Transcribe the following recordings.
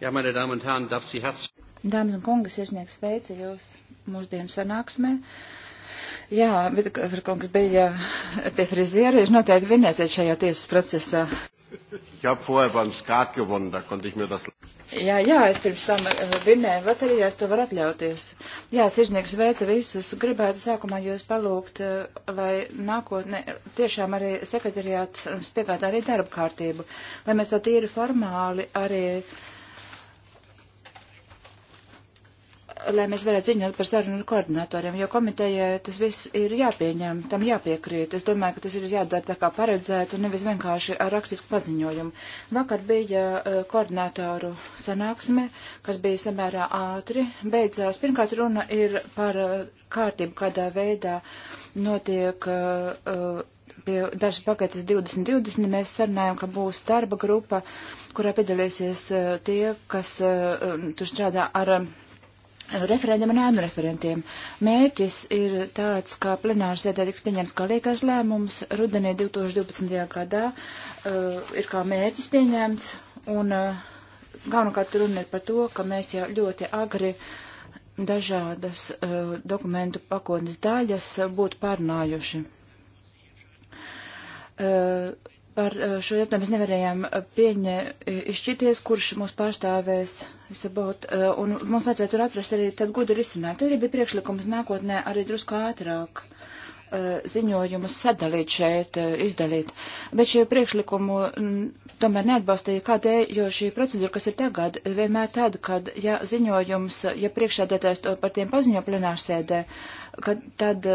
Jā, meine Damen un Herren, darf Sie herzlich. Dāmas un kungi, sirsnieks sveicu jūs mūsdienu sanāksmē. Jā, bet kungs bija eh, pie friziera, jūs noteikti vinēsiet šajā tiesas procesā. Ich habe vorher beim Skat gewonnen, da konnte ich mir das. Jā, jā, es pirms tam eh, vinēju loterijā, es to varu atļauties. Jā, sižnieks veica visus. Gribētu sākumā jūs palūgt, eh, lai nākotnē tiešām arī sekretariāts piegādā arī darba kārtību, lai mēs to tīri formāli arī. Uh, lai mēs varētu ziņot par sarunu koordinatoriem, jo komitejai tas viss ir jāpieņem, tam jāpiekrīt. Es domāju, ka tas ir jādara tā kā paredzēt un nevis vienkārši ar rakstisku paziņojumu. Vakar bija uh, koordinatoru sanāksme, kas bija samērā ātri. Beidzās, pirmkārt runa ir par uh, kārtību, kādā veidā notiek. Uh, uh pie dažas paketes 2020 mēs sarunājam, ka būs darba grupa, kurā piedalīsies uh, tie, kas uh, um, tur strādā ar um, referendiem un ēnu referentiem. Mērķis ir tāds, ka plenārs sēdē tiks pieņemts kā liekais lēmums. Rudenī 2012. gadā uh, ir kā mērķis pieņemts, un uh, galvenokārt runa ir par to, ka mēs jau ļoti agri dažādas uh, dokumentu pakotnes daļas uh, būtu pārnājuši. Uh, par eh, šo jautājumu mēs nevarējām eh, pieņē, eh, izšķirties, kurš mūs pārstāvēs, sabot, un mums vajadzēja tur atrast arī tad gudu risinājumu. Tad arī bija priekšlikums nākotnē arī drusku ātrāk ziņojumus sadalīt šeit, izdalīt. Bet šie priekšlikumu mm, tomēr neatbalstīja kādēļ, jo šī procedūra, kas ir tagad, vienmēr tāda, kad, ja ziņojums, ja priekšsēdētājs to par tiem paziņo plenārsēdē, kad tad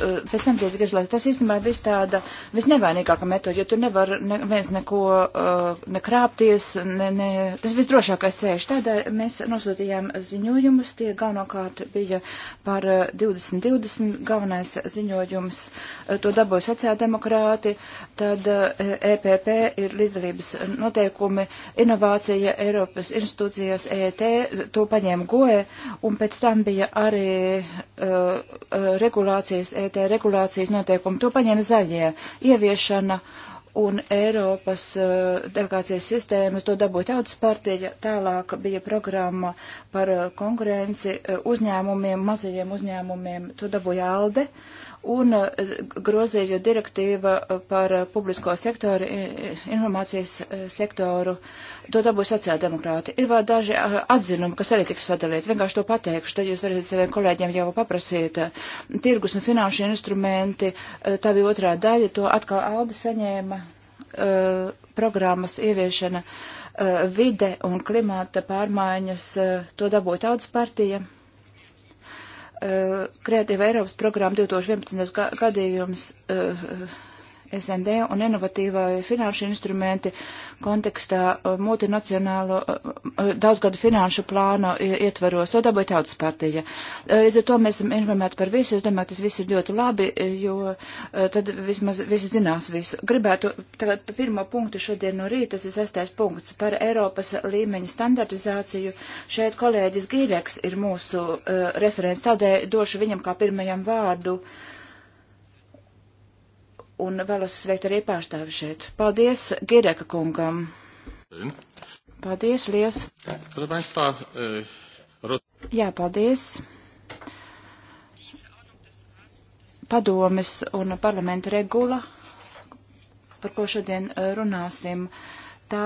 pēc tam tiek izlaists. Tas īstenībā viss tāda visnevainīgāka metode, jo tur nevar neviens neko uh, eh, nekrāpties, ne, ne, tas visdrošākais ceļš. Tādēļ eh, mēs nosūtījām ziņojumus, tie galvenokārt bija par 2020 eh, galvenais ziņojums, to dabūja sociāldemokrāti, tad uh, EPP ir līdzdalības noteikumi, inovācija Eiropas institūcijās ET, e to paņēma GOE, un pēc tam bija arī uh, regulācijas ET šeit regulācijas noteikumi. To paņēma zaļie. Ieviešana un Eiropas uh, delegācijas sistēmas to dabūja tautas partija. Tālāk bija programma par eh, konkurenci eh, uzņēmumiem, mazajiem uzņēmumiem. To dabūja ALDE. Uh, un eh, grozīju direktīva eh, par eh, publisko sektoru, informācijas sektoru, to dabūs sociāldemokrāti. Ir vēl daži atzinumi, kas arī tiks sadalīti. Vienkārši to pateikšu, tad jūs varat saviem kolēģiem jau paprasīt. Tirgus un finanšu instrumenti, tā bija otrā daļa, to atkal Alde saņēma programmas ieviešana, vide un klimata pārmaiņas, to dabūja tautas partija. Kreatīva uh, Eiropas programma 2011. gadījums uh, uh, SND un inovatīvai finanšu instrumenti kontekstā uh, multinacionālo uh, uh, daudzgadu finanšu plānu ietvaros. To dabūja tautas partija. Līdz ar to mēs esam informēti par visu. Es domāju, tas viss ir ļoti labi, jo tad vismaz visi zinās visu. Gribētu tagad par pirmo punktu šodien no rīta, tas ir sestais punkts par Eiropas līmeņa standartizāciju. Šeit kolēģis Gīreks ir mūsu uh, referents, tādēļ došu viņam kā pirmajam vārdu. Uh, un vēlos sveikt arī pārstāvi šeit. Paldies Gireka kungam. Paldies, Lies. E, Jā, paldies. Padomis un parlamenta regula, par ko šodien e, runāsim, tā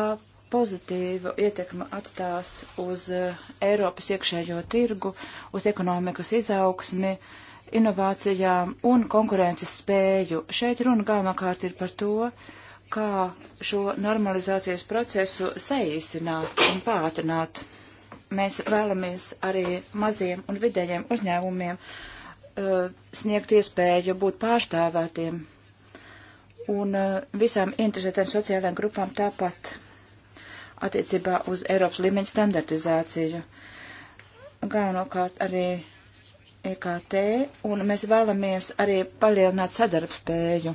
pozitīvu ietekmi atstās uz e, Eiropas iekšējo tirgu, uz ekonomikas izaugsmi. Uh, inovācijām un konkurences spēju. Šeit runa galvenokārt ir par to, kā šo normalizācijas procesu saīsināt un pātrināt. Mēs vēlamies arī maziem un vidējiem uzņēmumiem uh, sniegt iespēju būt pārstāvētiem un uh, visām interesētām sociālajām grupām tāpat attiecībā uz Eiropas līmeņa standartizāciju. Galvenokārt arī EKT, un mēs vēlamies arī palielināt sadarbspēju.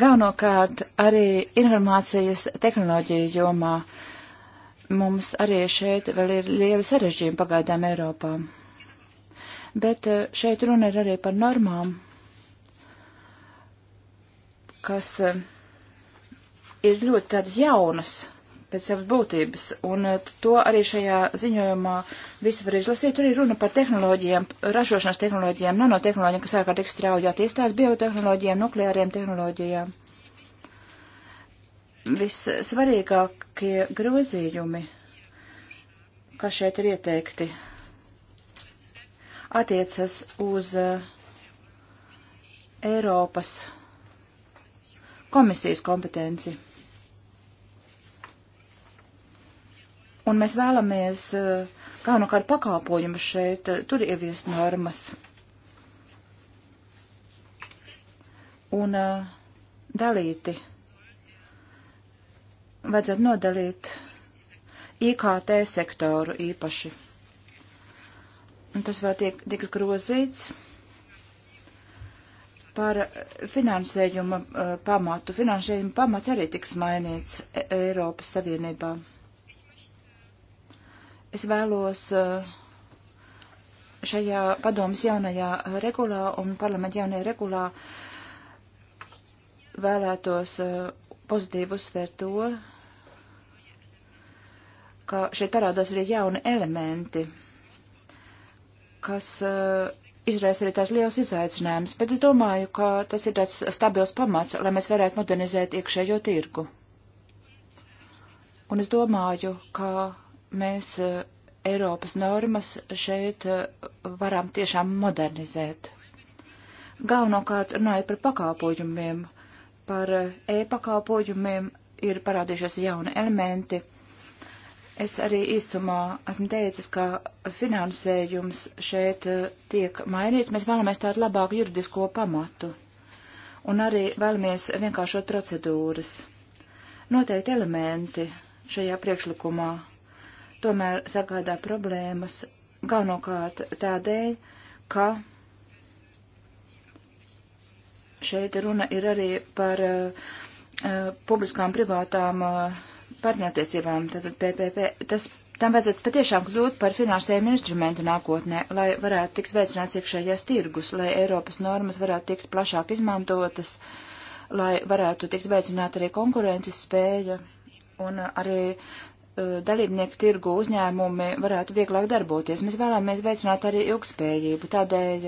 Galvenokārt arī informācijas tehnoloģiju jomā mums arī šeit vēl ir lieli sarežģījumi pagaidām Eiropā. Bet eh, šeit runa ir arī par normām, kas eh, ir ļoti tādas jaunas pēc savas būtības. Un eh, to arī šajā ziņojumā visi var izlasīt. Tur ir runa par tehnoloģijām, ražošanas tehnoloģijām, nanotehnoloģijām, kas ārkārtīgi strauji attīstās, biotehnoloģijām, nukleāriem tehnoloģijām. Vissvarīgākie grozījumi, kas šeit ir ieteikti, attiecas uz eh, Eiropas komisijas kompetenci. un mēs vēlamies eh, kā nu kādu pakāpojumu šeit, eh, tur ieviest normas. Un eh, dalīti. Vajadzētu nodalīt IKT sektoru īpaši. Un tas vēl tiek, tiks grozīts par finansējuma pamatu. Finansējuma pamats arī tiks mainīts e Eiropas Savienībā. Es vēlos eh, šajā padomas jaunajā regulā un parlamenta jaunajā regulā vēlētos eh, pozitīvi uzsvērt to, ka šeit parādās arī jauni elementi, kas eh, izraisa arī tās liels izaicinājums, bet es domāju, ka tas ir tāds stabils pamats, lai mēs varētu modernizēt iekšējo tirgu. Un es domāju, ka mēs e, Eiropas normas šeit e, varam tiešām modernizēt. Galvenokārt runājot par pakalpojumiem, par e, e-pakalpojumiem ir parādījušies jauni elementi. Es arī īsumā esmu teicis, ka finansējums šeit tiek mainīts. Mēs vēlamies tādu labāku juridisko pamatu un arī vēlamies vienkāršot procedūras. Noteikti elementi šajā priekšlikumā tomēr sagādā problēmas galvenokārt tādēļ, ka šeit runa ir arī par uh, publiskām privātām uh, partnerattiecībām, tātad PPP. Tas tam vajadzētu patiešām kļūt par finansējumu instrumentu nākotnē, lai varētu tikt veicināts iekšējais tirgus, lai Eiropas normas varētu tikt plašāk izmantotas, lai varētu tikt veicināta arī konkurences spēja un arī Uh, dalībnieku tirgu uzņēmumi varētu vieglāk darboties. Mēs vēlamies veicināt arī ilgspējību, tādēļ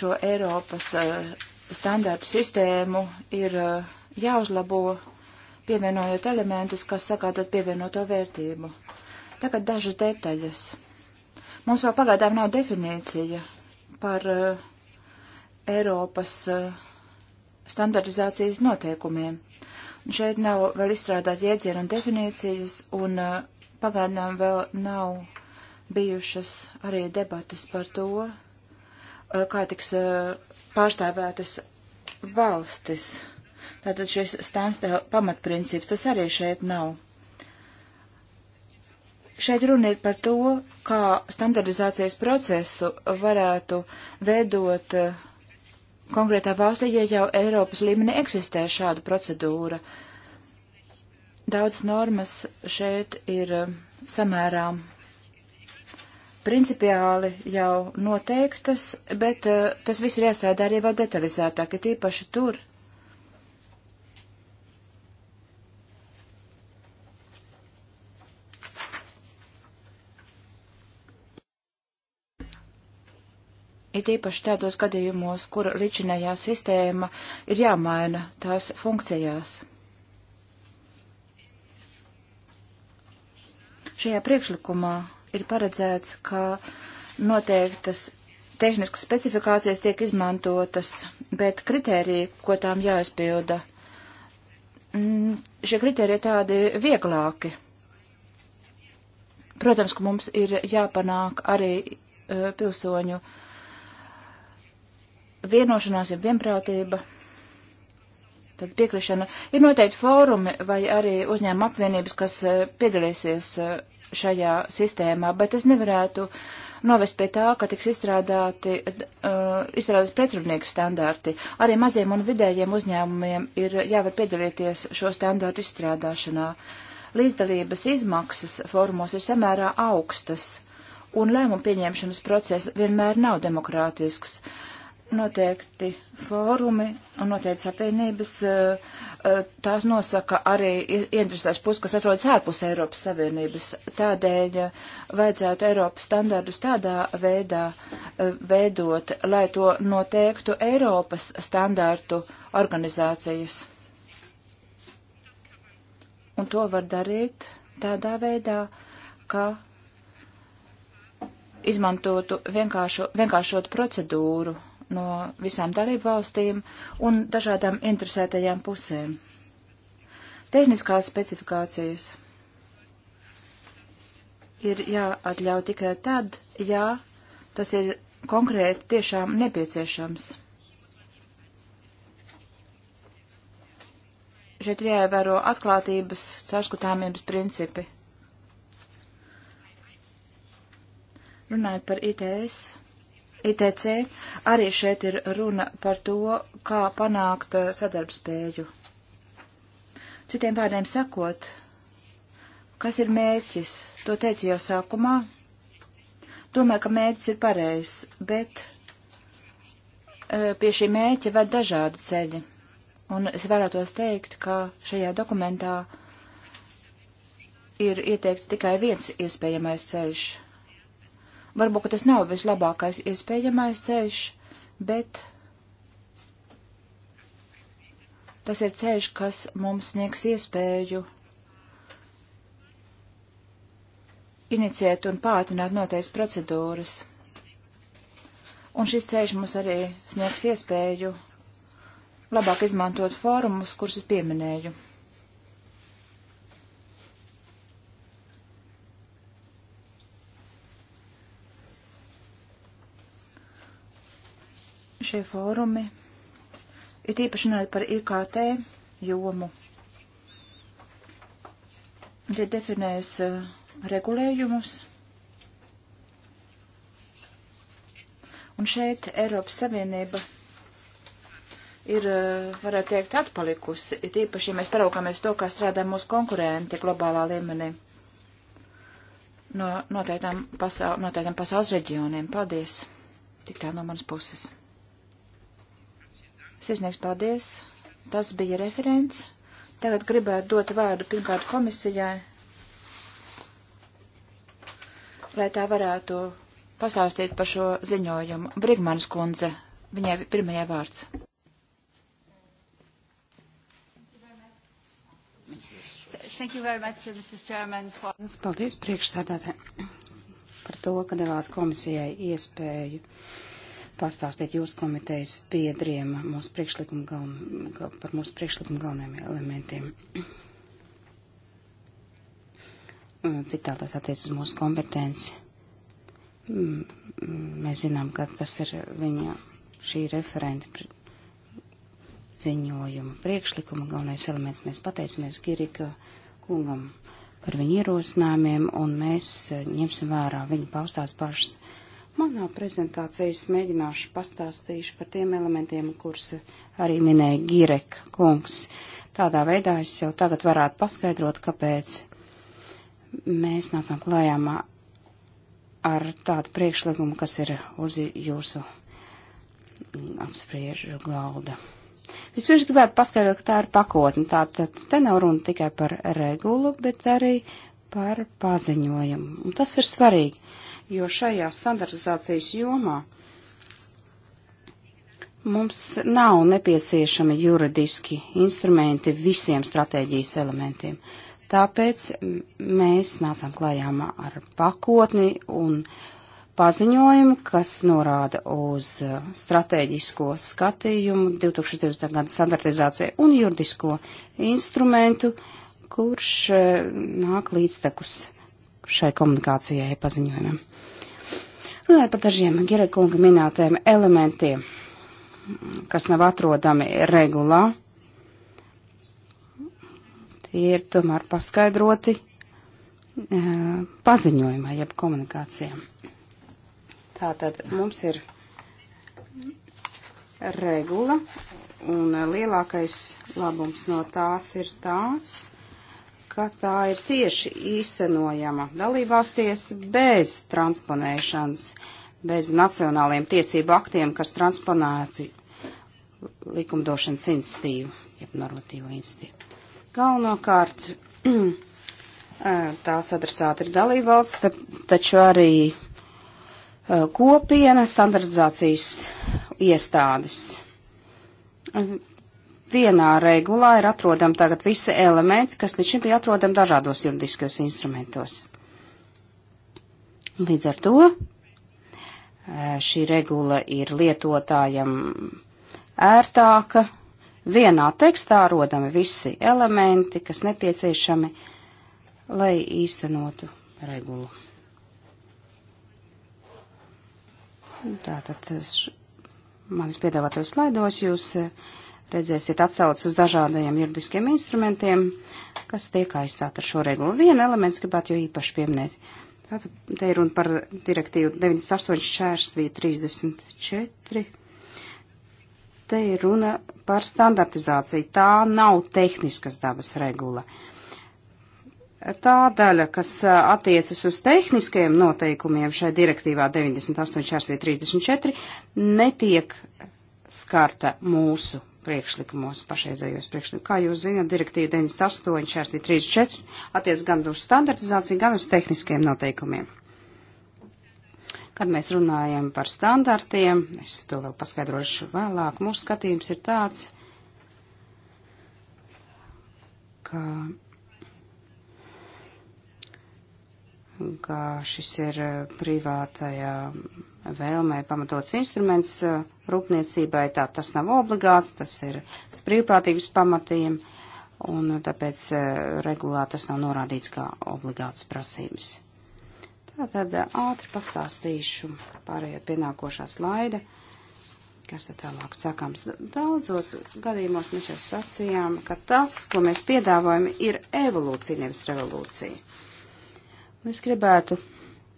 šo Eiropas uh, standārtu sistēmu ir uh, jāuzlabo, pievienojot elementus, kas sagādāt pievienoto vērtību. Tagad dažas detaļas. Mums vēl pagaidām nav definīcija par Eiropas standartizācijas noteikumiem. Uh, Šeit nav vēl izstrādāt jēdzienu un definīcijas, un eh, pagaidām vēl nav bijušas arī debatas par to, eh, kā tiks eh, pārstāvētas valstis. Tātad šis standstēl pamatprincips, tas arī šeit nav. Šeit runa ir par to, kā standardizācijas procesu varētu veidot uh, konkrētā valstī, ja jau Eiropas līmenī eksistē šāda procedūra. Daudz normas šeit ir eh, samērā principiāli jau noteiktas, bet eh, tas viss ir jāstrādā arī vēl detalizētāk, ir ja tīpaši tur, it īpaši tādos gadījumos, kur ličinējā sistēma ir jāmaina tās funkcijās. Šajā priekšlikumā ir paredzēts, ka noteiktas tehniskas specifikācijas tiek izmantotas, bet kritērija, ko tām jāizpilda, mm, šie kritērija tādi vieglāki. Protams, ka mums ir jāpanāk arī uh, pilsoņu uh, vienošanās, ja vienprātība, tad piekrišana. Ir noteikti fórumi vai arī uzņēmuma apvienības, kas eh, piedalīsies eh, šajā sistēmā, bet es nevarētu novest pie tā, ka tiks izstrādāti, uh, eh, izstrādāti pretrunīgi standarti. Arī maziem un vidējiem uzņēmumiem ir jāvar piedalīties šo standartu izstrādāšanā. Līdzdalības izmaksas formos ir samērā augstas, un lēmumu pieņemšanas process vienmēr nav demokrātisks. Uh, noteikti fórumi un noteikti apvienības, eh, eh, tās nosaka arī interesēs puses, kas atrodas ārpus Eiropas Savienības. Tādēļ eh, vajadzētu Eiropas standārdus tādā veidā veidot, lai to noteiktu Eiropas standārtu organizācijas. Un to var darīt tādā veidā, ka izmantotu vienkāršo, vienkāršotu procedūru no visām dalību valstīm un dažādām interesētajām pusēm. Tehniskās specifikācijas ir jāatļauj tikai tad, ja tas ir konkrēti tiešām nepieciešams. Šeit ir jāievēro atklātības, caurskatāmības principi. Runājot par ITS, ITC, arī šeit ir runa par to, kā panākt eh, sadarbspēju. Citiem vārdiem sakot, kas ir mērķis? To teicu jau sākumā. Domāju, ka mērķis ir pareizs, bet eh, pie šī mērķa ved dažādi ceļi. Un es vēlētos teikt, ka šajā dokumentā ir ieteikts tikai viens iespējamais ceļš Varbūt tas nav vislabākais iespējamais ceļš, bet tas ir ceļš, kas mums sniegs iespēju inicēt un pātrināt noteikti procedūras. Un šis ceļš mums arī sniegs iespēju labāk izmantot fórumus, kurus es pieminēju. šie fórumi, ir tīpaši runājot par IKT jomu. Tie definēs eh, regulējumus. Un šeit Eiropas Savienība ir, eh, varētu teikt, atpalikusi, ir tīpaši, ja mēs paraugāmies to, kā strādā mūsu konkurenti globālā līmenī no noteiktām, pasau noteiktām pasaules reģioniem. Paldies! Tik tā no manas puses. Sirsnieks, paldies. Tas bija referents. Tagad gribētu dot vārdu pirmkārt komisijai, lai tā varētu pasāstīt par šo ziņojumu. Brigmanas kundze, viņai pirmajai vārds. Much, Chairman, for... Paldies priekšsēdētē par to, ka devāt komisijai iespēju uh, pastāstīt jūsu komitejas biedriem mūsu priekšlikumu gal, par mūsu priekšlikumu galvenajiem elementiem. Cik tā tas attiec uz mūsu kompetenci? Mm, mm, mēs zinām, ka tas ir viņa šī referenta ziņojuma priekšlikuma galvenais elements. Mēs pateicamies Girika kungam par viņu ierosinājumiem, un mēs eh, ņemsim vērā viņa paustās pašas Manā prezentācijā es mēģināšu pastāstīšu par tiem elementiem, kurus arī minēja Gireka kungs. Tādā veidā es jau tagad varētu paskaidrot, kāpēc mēs nācām klājām ar tādu priekšlikumu, kas ir uz jūsu apspriežu galda. Vispirms gribētu paskaidrot, ka tā ir pakotne. Tātad te nav runa tikai par regulu, bet arī par paziņojumu. Un tas ir svarīgi jo šajā standartizācijas jomā mums nav nepieciešami juridiski instrumenti visiem stratēģijas elementiem. Tāpēc mēs nācām klājām ar pakotni un paziņojumu, kas norāda uz uh, stratēģisko skatījumu 2020. gada standartizācijai un juridisko instrumentu, kurš uh, nāk līdztekus šai komunikācijai paziņojumam. Runājot par dažiem Girekunga minētajiem elementiem, kas nav atrodami regulā, tie ir tomēr paskaidroti e, paziņojumā, jeb komunikācijā. Tātad mums ir regula, un lielākais labums no tās ir tās, ka tā ir tieši īstenojama dalībvalstīs bez transponēšanas, bez nacionāliem tiesību aktiem, kas transponētu likumdošanas institīvu, jeb normatīvo institīvu. Galvenokārt tās adresāti ir dalībvalsts, taču arī kopiena standardizācijas iestādes vienā regulā ir atrodami tagad visi elementi, kas līdz šim bija atrodami dažādos juridiskos instrumentos. Līdz ar to eh, šī regula ir lietotājam ērtāka. Vienā tekstā rodami visi elementi, kas nepieciešami, lai īstenotu regulu. Tātad manis piedāvātos slaidos jūs uh, redzēsiet atsaucas uz dažādajiem juridiskiem instrumentiem, kas tiek aizstāta ar šo regulu. Vienu elements gribētu jau īpaši pieminēt. Tātad te ir runa par direktīvu 98 šērsvī 34. Te ir runa par standartizāciju. Tā nav tehniskas dabas regula. Tā daļa, kas attiecas uz tehniskajiem noteikumiem šai direktīvā 98 šērsvī 34, netiek skarta mūsu priekšlikumos, pašreizējos priekšlikumos. Kā jūs zināt, direktīva 98.434 attiec gan uz standartizāciju, gan uz tehniskiem noteikumiem. Kad mēs runājam par standartiem, es to vēl paskaidrošu vēlāk, mūsu skatījums ir tāds, ka, ka šis ir privātajā vēlmē pamatots instruments uh, rūpniecībai, tā tas nav obligāts, tas ir brīvprātības pamatiem, un tāpēc uh, regulā tas nav norādīts kā obligāts prasības. Tātad uh, ātri pastāstīšu, pārējot pie nākošā slaida, kas tad tālāk sakams. Daudzos gadījumos mēs jau sacījām, ka tas, ko mēs piedāvājam, ir evolūcija, nevis revolūcija. Un es gribētu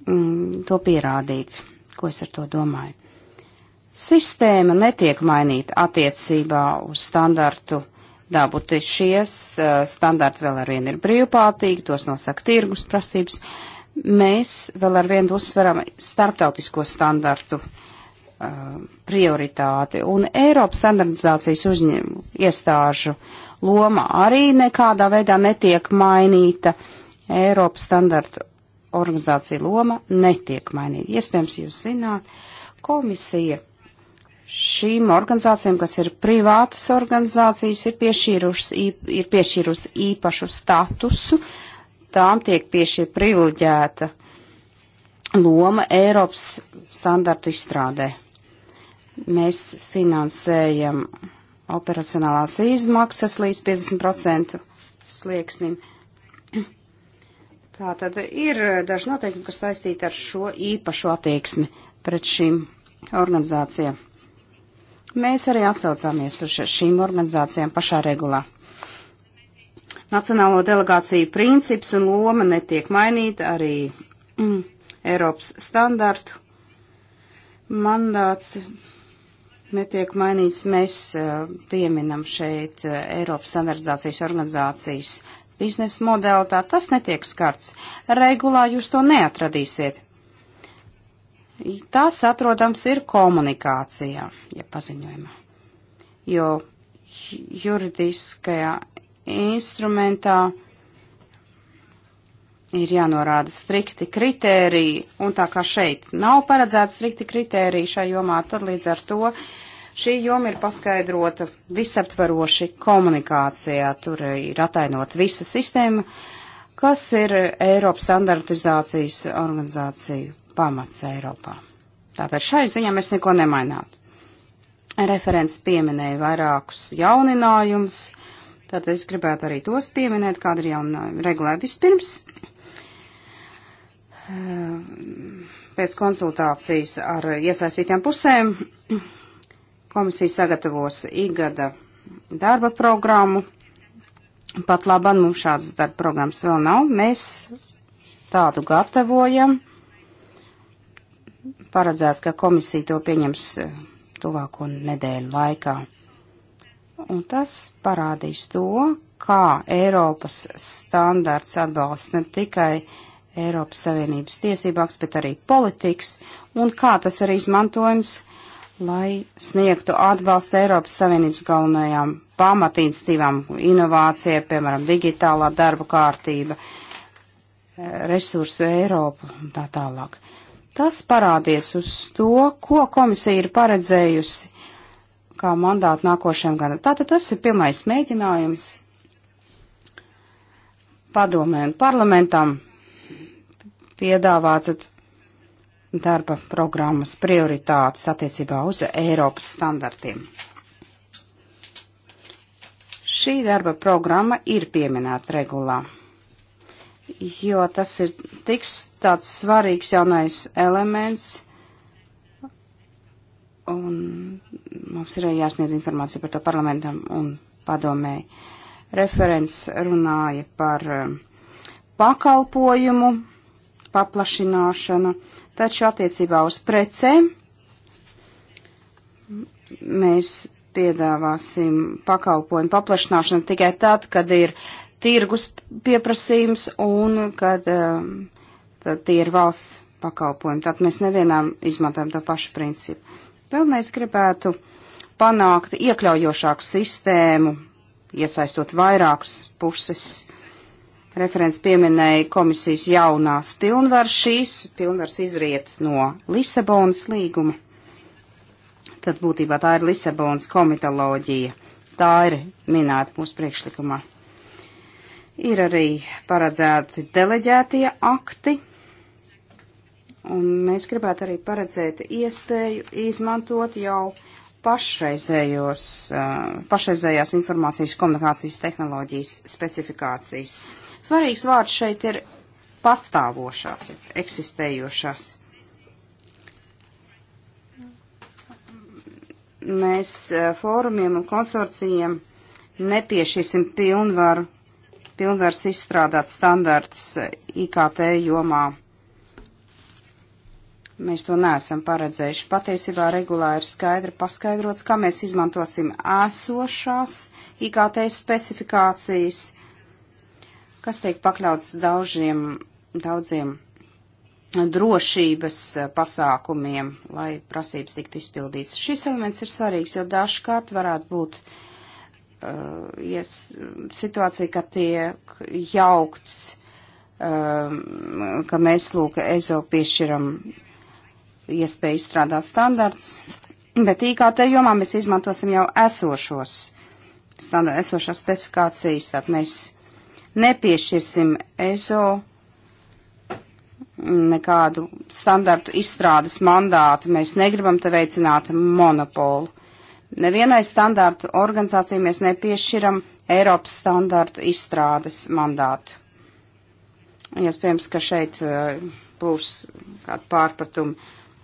mm, to pierādīt. Ko es ar to domāju? Sistēma netiek mainīta attiecībā uz standartu dabu. Šie standarti vēl ar vienu ir brīvprātīgi, tos nosaka tirgus prasības. Mēs vēl ar vienu uzsveram starptautisko standartu prioritāti un Eiropas standartizācijas uzņēmu iestāžu loma arī nekādā veidā netiek mainīta Eiropas standartu organizācija loma netiek mainīta. Iespējams, jūs zināt, komisija šīm organizācijām, kas ir privātas organizācijas, ir piešķīrusi, ir piešķīrusi īpašu statusu, tām tiek piešķīra privileģēta loma Eiropas standartu izstrādē. Mēs finansējam operacionālās izmaksas līdz 50% slieksnim Tā tad ir daži noteikumi, kas saistīti ar šo īpašu attieksmi pret šīm organizācijām. Mēs arī atsaucāmies uz šīm organizācijām pašā regulā. Nacionālo delegāciju princips un loma netiek mainīta arī mm, Eiropas standartu mandāts netiek mainīts. Mēs eh, pieminam šeit eh, Eiropas standartizācijas organizācijas biznesa modalitāti, tas netiek skarts. Regulā jūs to neatradīsiet. Tas atrodams ir komunikācijā, ja paziņojumā. Jo juridiskajā instrumentā ir jānorāda strikti kritēriji, un tā kā šeit nav paredzēti strikti kritēriji šai jomā, tad līdz ar to uh, Šī joma ir paskaidrota visaptvaroši komunikācijā. Tur ir atainot visa sistēma, kas ir Eiropas standartizācijas organizāciju pamats Eiropā. Tātad šai ziņā mēs neko nemainātu. Referents pieminēja vairākus jauninājumus, tad es gribētu arī tos pieminēt, kāda ir jauninājuma regulē vispirms. Ehm, pēc konsultācijas ar iesaistītām pusēm Komisija sagatavos igada darba programmu. Pat labam mums šādas darba programmas vēl nav. Mēs tādu gatavojam. Paredzēts, ka komisija to pieņems eh, tuvāko nedēļu laikā. Un tas parādīs to, kā Eiropas standarts atbalsta ne tikai Eiropas Savienības tiesībāks, bet arī politikas, un kā tas arī izmantojums lai sniegtu atbalstu Eiropas Savienības galvenajām pamatīnstīvām inovācijai, piemēram, digitālā darba kārtība, eh, resursu Eiropu un tā tālāk. Tas parādies uz to, ko komisija ir paredzējusi kā mandātu nākošajam gadam. Tātad tas ir pirmais mēģinājums padomē un parlamentam piedāvāt darba programmas prioritātes attiecībā uz Eiropas standartiem. Šī darba programma ir pieminēta regulā, jo tas ir tiks tāds svarīgs jaunais elements, un mums ir jāsniedz informācija par to parlamentam un padomēji. Referents runāja par eh, pakalpojumu paplašināšanu Taču attiecībā uz precēm mēs piedāvāsim pakalpojumu paplašināšanu tikai tad, kad ir tirgus pieprasījums un kad um, tad tie ir valsts pakalpojumi. Tad mēs nevienām izmantojam to pašu principu. Vēl mēs gribētu panākt iekļaujošāku sistēmu, iesaistot vairākas puses Referents pieminēja komisijas jaunās pilnvaras. Šīs pilnvaras izriet no Lisabonas līguma. Tad būtībā tā ir Lisabonas komitoloģija. Tā ir minēta mūsu priekšlikumā. Ir arī paredzēti deleģētie akti. Un mēs gribētu arī paredzēt iespēju izmantot jau pašreizējos, uh, pašreizējās informācijas komunikācijas tehnoloģijas specifikācijas. Svarīgs vārds šeit ir pastāvošās, eksistējošās. Mēs eh, fórumiem un konsorcijiem nepiešīsim pilnvaru, pilnvars izstrādāt standartus eh, IKT jomā. Mēs to neesam paredzējuši. Patiesībā regulā ir skaidri paskaidrots, kā mēs izmantosim esošās IKT specifikācijas kas tiek pakļauts daužiem, daudziem drošības eh, pasākumiem, lai prasības tiktu izpildītas. Šis elements ir svarīgs, jo dažkārt varētu būt uh, eh, ja situācija, ka tiek jaukts, uh, ka mēs, lūk, EZO piešķiram iespēju izstrādāt standarts, bet IKT jomā mēs izmantosim jau esošos standarts, esošās specifikācijas, tad mēs nepiešķirsim EZO nekādu standartu izstrādes mandātu. Mēs negribam te veicināt monopolu. Nevienai standartu organizācijai mēs nepiešķiram Eiropas standartu izstrādes mandātu. Iespējams, ka šeit uh, būs kāda pārpratuma.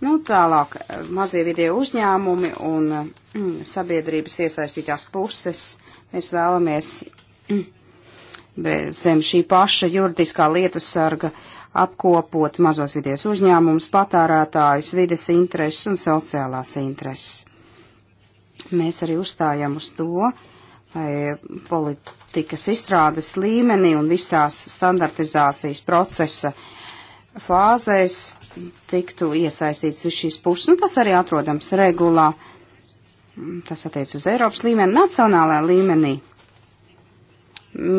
Nu, tālāk uh, mazie video uzņēmumi un uh, mm, sabiedrības iesaistītās puses. Mēs vēlamies mm, zem šī paša juridiskā lietu sarga apkopot mazos vidies uzņēmumus, patārētājus, vides intereses un sociālās intereses. Mēs arī uzstājam uz to, lai politikas izstrādes līmenī un visās standartizācijas procesa fāzēs tiktu iesaistīts viss šīs puses, un tas arī atrodams regulā. Tas attiec uz Eiropas līmeni, nacionālajā līmenī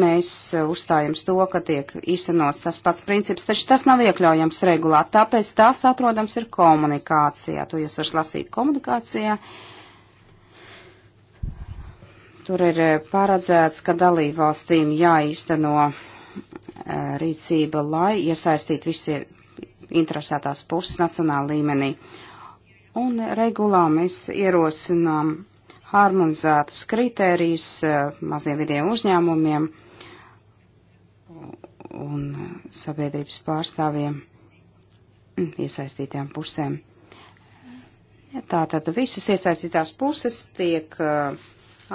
mēs eh, uzstājam to, ka tiek īstenots tas pats princips, taču tas nav iekļaujams regulā, tāpēc tās atrodams ir komunikācijā. To jūs varat lasīt komunikācijā. Tur ir eh, paredzēts, ka dalībvalstīm jāīsteno eh, rīcība, lai iesaistītu visi interesētās puses nacionāla līmenī. Un regulā mēs ierosinām harmonizētus kritērijus eh, maziem vidiem uzņēmumiem un sabiedrības pārstāvjiem iesaistītām pusēm. Tātad visas iesaistītās puses tiek eh,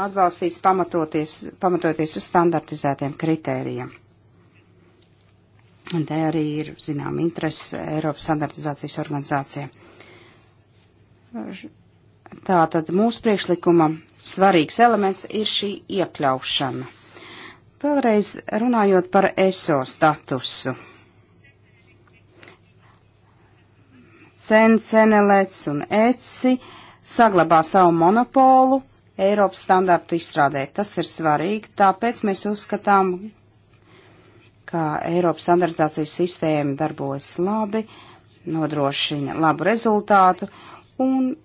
atbalstīts pamatoties, pamatoties uz standartizētiem kritērijiem. Un te arī ir, zinām, interesi Eiropas standartizācijas organizācija Tātad mūsu priekšlikuma svarīgs elements ir šī iekļaušana. Vēlreiz runājot par ESO statusu. CEN, CENELEC un ECI saglabā savu monopolu Eiropas standartu izstrādē. Tas ir svarīgi, tāpēc mēs uzskatām, ka Eiropas standartizācijas sistēma darbojas labi, nodrošina labu rezultātu un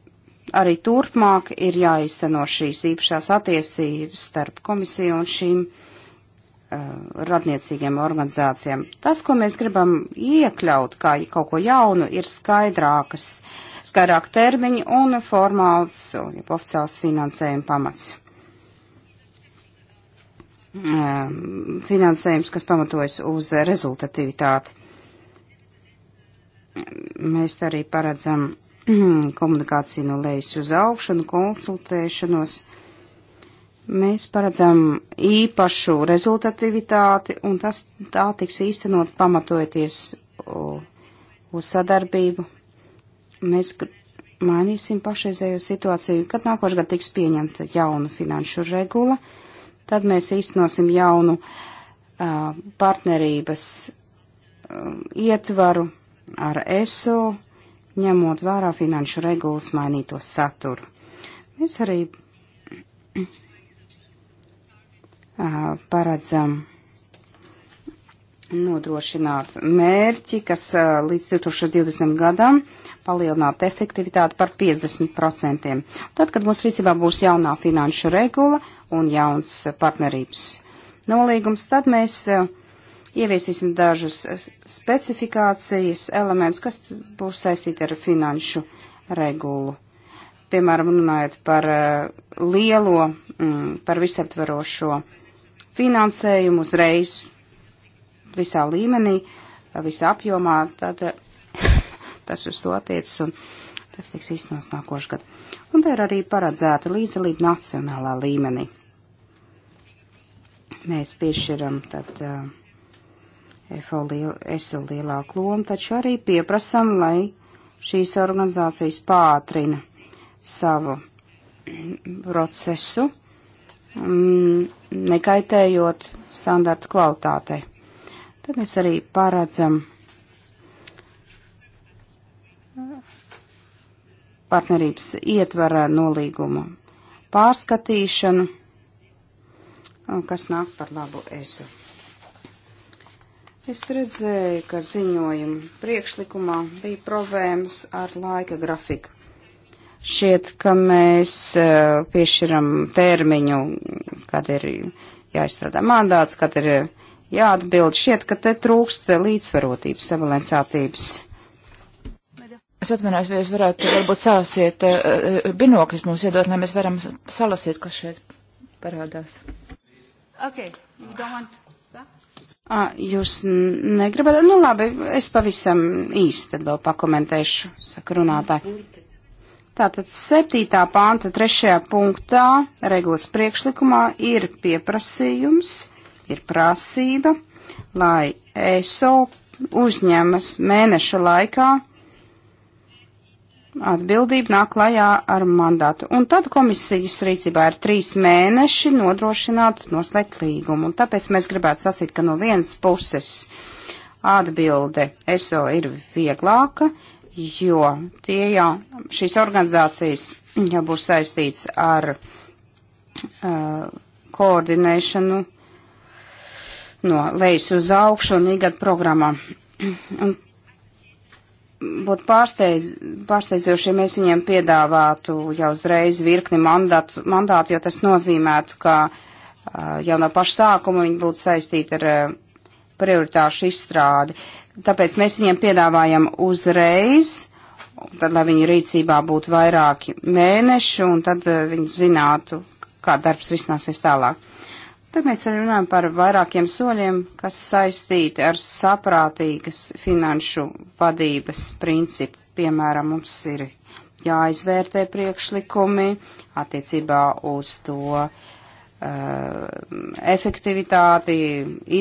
arī turpmāk ir jāizceno šīs īpašās attiecības starp komisiju un šīm uh, radniecīgiem organizācijām. Tas, ko mēs gribam iekļaut kā kaut ko jaunu, ir skaidrākas, skaidrāk termiņi un formāls, un oficiāls finansējuma pamats. Uh, finansējums, kas pamatojas uz rezultativitāti. Mēs arī paredzam komunikāciju no lejas uz augšu un konsultēšanos. Mēs paredzam īpašu rezultativitāti, un tas tā tiks īstenot pamatojoties uz sadarbību. Mēs mainīsim pašreizējo situāciju, kad nākošgad tiks pieņemta jauna finanšu regula, tad mēs īstenosim jaunu uh, partnerības uh, ietvaru ar ESO ņemot vērā finanšu regulas mainīto saturu. Mēs arī paredzam nodrošināt mērķi, kas līdz 2020. gadam palielināt efektivitāti par 50%. Tad, kad mūsu rīcībā būs jaunā finanšu regula un jauns partnerības nolīgums, tad mēs uh, ieviesīsim dažus specifikācijas elementus, kas būs saistīti ar finanšu regulu. Piemēram, runājot par eh, lielo, mm, par visaptverošo finansējumu uzreiz visā līmenī, visā apjomā, tad eh, tas uz to attiecas un tas tiks īstenots nākošajā gadā. Un te ir arī paredzēta līdzdalība nacionālā līmenī. Mēs piešķiram tad uh, FO liel, SO lielāku lomu, taču arī pieprasam, lai šīs organizācijas pātrina savu procesu, mm, nekaitējot standartu kvalitātei. Tad mēs arī paredzam partnerības ietvara nolīgumu pārskatīšanu, kas nāk par labu ESU. Es redzēju, ka ziņojuma priekšlikumā bija problēmas ar laika grafiku. Šķiet, ka mēs eh, piešķiram termiņu, kad ir jāizstrādā mandāts, kad ir jāatbild. Šķiet, ka te trūkst līdzsvarotības, sabalansētības. Es atvainojos, vai jūs varētu varbūt salasiet eh, binokļus mums iedot, lai mēs varam salasīt, kas šeit parādās. Okay, you don't want À, jūs negribat? Nu labi, es pavisam īsti tad vēl pakomentēšu, saka runātāji. Tātad 7. panta 3. punktā regulas priekšlikumā ir pieprasījums, ir prasība, lai ESO uzņemas mēneša laikā atbildība nāk klajā ar mandātu. Un tad komisijas rīcībā ir trīs mēneši nodrošināt noslēgt līgumu. Un tāpēc mēs gribētu sacīt, ka no vienas puses atbilde ESO ir vieglāka, jo tie jau šīs organizācijas jau būs saistīts ar uh, koordinēšanu no lejas uz augšu un igad programmā. Un būtu pārsteidz, pārsteidzoši, ja mēs viņiem piedāvātu jau uzreiz virkni mandātu, mandātu jo tas nozīmētu, ka jau no paša sākuma viņi būtu saistīti ar prioritāšu izstrādi. Tāpēc mēs viņiem piedāvājam uzreiz, tad, lai viņu rīcībā būtu vairāki mēneši, un tad viņi zinātu, kā darbs risināsies tālāk. Tad mēs arī runājam par vairākiem soļiem, kas saistīti ar saprātīgas finanšu vadības principu. Piemēram, mums ir jāizvērtē priekšlikumi attiecībā uz to uh, efektivitāti,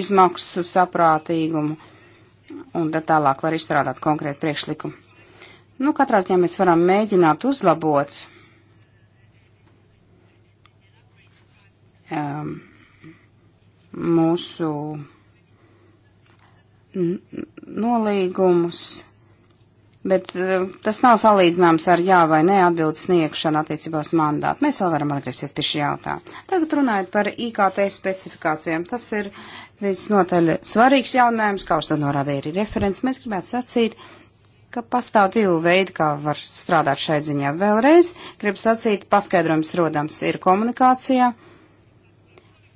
izmaksu saprātīgumu un tad tālāk var izstrādāt konkrētu priekšlikumu. Nu, katrā ziņā mēs varam mēģināt uzlabot um, mūsu nolīgumus, bet e, tas nav salīdzināms ar jā vai nē atbildes sniegšanu attiecībā uz mandātu. Mēs vēl varam atgriezties pie šī jautājuma. Tagad runājot par IKT specifikācijām. Tas ir visnotaļ svarīgs jaunājums, kā uz to norādīja arī referents. Mēs gribētu sacīt, ka pastāv divi veidi, kā var strādāt šai ziņā. Vēlreiz gribu sacīt, paskaidrojums, rodams, ir komunikācijā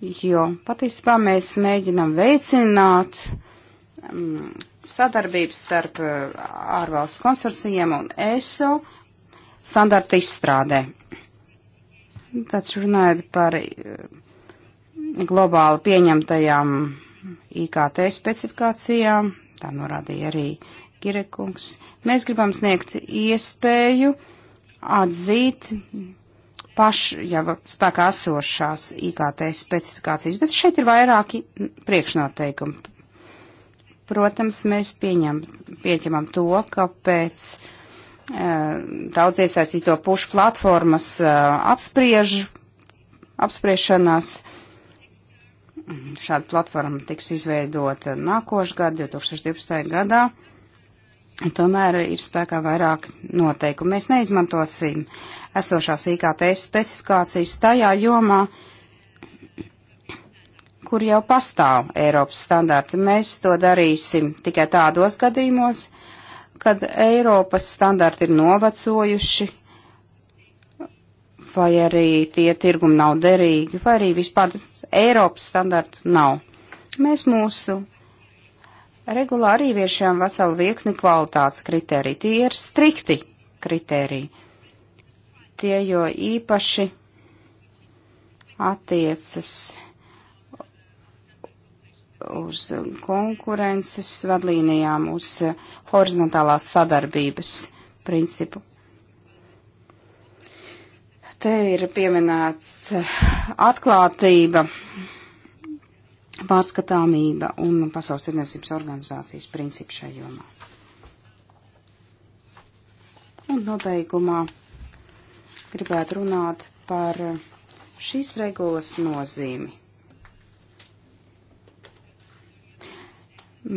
jo patiesībā mēs mēģinam veicināt um, mm, sadarbību starp eh, ārvalstu konsorcijiem un ESO standarta izstrādē. Tāds runājot par eh, globāli pieņemtajām IKT specifikācijām, tā norādīja arī Girekungs. Mēs gribam sniegt iespēju atzīt paš jau spēkā esošās IKT specifikācijas, bet šeit ir vairāki priekšnoteikumi. Protams, mēs pieņem, pieņemam to, ka pēc eh, daudz iesaistīto pušu platformas eh, apspriež, apspriešanās. Šāda platforma tiks izveidota nākošgad, 2012. gadā. Tomēr ir spēkā vairāk noteikumu. Mēs neizmantosim esošās IKT specifikācijas tajā jomā, kur jau pastāv Eiropas standarti. Mēs to darīsim tikai tādos gadījumos, kad Eiropas standarti ir novecojuši, vai arī tie tirgumi nav derīgi, vai arī vispār Eiropas standarti nav. Mēs mūsu Regulā arī viešām veselu virkni kvalitātes kritēriju. Tie ir strikti kritēriji. Tie jo īpaši attiecas uz konkurences vadlīnijām, uz horizontālās sadarbības principu. Te ir pieminēts atklātība, pārskatāmība un pasaules tirdzniecības organizācijas principi šajā jomā. Un nobeigumā gribētu runāt par šīs regulas nozīmi.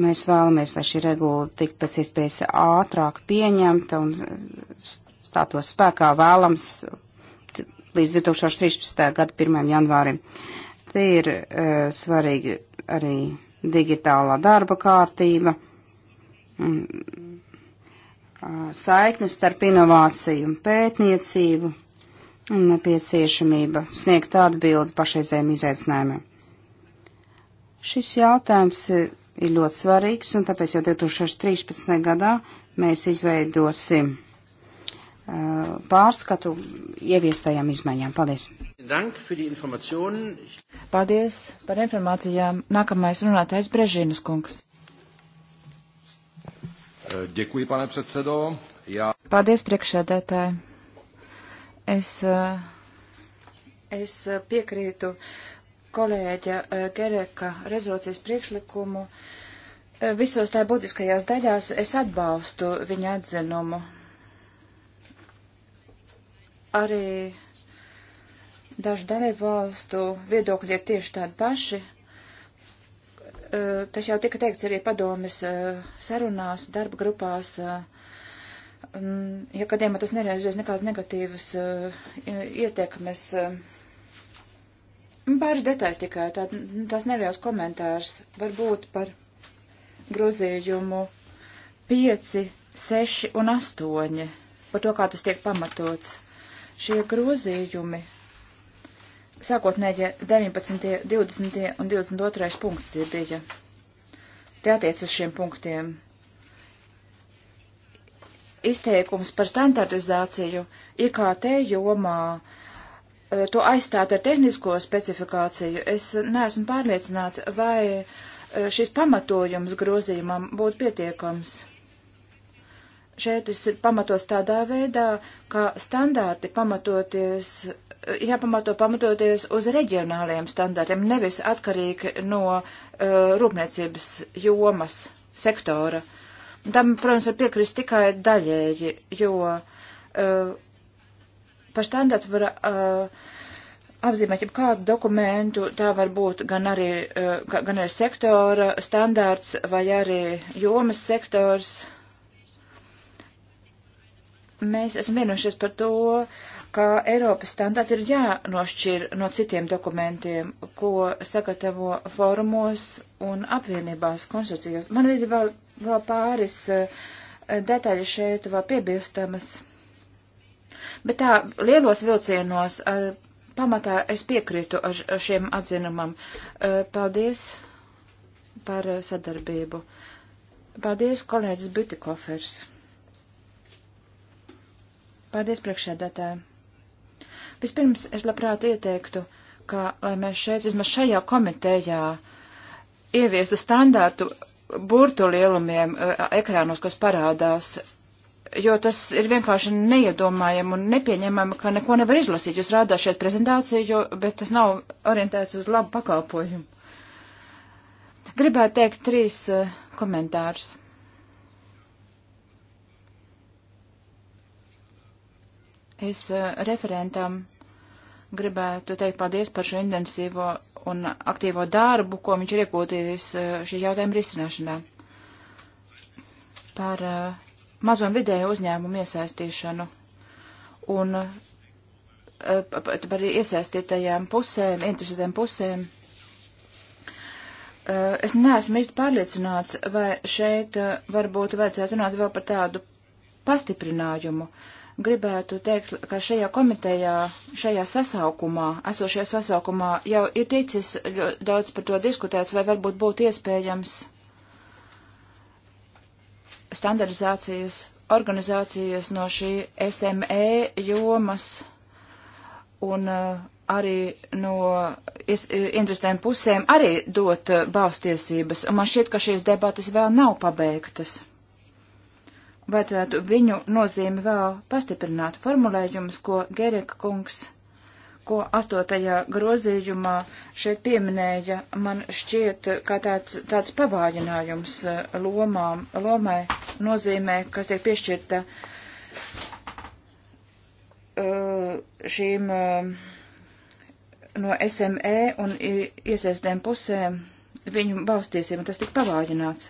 Mēs vēlamies, lai šī regula tiktu pēc iespējas ātrāk pieņemta un stātos spēkā vēlams līdz 2013. gada 1. janvārim. Uh, Te ir uh, svarīgi arī digitālā darba kārtība, un, uh, eh, saiknes starp inovāciju un pētniecību un nepieciešamība sniegt atbildi pašreizējiem izaicinājumiem. Šis jautājums eh, ir ļoti svarīgs, un tāpēc jau 2013. gadā mēs izveidosim Uh, pārskatu ieviestajām izmaiņām. Paldies! Paldies par informācijām. Nākamais runātais Brežīnas kungs. Eh, děkuji, pane předsedo. Jā. Paldies, priekšsēdētāji. Es, eh, es piekrītu kolēģa eh, Gereka rezolūcijas priekšlikumu. Visos tā būtiskajās daļās es atbalstu viņa atzinumu arī dažu dalību valstu viedokļi ir tieši tādi paši. Tas jau tika teikts arī padomis sarunās, darba grupās. Ja gadījumā tas nereizēs nekādas negatīvas ietekmes, pāris detaļas tikai, tā, tās neliels komentārs varbūt par grozījumu 5, 6 un 8, par to, kā tas tiek pamatots. Šie grozījumi, sākotnēji 19., 20. un 22. punkts tie bija. Tie attiec uz šiem punktiem. Izteikums par standartizāciju IKT jomā eh, to aizstāt ar tehnisko specifikāciju, es neesmu pārliecināts, vai eh, šis pamatojums grozījumam būtu pietiekams. Šeit tas ir pamatos tādā veidā, ka standārti pamatoties, jāpamato pamatoties uz reģionāliem standārtiem, nevis atkarīgi no uh, rūpniecības jomas sektora. Tam, protams, var piekrist tikai daļēji, jo uh, par standārtu var uh, apzīmēt jau kādu dokumentu, tā var būt gan arī, uh, gan arī sektora standārts vai arī jomas sektors mēs esam vienojušies par to, ka Eiropas standarti ir jānošķir no citiem dokumentiem, ko sagatavo fórumos un apvienībās konsorcijos. Man ir vēl, vēl pāris eh, detaļas šeit vēl piebilstamas. Bet tā lielos vilcienos ar pamatā es piekrītu ar, ar šiem atzinumam. Eh, paldies par eh, sadarbību. Paldies, kolēģis Bitikofers. Paldies priekšēdētāji. Vispirms es labprāt ieteiktu, ka, lai mēs šeit, vismaz šajā komitejā, ieviesu standārtu burtu lielumiem e, ekrānos, kas parādās, jo tas ir vienkārši neiedomājami un nepieņemami, ka neko nevar izlasīt. Jūs rādāt šeit prezentāciju, bet tas nav orientēts uz labu pakalpojumu. Gribētu teikt trīs uh, komentārus. Es eh, referentam gribētu teikt paldies par šo intensīvo un aktīvo darbu, ko viņš ir iegūtījis eh, šī jautājuma risināšanā. Par eh, mazo un vidēju uzņēmumu iesaistīšanu un par iesaistītajām pusēm, interesētām pusēm. Es neesmu īsti pārliecināts, vai šeit varbūt vajadzētu runāt vēl par tādu pastiprinājumu. Uh, gribētu teikt, ka šajā komitejā, šajā sasaukumā, esošajā sasaukumā jau ir ticis daudz par to diskutēts, vai varbūt būtu iespējams standardizācijas organizācijas no šī SME jomas un eh, arī no interesēm pusēm arī dot eh, balstiesības. Un man šķiet, ka šīs debatas vēl nav pabeigtas vajadzētu viņu nozīmi vēl pastiprināt formulējumus, ko Gerika kungs, ko astotajā grozījumā šeit pieminēja, man šķiet kā tāds, tāds pavājinājums eh, lomām, lomai nozīmē, kas tiek piešķirta eh, šīm eh, no SME un iesaistēm pusēm viņu balstīsim, un tas tik pavājināts.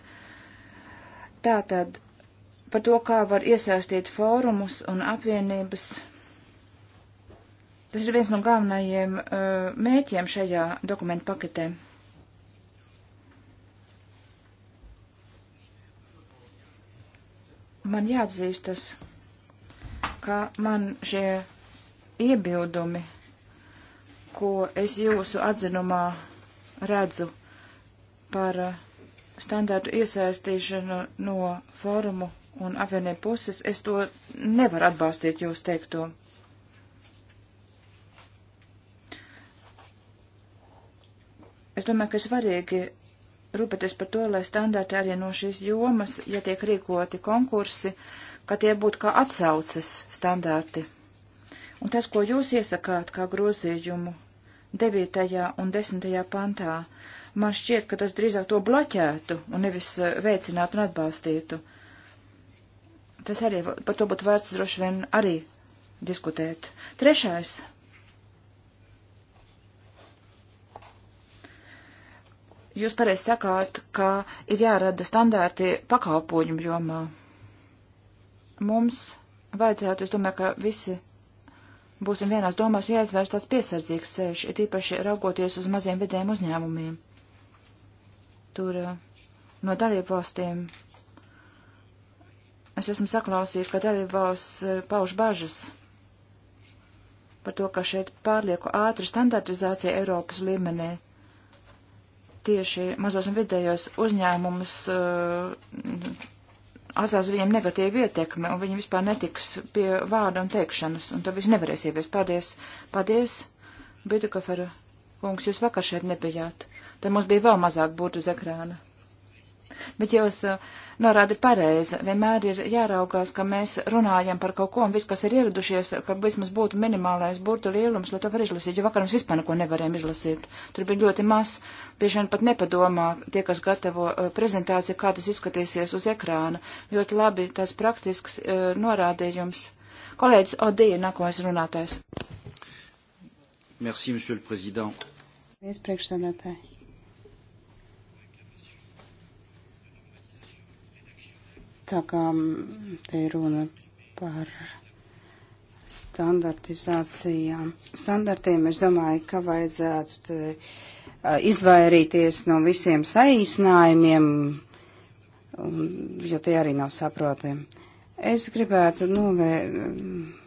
Tātad par to, kā var iesaistīt fórumus un apvienības. Tas ir viens no galvenajiem uh, mēķiem šajā dokumentu paketē. Man jāatzīstas, ka man šie iebildumi, ko es jūsu atzinumā redzu par uh, standārtu iesaistīšanu no fórumu un apvieniem puses, es to nevaru atbalstīt jūs teikto. Es domāju, ka svarīgi rūpēties par to, lai standarti arī no šīs jomas, ja tiek rīkoti konkursi, ka tie būtu kā atsauces standarti. Un tas, ko jūs iesakāt kā grozījumu 9. un 10. pantā, man šķiet, ka tas drīzāk to bloķētu un nevis eh, veicinātu un atbalstītu. Tas arī par to būtu vērts droši vien arī diskutēt. Trešais. Jūs pareizi sakāt, ka ir jārada standārti pakalpojumu jomā. Mums vajadzētu, es domāju, ka visi būsim vienās domās jāizvērst tāds piesardzīgs ceļš, ir īpaši raugoties uz maziem vidējiem uzņēmumiem. Tur eh, no dalībvalstīm Es esmu saklausījis, ka dalībvalsts eh, pauž bažas par to, ka šeit pārlieku ātri standartizācija Eiropas līmenī tieši mazos un vidējos uzņēmumus uh, eh, atstās viņiem negatīvu ietekmi, un viņi vispār netiks pie vārda un teikšanas, un tad viss nevarēs ievies. Paldies, paldies, Bidukaferu kungs, jūs vakar šeit nebijāt. Tad mums bija vēl mazāk būtu uz ekrāna. Bet jūs eh, norādi pareizi, vienmēr ir jāraugās, ka mēs runājam par kaut ko un viss, kas ir ieradušies, ka vismaz būtu minimālais burtu lielums, lai to var izlasīt, jo vakar mums vispār neko nevarējām izlasīt. Tur bija ļoti maz, bieži vien pat nepadomā tie, kas gatavo eh, prezentāciju, kā tas izskatīsies uz ekrāna. Ļoti labi tas praktisks eh, norādījums. Kolēģis Odija, nākamais runātājs. Merci, monsieur le président. Paldies, priekšsēdētāji. Tā kā mm, te ir runa par standartizācijām. Standartiem es domāju, ka vajadzētu te, uh, izvairīties no visiem saīsinājumiem, un, jo tie arī nav saprotami. Es gribētu novērst.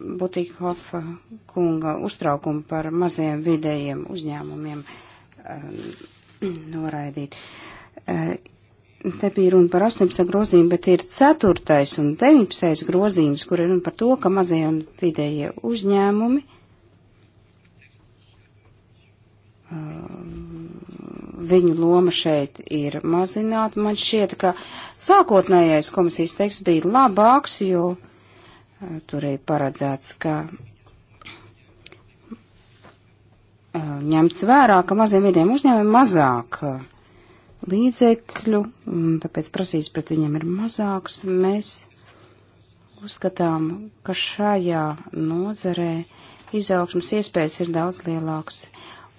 Butīkofa kunga uztraukumu par maziem vidējiem uzņēmumiem noraidīt. Te bija runa par 18 grozījumu, bet ir 4. un 19. grozījums, kur ir runa par to, ka mazie un vidējie uzņēmumi uh, viņu loma šeit ir mazināta. Man šķiet, ka sākotnējais komisijas teksts bija labāks, jo uh, tur ir paredzēts, ka uh, ņemts vērā, ka maziem vidiem uzņēmumiem mazāk līdzekļu, un tāpēc prasīs pret viņiem ir mazāks. Mēs uzskatām, ka šajā nozarē izaugsmas iespējas ir daudz lielākas.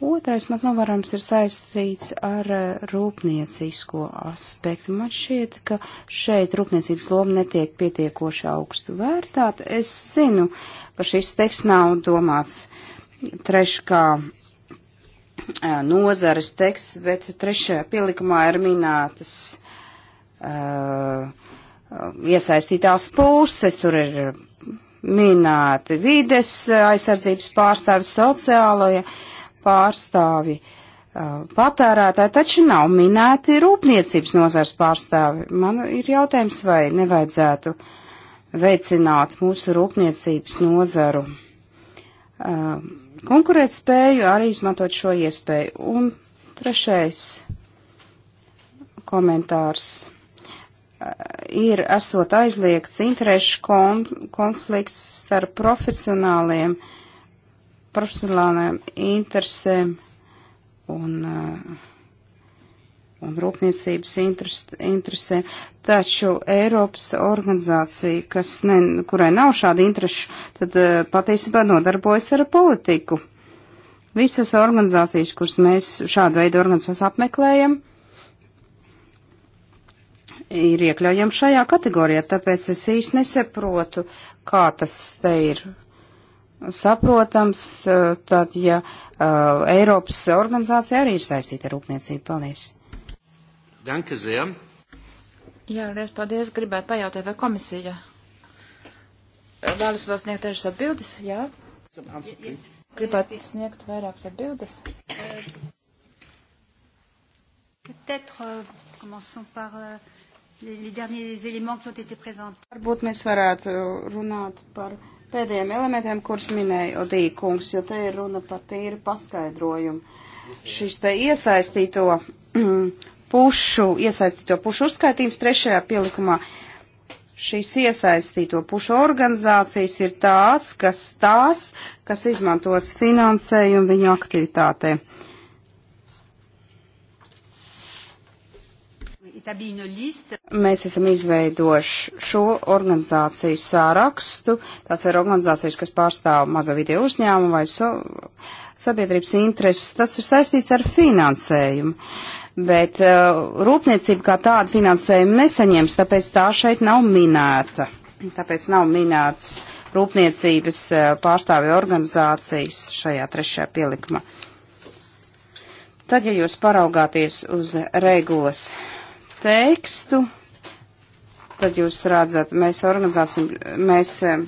Otrais mans novērojums ir saistīts ar eh, rūpniecisko aspektu. Man šķiet, ka šeit rūpniecības loma netiek pietiekoši augstu vērtāt. Es zinu, ka šis teksts nav domāts treškā nozares teksts, bet trešajā pielikumā ir minētas uh, iesaistītās puses, tur ir minēti vides aizsardzības pārstāvi, sociālajie pārstāvi, uh, patērētāji, taču nav minēti rūpniecības nozars pārstāvi. Man ir jautājums, vai nevajadzētu veicināt mūsu rūpniecības nozaru. Uh, konkurētspēju, arī izmantot šo iespēju. Un trešais komentārs eh, ir esot aizliegts interešu kon konflikts starp profesionāliem, profesionāliem interesēm un uh, un rūpniecības interes, interesē, taču Eiropas organizācija, kas ne, kurai nav šāda interešu, tad eh, patiesībā nodarbojas ar politiku. Visas organizācijas, kuras mēs šādu veidu organizācijas apmeklējam, ir iekļaujam šajā kategorijā, tāpēc es īsti nesaprotu, kā tas te ir saprotams, eh, tad, ja uh, Eiropas organizācija arī ir saistīta ar rūpniecību. Paldies! Danke sehr. Jā, liels paldies. Gribētu pajautāt, vai komisija eh, vēlas vēl sniegt dažas atbildes? Jā. Gribētu sniegt vairākas atbildes. Peut-être, euh, commençons par euh, les, les derniers éléments qui ont été présentés. Varbūt mēs varētu runāt par pēdējiem elementiem, kurus minēja Odīja kungs, jo te ir runa par tīru paskaidrojumu. Šis te iesaistīto mm, pušu, iesaistīto pušu uzskaitījums trešajā pielikumā. Šīs iesaistīto pušu organizācijas ir tās, kas tās, kas izmantos finansējumu viņu aktivitātē. Mēs esam izveidojuši šo organizāciju sārakstu. Tās ir organizācijas, kas pārstāv mazo video uzņēmumu vai so, sabiedrības intereses. Tas ir saistīts ar finansējumu. Uh, bet uh, rūpniecība kā tāda finansējumu nesaņems, tāpēc tā šeit nav minēta. Tāpēc nav minētas rūpniecības uh, pārstāvju organizācijas šajā trešajā pielikumā. Tad, ja jūs paraugāties uz regulas tekstu, tad jūs redzat, mēs organizāsim, mēs. Uh,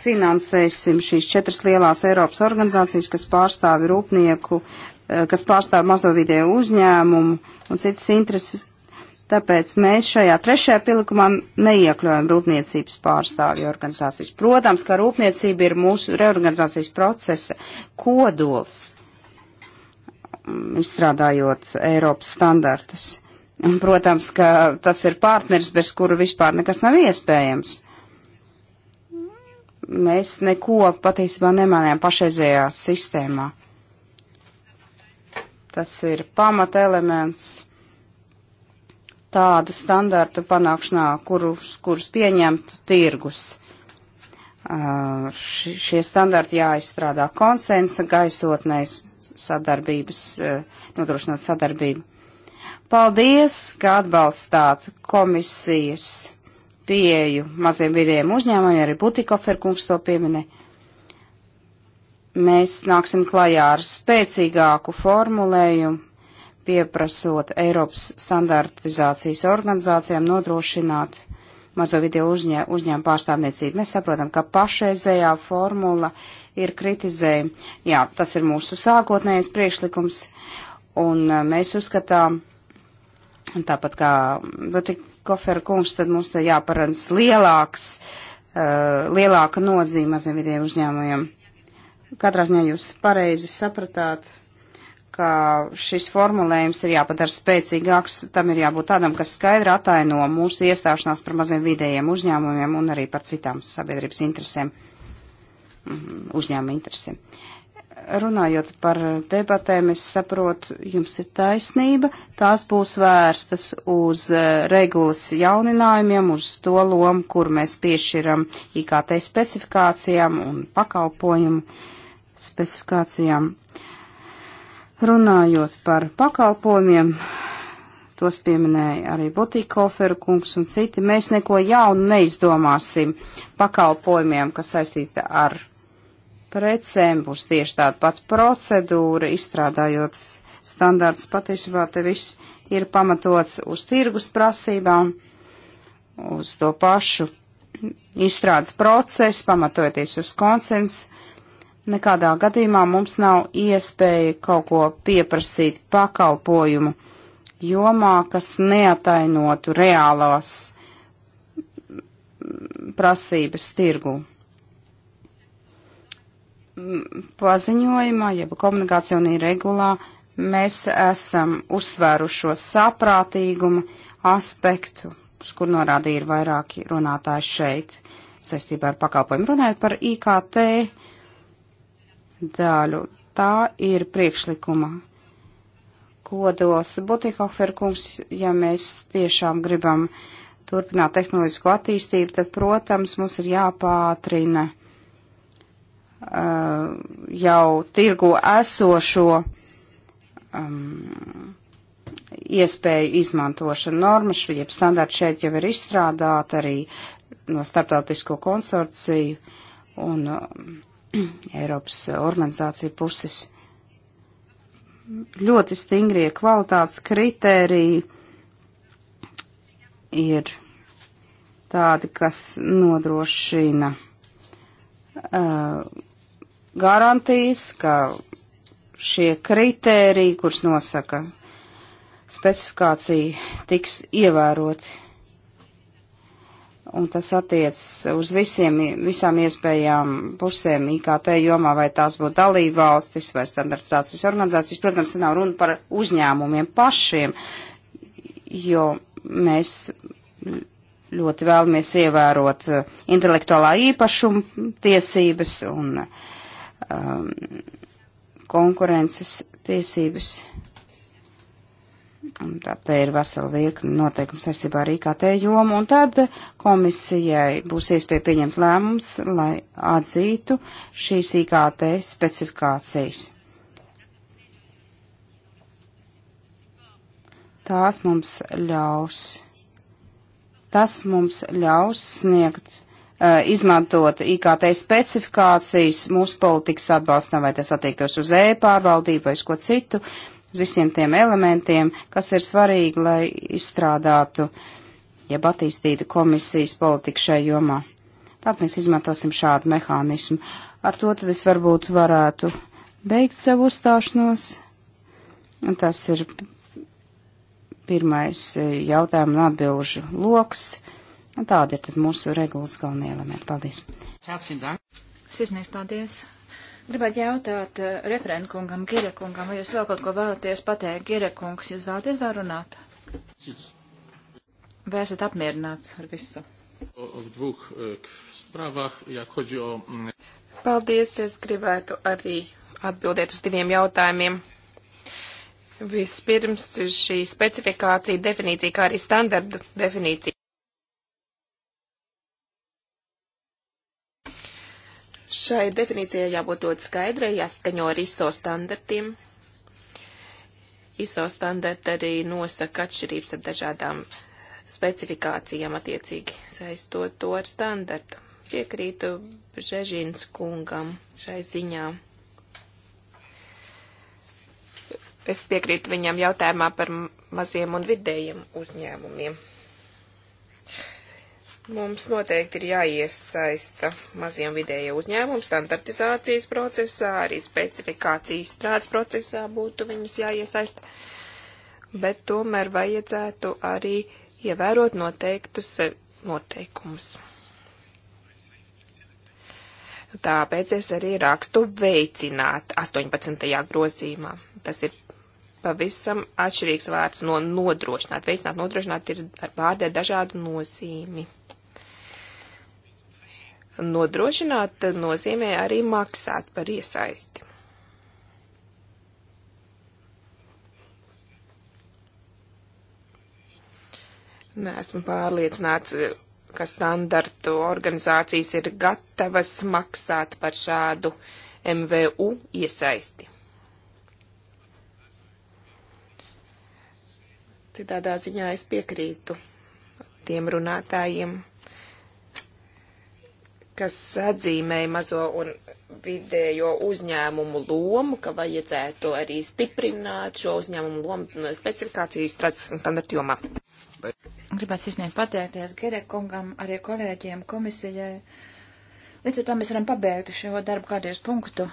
finansēsim šīs četras lielās Eiropas organizācijas, kas pārstāvi rūpnieku Eh, kas pārstāv mazovidēju uzņēmumu un citas intereses. Tāpēc mēs šajā trešajā pielikumā neiekļaujam rūpniecības pārstāvju organizācijas. Protams, ka rūpniecība ir mūsu reorganizācijas procesa kodols, izstrādājot Eiropas standartus. Un, protams, ka tas ir partners, bez kura vispār nekas nav iespējams mēs neko patiesībā nemanējām pašreizējā sistēmā. Tas ir pamata elements tādu standartu panākšanā, kurus, kurus pieņemtu tirgus. Uh, ši, šie standarti jāizstrādā konsensa gaisotnēs sadarbības, uh, nodrošinot sadarbību. Paldies, ka atbalstāt komisijas pieeju maziem vidējiem uzņēmumiem, arī Butikoferkungs to pieminē mēs nāksim klajā ar spēcīgāku formulējumu, pieprasot Eiropas standartizācijas organizācijām nodrošināt mazo video uzņē, uzņēmumu pārstāvniecību. Mēs saprotam, ka pašreizējā formula ir kritizējama. Jā, tas ir mūsu sākotnējais priekšlikums, un uh, mēs uzskatām, tāpat kā Butikofera nu, kungs, tad mums te jāparādz lielāks, uh, lielāka nozīme maziem video uzņēmumiem Katrā ziņā jūs pareizi sapratāt, ka šis formulējums ir jāpadara spēcīgāks, tam ir jābūt tādam, kas skaidri ataino mūsu iestāšanās par maziem vidējiem uzņēmumiem un arī par citām sabiedrības interesēm, mhm, uzņēmuma interesēm. Runājot par debatēm, es saprotu, jums ir taisnība, tās būs vērstas uz eh, regulas jauninājumiem, uz to lomu, kur mēs piešķiram IKT specifikācijām un pakalpojumu specifikācijām. Runājot par pakalpojumiem, tos pieminēja arī Butīkoferu kungs un citi, mēs neko jaunu neizdomāsim pakalpojumiem, kas saistīta ar precēm, būs tieši tāda pat procedūra, izstrādājot standārts patiesībā te viss ir pamatots uz tirgus prasībām, uz to pašu izstrādes procesu, pamatojoties uz konsensu Nekādā gadījumā mums nav iespēja kaut ko pieprasīt pakalpojumu jomā, kas neatainotu reālās prasības tirgu. Paziņojumā, jeb komunikācijā un regulā, mēs esam uzsvērušo saprātīgumu aspektu, uz kur norādīja ir vairāki runātāji šeit, saistībā ar pakalpojumu. Runājot par IKT daļu. Tā ir priekšlikuma kodols. Butikofer kungs, ja mēs tiešām gribam turpināt tehnoloģisko attīstību, tad, protams, mums ir jāpātrina uh, jau tirgu esošo um, iespēju izmantošana. Norma šviepa standārta šeit jau ir izstrādāta arī no starptautisko konsorciju, un um, Eiropas organizāciju puses. Ļoti stingrie kvalitātes kritēriji ir tādi, kas nodrošina uh, garantijas, ka šie kritēriji, kurus nosaka specifikācija, tiks ievēroti un tas attiec uz visiem, visām iespējām pusēm IKT jomā, vai tās būtu dalība valstis vai standartizācijas organizācijas. Protams, te nav runa par uzņēmumiem pašiem, jo mēs ļoti vēlamies ievērot uh, intelektuālā īpašuma tiesības un um, konkurences tiesības. Un tā te ir vesela virkni noteikumi saistībā ar IKT jomu, un tad komisijai būs iespēja pieņemt lēmums, lai atzītu šīs IKT specifikācijas. Tās mums ļaus. Tas mums ļaus sniegt eh, izmantot IKT specifikācijas mūsu politikas atbalstam, vai tas attiektos uz e-pārvaldību vai uz ko citu uz visiem tiem elementiem, kas ir svarīgi, lai izstrādātu, jeb attīstītu komisijas politiku šai jomā. Tad mēs izmantosim šādu mehānismu. Ar to tad es varbūt varētu beigt savu uzstāšanos. Un tas ir pirmais e, jautājumu un atbilžu loks. Un tādi ir tad mūsu regulas galvenie elementi. Paldies! Sirsnīgs paldies! Gribētu jautāt uh, referentkungam, Girekungam, vai jūs vēl kaut ko vēlaties pateikt? Girekungs, jūs vēlaties vēl runāt? Vai esat apmierināts ar visu? E, mm, Paldies, es gribētu arī atbildēt uz diviem jautājumiem. Vispirms šī specifikācija definīcija, kā arī standarta definīcija. Šai definīcijai jābūt ļoti skaidrai, jāskaņo ar ISO standartiem. ISO standarti arī nosaka atšķirības ar dažādām specifikācijām attiecīgi saistot to ar standartu. Piekrītu Žežins kungam šai ziņā. Es piekrītu viņam jautājumā par maziem un vidējiem uzņēmumiem. Mums noteikti ir jāiesaista maziem vidējie uzņēmumi standartizācijas procesā, arī specifikācijas strādes procesā būtu viņus jāiesaista, bet tomēr vajadzētu arī ievērot noteiktus eh, noteikumus. Tāpēc es arī rakstu veicināt 18. grozīmā. Tas ir pavisam atšķirīgs vārds no nodrošināt. Veicināt, nodrošināt ir ar vārdē dažādu nozīmi. Nodrošināt nozīmē arī maksāt par iesaisti. Neesmu pārliecināts, ka standartu organizācijas ir gatavas maksāt par šādu MVU iesaisti. Citādā ziņā es piekrītu tiem runātājiem, kas atzīmēja mazo un vidējo uzņēmumu lomu, ka vajadzētu arī stiprināt šo uzņēmumu lomu specifikācijas standartu jomā. Gribētu izsniegt pateikties Gerekungam, arī kolēģiem, komisijai. Līdz ar to mēs varam pabeigt šo darbu kādreiz punktu.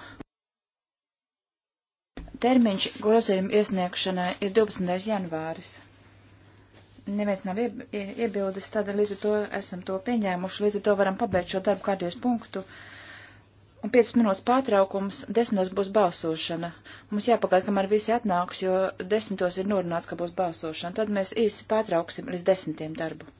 Termiņš grozījuma iesniegšanai ir 12. janvāris neviens nav iebildes, tad līdz ar to esam to pieņēmuši, līdz ar to varam pabeigt šo darbu kārtības punktu. Un 5 minūtes pārtraukums, 10 būs balsošana. Mums jāpagaida, kamēr visi atnāks, jo 10 ir norunāts, ka būs balsošana. Tad mēs īsi pārtrauksim līdz 10 darbu.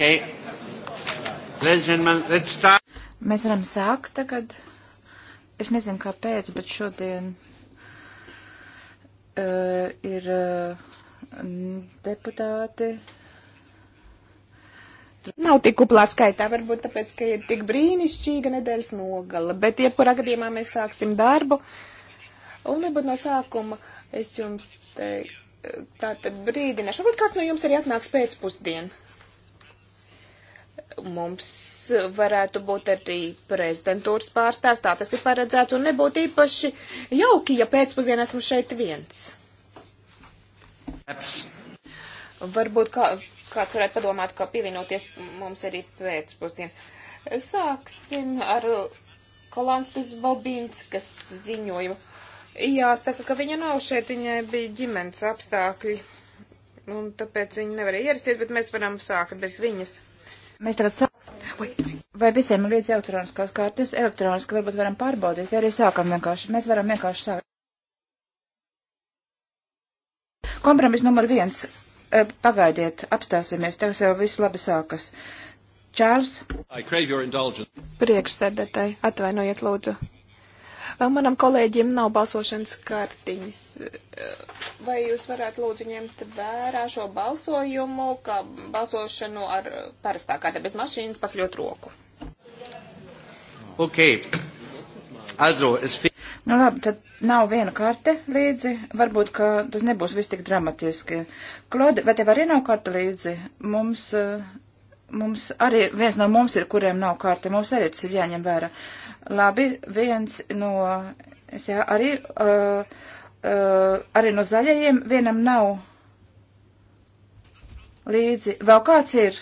Okay. Mēs varam sākt tagad. Es nezinu, kāpēc, bet šodien uh, ir uh, deputāti. Nav tik uplā skaitā, varbūt tāpēc, ka ir tik brīnišķīga nedēļas nogala, bet jebkurā gadījumā mēs sāksim darbu. Un varbūt no sākuma es jums teiktu, eh, tātad brīdināšu, varbūt kāds no jums arī atnāks pēcpusdienu mums varētu būt arī prezidentūras pārstāvs, tā tas ir paredzēts, un nebūtu īpaši jauki, ja pēcpusdienā esmu šeit viens. Eps. Varbūt kā, kāds varētu padomāt, kā pievienoties mums arī pēcpusdienā. Sāksim ar Kolanskas Bobīnskas ziņojumu. Jāsaka, ka viņa nav šeit, viņai bija ģimenes apstākļi, un tāpēc viņa nevarēja ierasties, bet mēs varam sākt bez viņas. Mēs tagad sāksim. Vai visiem ir līdz elektroniskās kartes? Elektroniski varbūt varam pārbaudīt, vai arī sākam vienkārši. Mēs varam vienkārši sākt. Kompromis numur viens. E, pagaidiet, apstāsimies, tagad jau viss labi sākas. Čārs. Priekšsēdētāji, atvainojiet lūdzu. Manam kolēģim nav balsošanas kartiņas. Vai jūs varētu lūdzu ņemt vērā šo balsojumu, kā balsošanu ar parastā kārta bez mašīnas, pats ļoti roku? Ok. Also, es... Nu labi, tad nav viena karte līdzi. Varbūt, ka tas nebūs viss tik dramatiski. Klodi, vai tev arī nav karte līdzi? Mums, mums arī viens no mums ir, kuriem nav karte. Mums arī tas ir jāņem vērā. Uh, Labi, viens no, es jā, arī, uh, uh, arī no zaļajiem vienam nav līdzi. Vēl kāds ir,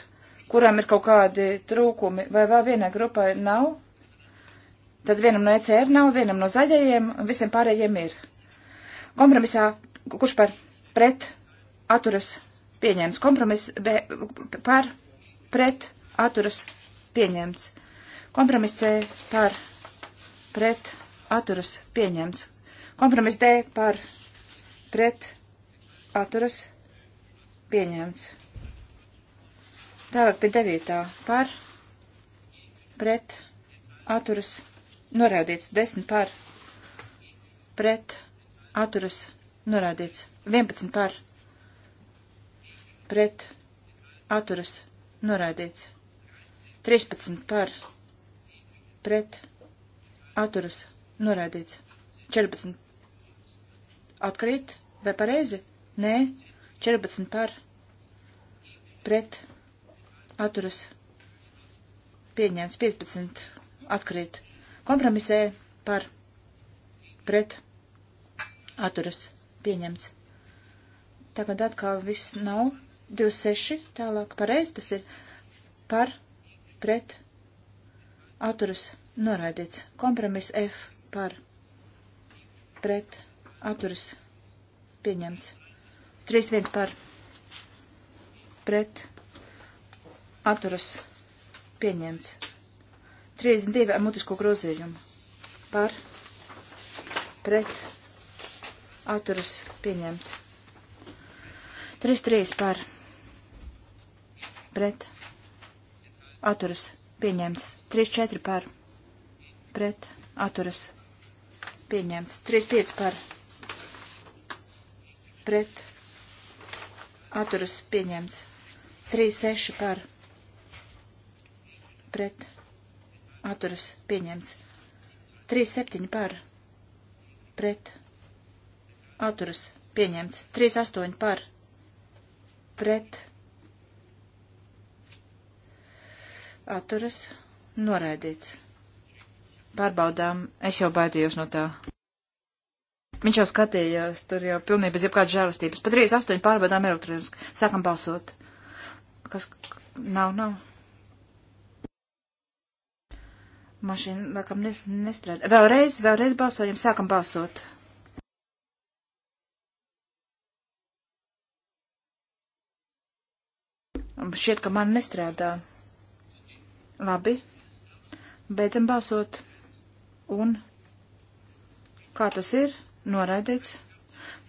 kuram ir kaut kādi trūkumi, vai vēl vienai grupai nav? Tad vienam no ECR nav, vienam no zaļajiem, visiem pārējiem ir. Kompromisā, kurš par pret atturas pieņemts. Kompromiss B, par pret atturas pieņemts. Kompromiss C par pret atturas pieņemts. Kompromiss D par pret atturas pieņemts. Tālāk pie devītā par pret atturas norādīts. Desmit par pret atturas norādīts. Vienpadsmit par pret atturas norādīts. Trīspadsmit par pret atturas norādīts atturas norādīts. 14 atkrīt, vai pareizi? Nē, 14 par pret atturas pieņemts, 15 atkrīt. Kompromisē e par pret atturas pieņemts. Tagad atkal viss nav 26, tālāk pareizi tas ir par pret atturas pieņemts Noraidīts. Kompromiss F par pret atturas pieņemts. 3-1 par pret atturas pieņemts. 32 ar mutisko grozījumu par pret atturas pieņemts. 3-3 par pret atturas pieņemts. 3-4 par pret pret atturas pieņemts. 35 par pret atturas pieņemts. 36 par pret atturas pieņemts. 37 par pret atturas pieņemts. 38 par pret atturas noraidīts. Pārbaudām, es jau baidījos no tā. Viņš jau skatījās, tur jau pilnīgi bez jebkādas žēlastības. Pat 38 pārbaudām elektroniski. Sākam balsot. Kas nav, nav. Mašīna laikam nestrādā. Vēlreiz, vēlreiz balsojam, sākam balsot. Šķiet, ka man nestrādā. Labi. Beidzam balsot. Un kā tas ir? Noraidīts.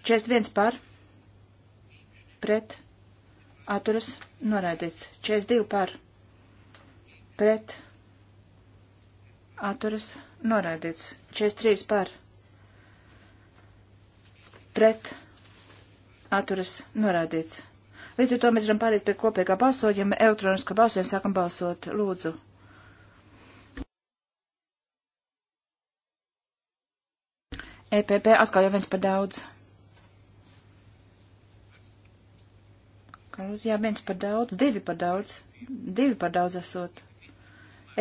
41 par. Pret. Atturas. Noraidīts. 42 par. Pret. Atturas. Noraidīts. 43 par. Pret. Atturas. Noraidīts. Līdz ar to mēs varam pārīt pie kopīgā balsojuma. Elektroniska balsojuma sākam balsot. Lūdzu. EPP atkal jau viens par daudz. Karus, jā, viens par daudz, divi par daudz, divi par daudz esot.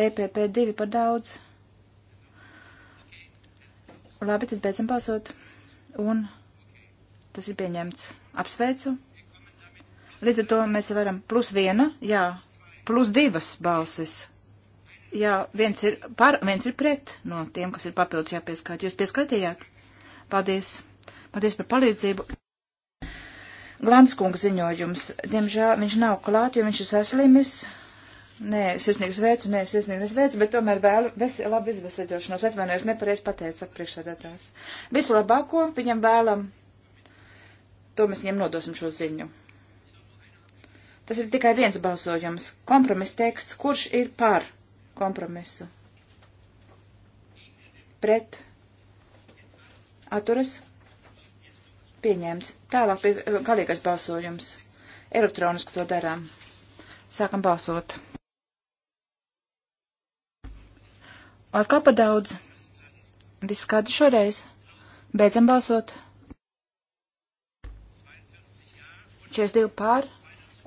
EPP divi par daudz. Labi, tad beidzam balsot. Un tas ir pieņemts. Apsveicu. Līdz ar to mēs varam plus viena, jā, plus divas balsis. Jā, viens ir par, viens ir pret no tiem, kas ir papildus jāpieskait. Jūs pieskaitījāt? Paldies! Paldies par palīdzību! Glanskungs ziņojums. Diemžēl viņš nav klāt, jo viņš ir saslimis. Nē, sirsnīgs veids, nē, sirsnīgs veids, bet tomēr vēl vesi, labi izvesaļošanos. Atvainojos, nepareiz pateicu, saka priekšsēdētājs. Visu labāko viņam vēlam. To mēs viņam nodosim šo ziņu. Tas ir tikai viens balsojums. Kompromiss teksts, kurš ir par kompromisu? Pret atturas pieņemts. Tālāk pie eh, galīgais balsojums. Elektroniski to darām. Sākam balsot. Atkal pa daudz. Viss kādi šoreiz. Beidzam balsot. 42 pār,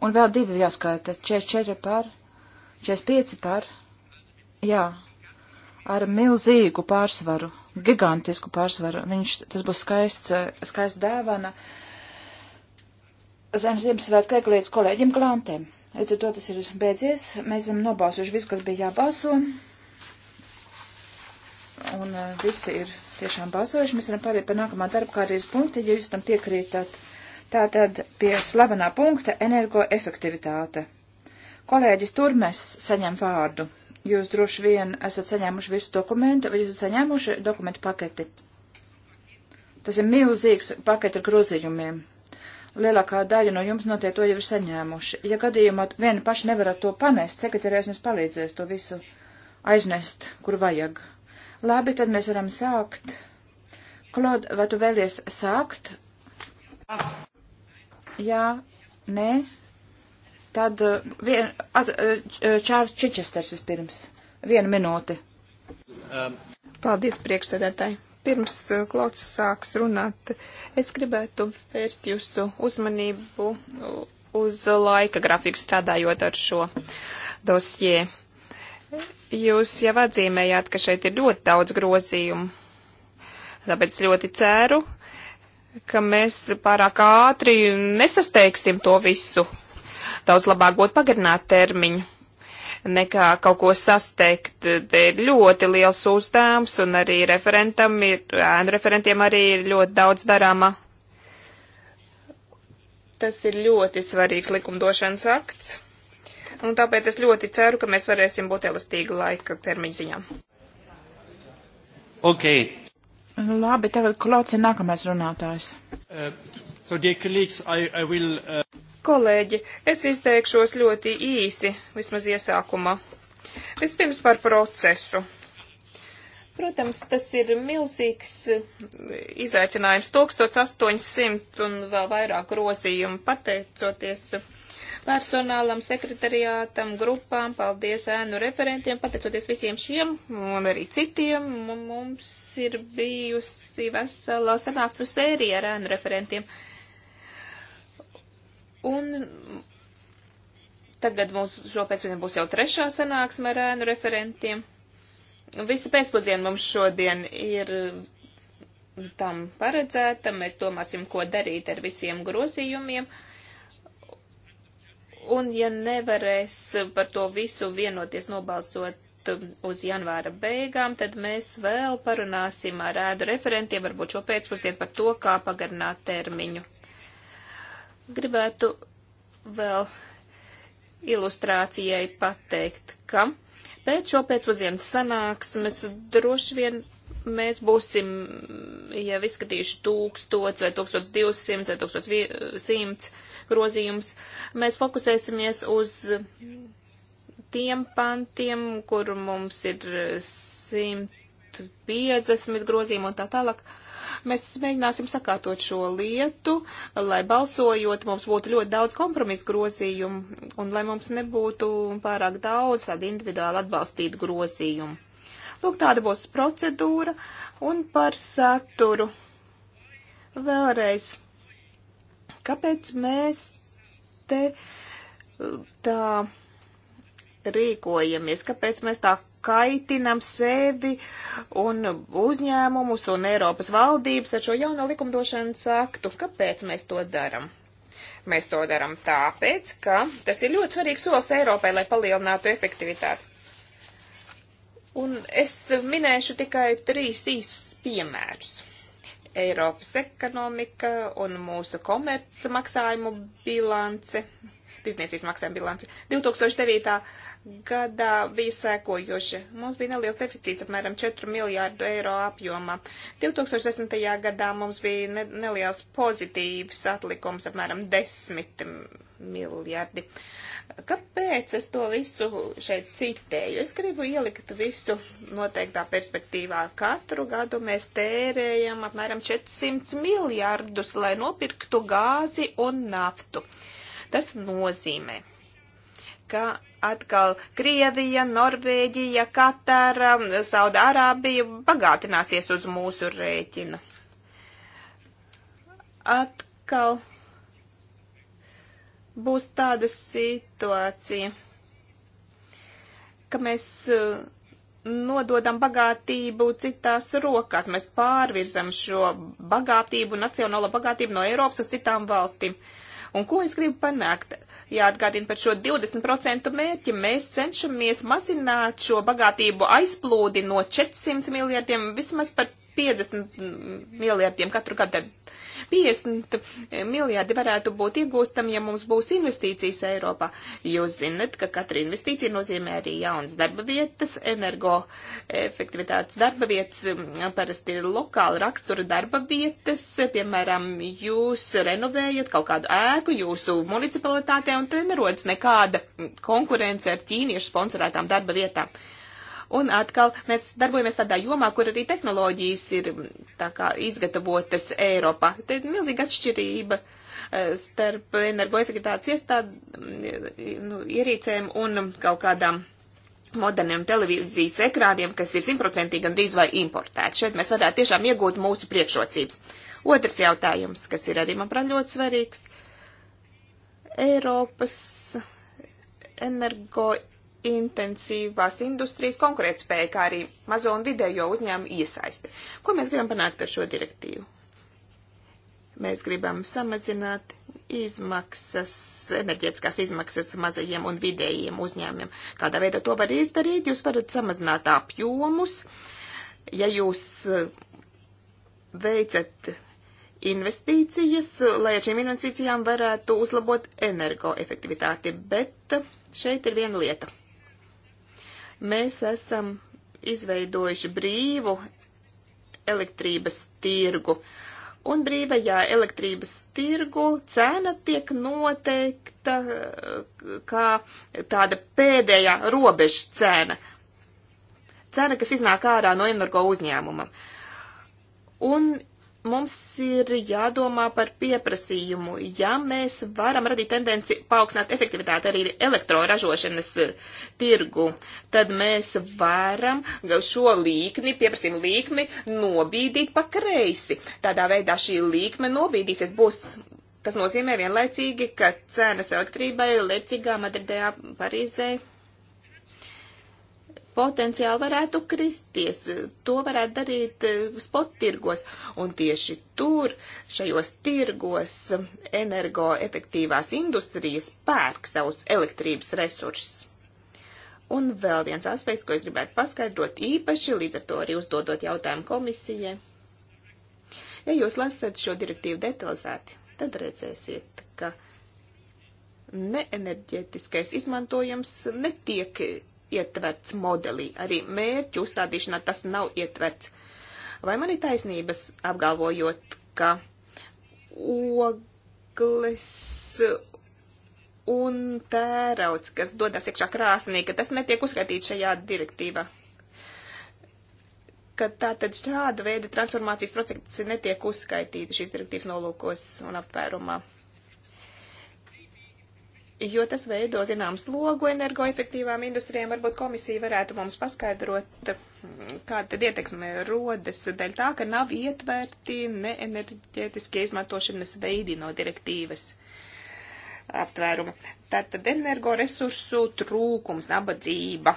un vēl divi jāskaita. 44 pār, 45 pār. Jā, ar milzīgu pārsvaru gigantisku pārsvaru. Viņš, tas būs skaists, eh, skaists dēvana zem Ziemassvētku eglītes kolēģim Klantēm. Līdz ar to tas ir beidzies. Mēs esam nobalsojuši visu, kas bija jābalso. Un uh, visi ir tiešām balsojuši. Mēs varam pārēt pie nākamā darba kārtības punkta, ja jūs tam piekrītat. Tātad pie slavenā punkta energoefektivitāte. Kolēģis Turmes saņem vārdu. Jūs droši vien esat saņēmuši visu dokumentu, vai jūs esat saņēmuši dokumentu paketi? Tas ir milzīgs paketi ar grozījumiem. Lielākā daļa no jums noteikti to jau ir saņēmuši. Ja gadījumā vieni paši nevarat to panest, sekretārijas jums palīdzēs to visu aiznest, kur vajag. Labi, tad mēs varam sākt. Klod, vai tu vēlies sākt? Jā, nē, Tad eh, vien, at, eh, eh, Čārs Čičesters vispirms. Vienu minūti. Um. Paldies, priekšsēdētāji. Pirms Klauds sāks runāt, es gribētu vērst jūsu uzmanību uz laika grafiku strādājot ar šo dosjē. Jūs jau atzīmējāt, ka šeit ir ļoti daudz grozījumu. Tāpēc ļoti ceru, ka mēs pārāk ātri nesasteigsim to visu daudz labāk būtu pagarināt termiņu nekā kaut ko sasteikt. Te ir ļoti liels uzdevums, un arī referentam ir, ēnu referentiem arī ir ļoti daudz darāma. Tas ir ļoti svarīgs likumdošanas akts, un tāpēc es ļoti ceru, ka mēs varēsim būt elastīgi laika termiņu ziņā. Ok. Labi, tagad klāts ir nākamais runātājs. Uh, so, dear colleagues, I, I will, uh... Kolēģi, es izteikšos ļoti īsi, vismaz iesākumā. Vispirms par procesu. Protams, tas ir milzīgs eh, izaicinājums. 1800 un vēl vairāk grozījumu pateicoties personālam, sekretariātam, grupām, paldies ēnu referentiem, pateicoties visiem šiem un arī citiem. Mums ir bijusi vesela sanāksmes sērija ar ēnu referentiem. Uh, Un tagad mums šo pēcpusdienu būs jau trešā sanāksme ar ēnu referentiem. Visa pēcpusdiena mums šodien ir tam paredzēta. Mēs domāsim, ko darīt ar visiem grozījumiem. Un, ja nevarēs par to visu vienoties nobalsot uz janvāra beigām, tad mēs vēl parunāsim ar ēdu referentiem, varbūt šo pēcpusdienu par to, kā pagarināt termiņu. Gribētu vēl ilustrācijai pateikt, ka pēc šo pēcpusdienas sanāksmes droši vien mēs būsim, ja izskatīšu 1000 vai 1200 vai 1100 grozījums, mēs fokusēsimies uz tiem pantiem, kur mums ir 150 grozījumu un tā tālāk. Uh, Mēs mēģināsim sakārtot šo lietu, lai balsojot mums būtu ļoti daudz kompromisu grozījumu un lai mums nebūtu pārāk daudz tādu individuāli atbalstītu grozījumu. Lūk, tāda būs procedūra un par saturu. Vēlreiz, kāpēc mēs te tā rīkojamies, kāpēc mēs tā kaitinam sevi un uzņēmumus un Eiropas valdības ar šo jauno likumdošanas aktu. Kāpēc mēs to darām? Mēs to darām tāpēc, ka tas ir ļoti svarīgs solis Eiropai, lai palielinātu efektivitāti. Un es minēšu tikai trīs īsus piemērus. Eiropas ekonomika un mūsu komercmaksājumu bilance tirzniecības maksājuma bilanci. 2009. gadā bija sēkojoši. Mums bija neliels deficīts, apmēram 4 miljārdu eiro apjoma. 2010. gadā mums bija ne, neliels pozitīvs atlikums, apmēram 10 miljardi. Kāpēc es to visu šeit citēju? Es gribu ielikt visu noteiktā perspektīvā. Katru gadu mēs tērējam apmēram 400 miljardus, lai nopirktu gāzi un naftu. Uh, Tas nozīmē, ka atkal Krievija, Norvēģija, Katara, Saudārābija bagātināsies uz mūsu rēķina. Atkal būs tāda situācija, ka mēs uh, nododam bagātību citās rokās. Mēs pārvirzam šo bagātību, nacionālo bagātību no Eiropas uz citām valstīm. Uh, Un ko es gribu panākt? Jāatgādina par šo 20% mērķi. Mēs cenšamies mazināt šo bagātību aizplūdi no 400 miljardiem vismaz par 50 miljardiem katru gadu. Tad 50 miljārdi varētu būt iegūstami, ja mums būs investīcijas Eiropā. Jūs zinat, ka katra investīcija nozīmē arī jaunas darba vietas, energoefektivitātes darba vietas, parasti ir lokāla rakstura darba vietas, piemēram, jūs renovējat kaut kādu ēku jūsu municipalitātē un te nerodas nekāda konkurence ar ķīniešu sponsorētām darba vietām. Un atkal mēs darbojamies tādā jomā, kur arī tehnoloģijas ir tā kā izgatavotas Eiropā. Te ir milzīga atšķirība e, starp energoefektivitātes iestādu nu, ierīcēm un kaut kādām moderniem televīzijas ekrāniem, kas ir simtprocentīgi gandrīz vai importēti. Šeit mēs varētu tiešām iegūt mūsu priekšrocības. Otrs jautājums, kas ir arī, manuprāt, ļoti svarīgs. Eiropas energo intensīvās industrijas konkurētspēja, kā arī mazo un vidējo uzņēmumu iesaisti. Ko mēs gribam panākt ar šo direktīvu? Mēs gribam samazināt izmaksas, enerģētiskās izmaksas mazajiem un vidējiem uzņēmumiem. Kādā veidā to var izdarīt? Jūs varat samazināt apjomus, ja jūs eh, veicat investīcijas, lai ar šīm investīcijām varētu uzlabot energoefektivitāti, bet šeit ir viena lieta. Mēs esam izveidojuši brīvu elektrības tirgu. Un brīvajā elektrības tirgu cena tiek noteikta eh, kā tāda pēdējā robeža cena. Cena, kas iznāk ārā no energo uzņēmuma. Un mums ir jādomā par pieprasījumu. Ja mēs varam radīt tendenci paaugstināt efektivitāti arī elektroražošanas eh, tirgu, tad mēs varam šo līkni, pieprasījumu līkni, nobīdīt pa kreisi. Tādā veidā šī līkme nobīdīsies, būs. Tas nozīmē vienlaicīgi, ka cenas elektrībai Lecigā, Madridē, Parīzē potenciāli varētu kristies. To varētu darīt eh, spot tirgos. Un tieši tur, šajos tirgos, energoefektīvās industrijas pērk savus elektrības resursus. Un vēl viens aspekts, ko es gribētu paskaidrot īpaši, līdz ar to arī uzdodot jautājumu komisijai. Ja jūs lasat šo direktīvu detalizēti, tad redzēsiet, ka neenerģetiskais izmantojums netiek ietverts modelī, arī mērķu uzstādīšanā tas nav ietverts. Vai man ir taisnības apgalvojot, ka ogles un tērauds, kas dodas iekšā krāsnī, ka tas netiek uzskaitīts šajā direktīvā? ka tātad šāda veida transformācijas procesi netiek uzskaitīti šīs direktīvas nolūkos un aptvērumā jo tas veido zināms logu energoefektīvām industrijām. Varbūt komisija varētu mums paskaidrot, kāda tad ieteksme rodas dēļ tā, ka nav ietverti neenerģētiskie izmantošanas veidi no direktīvas aptvērumu. Tātad energoresursu trūkums, nabadzība,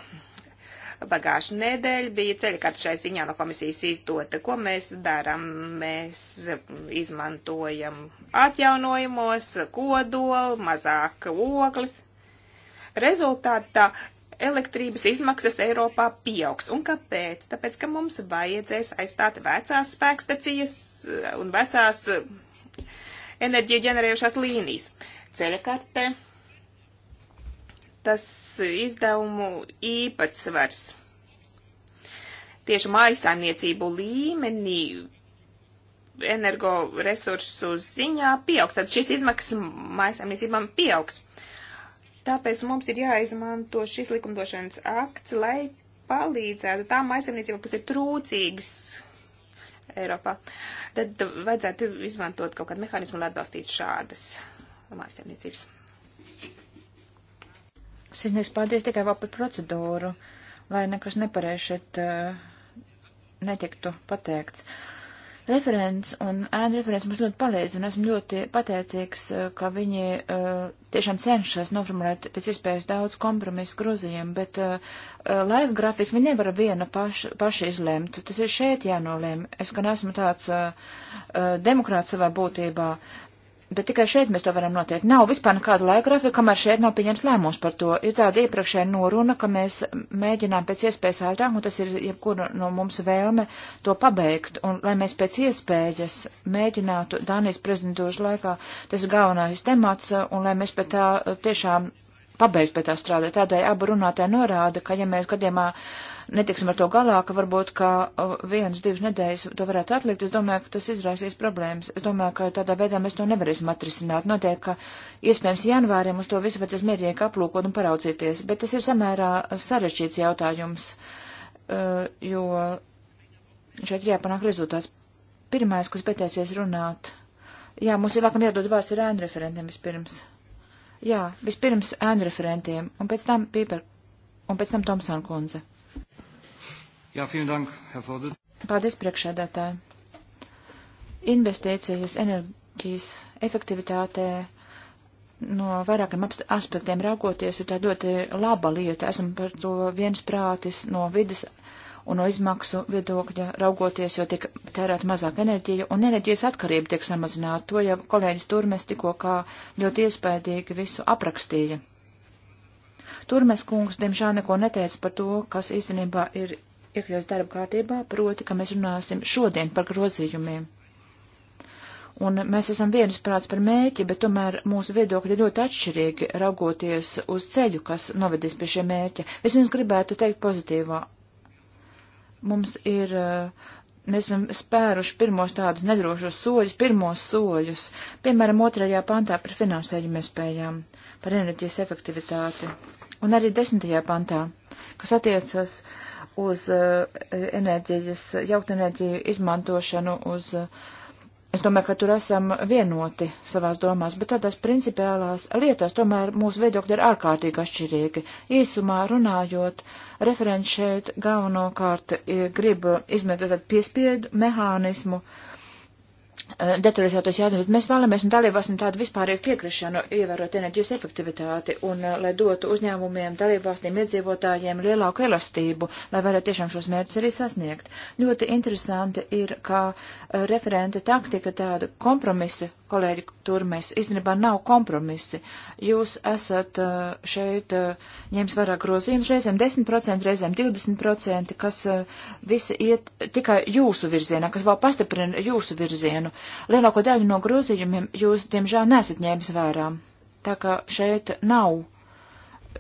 Pagājušā nedēļa bija ceļkārta šai ziņā no komisijas izdota. Ko mēs darām? Mēs izmantojam atjaunojumos kodolu, mazāk ogles. Rezultātā elektrības izmaksas Eiropā pieaugs. Un kāpēc? Tāpēc, ka mums vajadzēs aizstāt vecās spēkstacijas uh, un vecās uh, enerģiju ģenerējušās līnijas. Ceļakartē tas izdevumu īpatsvars. Tieši mājasaimniecību līmenī energoresursu ziņā pieaugs, tad šis izmaksas mājasaimniecībām pieaugs. Tāpēc mums ir jāizmanto šis likumdošanas akts, lai palīdzētu tām mājasemniecībām, kas ir trūcīgas Eiropā. Tad vajadzētu izmantot kaut kādu mehānismu, lai atbalstītu šādas mājasemniecības. Sīsnieks paldies tikai vēl par procedūru, lai nekas nepareiz šeit eh, netiktu pateikts. Referents un ēna referents mums ļoti palīdz, un esmu ļoti pateicīgs, eh, ka viņi uh, tiešām cenšas noformulēt pēc iespējas daudz kompromisu grozījumu, bet uh, laika grafiku viņi nevar viena paš, paši izlemt. Tas ir šeit jānolēm. Es gan esmu tāds uh, demokrāts savā būtībā, Bet tikai šeit mēs to varam noteikt. Nav vispār nekāda laika grafika, kamēr šeit nav pieņems lēmums par to. Ir tāda iepriekšēja noruna, ka mēs mēģinām pēc iespējas ātrāk, un tas ir jebkura no mums vēlme to pabeigt, un lai mēs pēc iespējas mēģinātu Dānijas prezidentūras laikā, tas ir galvenais temats, un lai mēs pēc tā tiešām pabeigt pēc tā strādāt. Tādēļ abu runātāji norāda, ka ja mēs gadījumā. Uh, netiksim ar to galā, ka varbūt, ka uh, vienas, divas nedēļas to varētu atlikt, es domāju, ka tas izraisīs problēmas. Es domāju, ka tādā veidā mēs to nevarēsim atrisināt. Noteikti, ka iespējams janvārī mums to visu vajadzēs mierīgi aplūkot un paraudzīties, bet tas ir samērā uh, sarežģīts jautājums, uh, jo šeit jāpanāk rezultāts. Pirmais, kas pieteicies runāt. Jā, mums ir laikam jādod vārds ar ēnu referentiem vispirms. Jā, vispirms ēnu referentiem, un pēc tam Pīper, un pēc tam Tomsona kundze. Jā, vielen dank, Herr Vorsitz. Paldies, priekšēdētāji. Investīcijas enerģijas efektivitātē no vairākiem aspektiem raugoties ir tā ļoti laba lieta. Esam par to viensprātis no vidas un no izmaksu viedokļa raugoties, jo tiek tērēt mazāk enerģija, un enerģijas atkarība tiek samazināta. To jau kolēģis Turmes tikko kā ļoti iespaidīgi visu aprakstīja. Turmes kungs, diemžēl, neko neteica par to, kas īstenībā ir iekļaus darba kārtībā, proti, ka mēs runāsim šodien par grozījumiem. Un mēs esam viensprāts par mēķi, bet tomēr mūsu viedokļi ļoti atšķirīgi raugoties uz ceļu, kas novedīs pie šie mērķi. Es jums gribētu teikt pozitīvā. Mums ir, eh, mēs esam spēruši pirmos tādus nedrošos soļus, pirmos soļus, piemēram, otrajā pantā par finansējumu iespējām, par enerģijas efektivitāti. Un arī desmitajā pantā, kas attiecas uh, uz eh, enerģijas, jauktu enerģiju izmantošanu, uz, eh, es domāju, ka tur esam vienoti savās domās, bet tādās principiālās lietās tomēr mūsu viedokļi ir ārkārtīgi atšķirīgi. Īsumā runājot, referents šeit galvenokārt eh, grib izmantot piespiedu mehānismu, uh, Eh, detalizētos jautājumus, bet mēs vēlamies un dalībvalstīm tādu vispārīgu piekrišanu ievērot enerģijas efektivitāti un eh, lai dotu uzņēmumiem, dalībvalstīm, iedzīvotājiem lielāku elastību, lai varētu tiešām šos mērķus arī sasniegt. Ļoti interesanti ir, kā eh, referente taktika tāda kompromisa kolēģi Turmes, īstenībā nav kompromisi. Jūs esat uh, šeit uh, ņems vairāk grozījumus reizēm 10%, reizēm 20%, kas uh, visi iet tikai jūsu virzienā, kas vēl pastiprina jūsu virzienu. Lielāko daļu no grozījumiem jūs, diemžēl, nesat ņēmis vērā. Tā kā šeit nav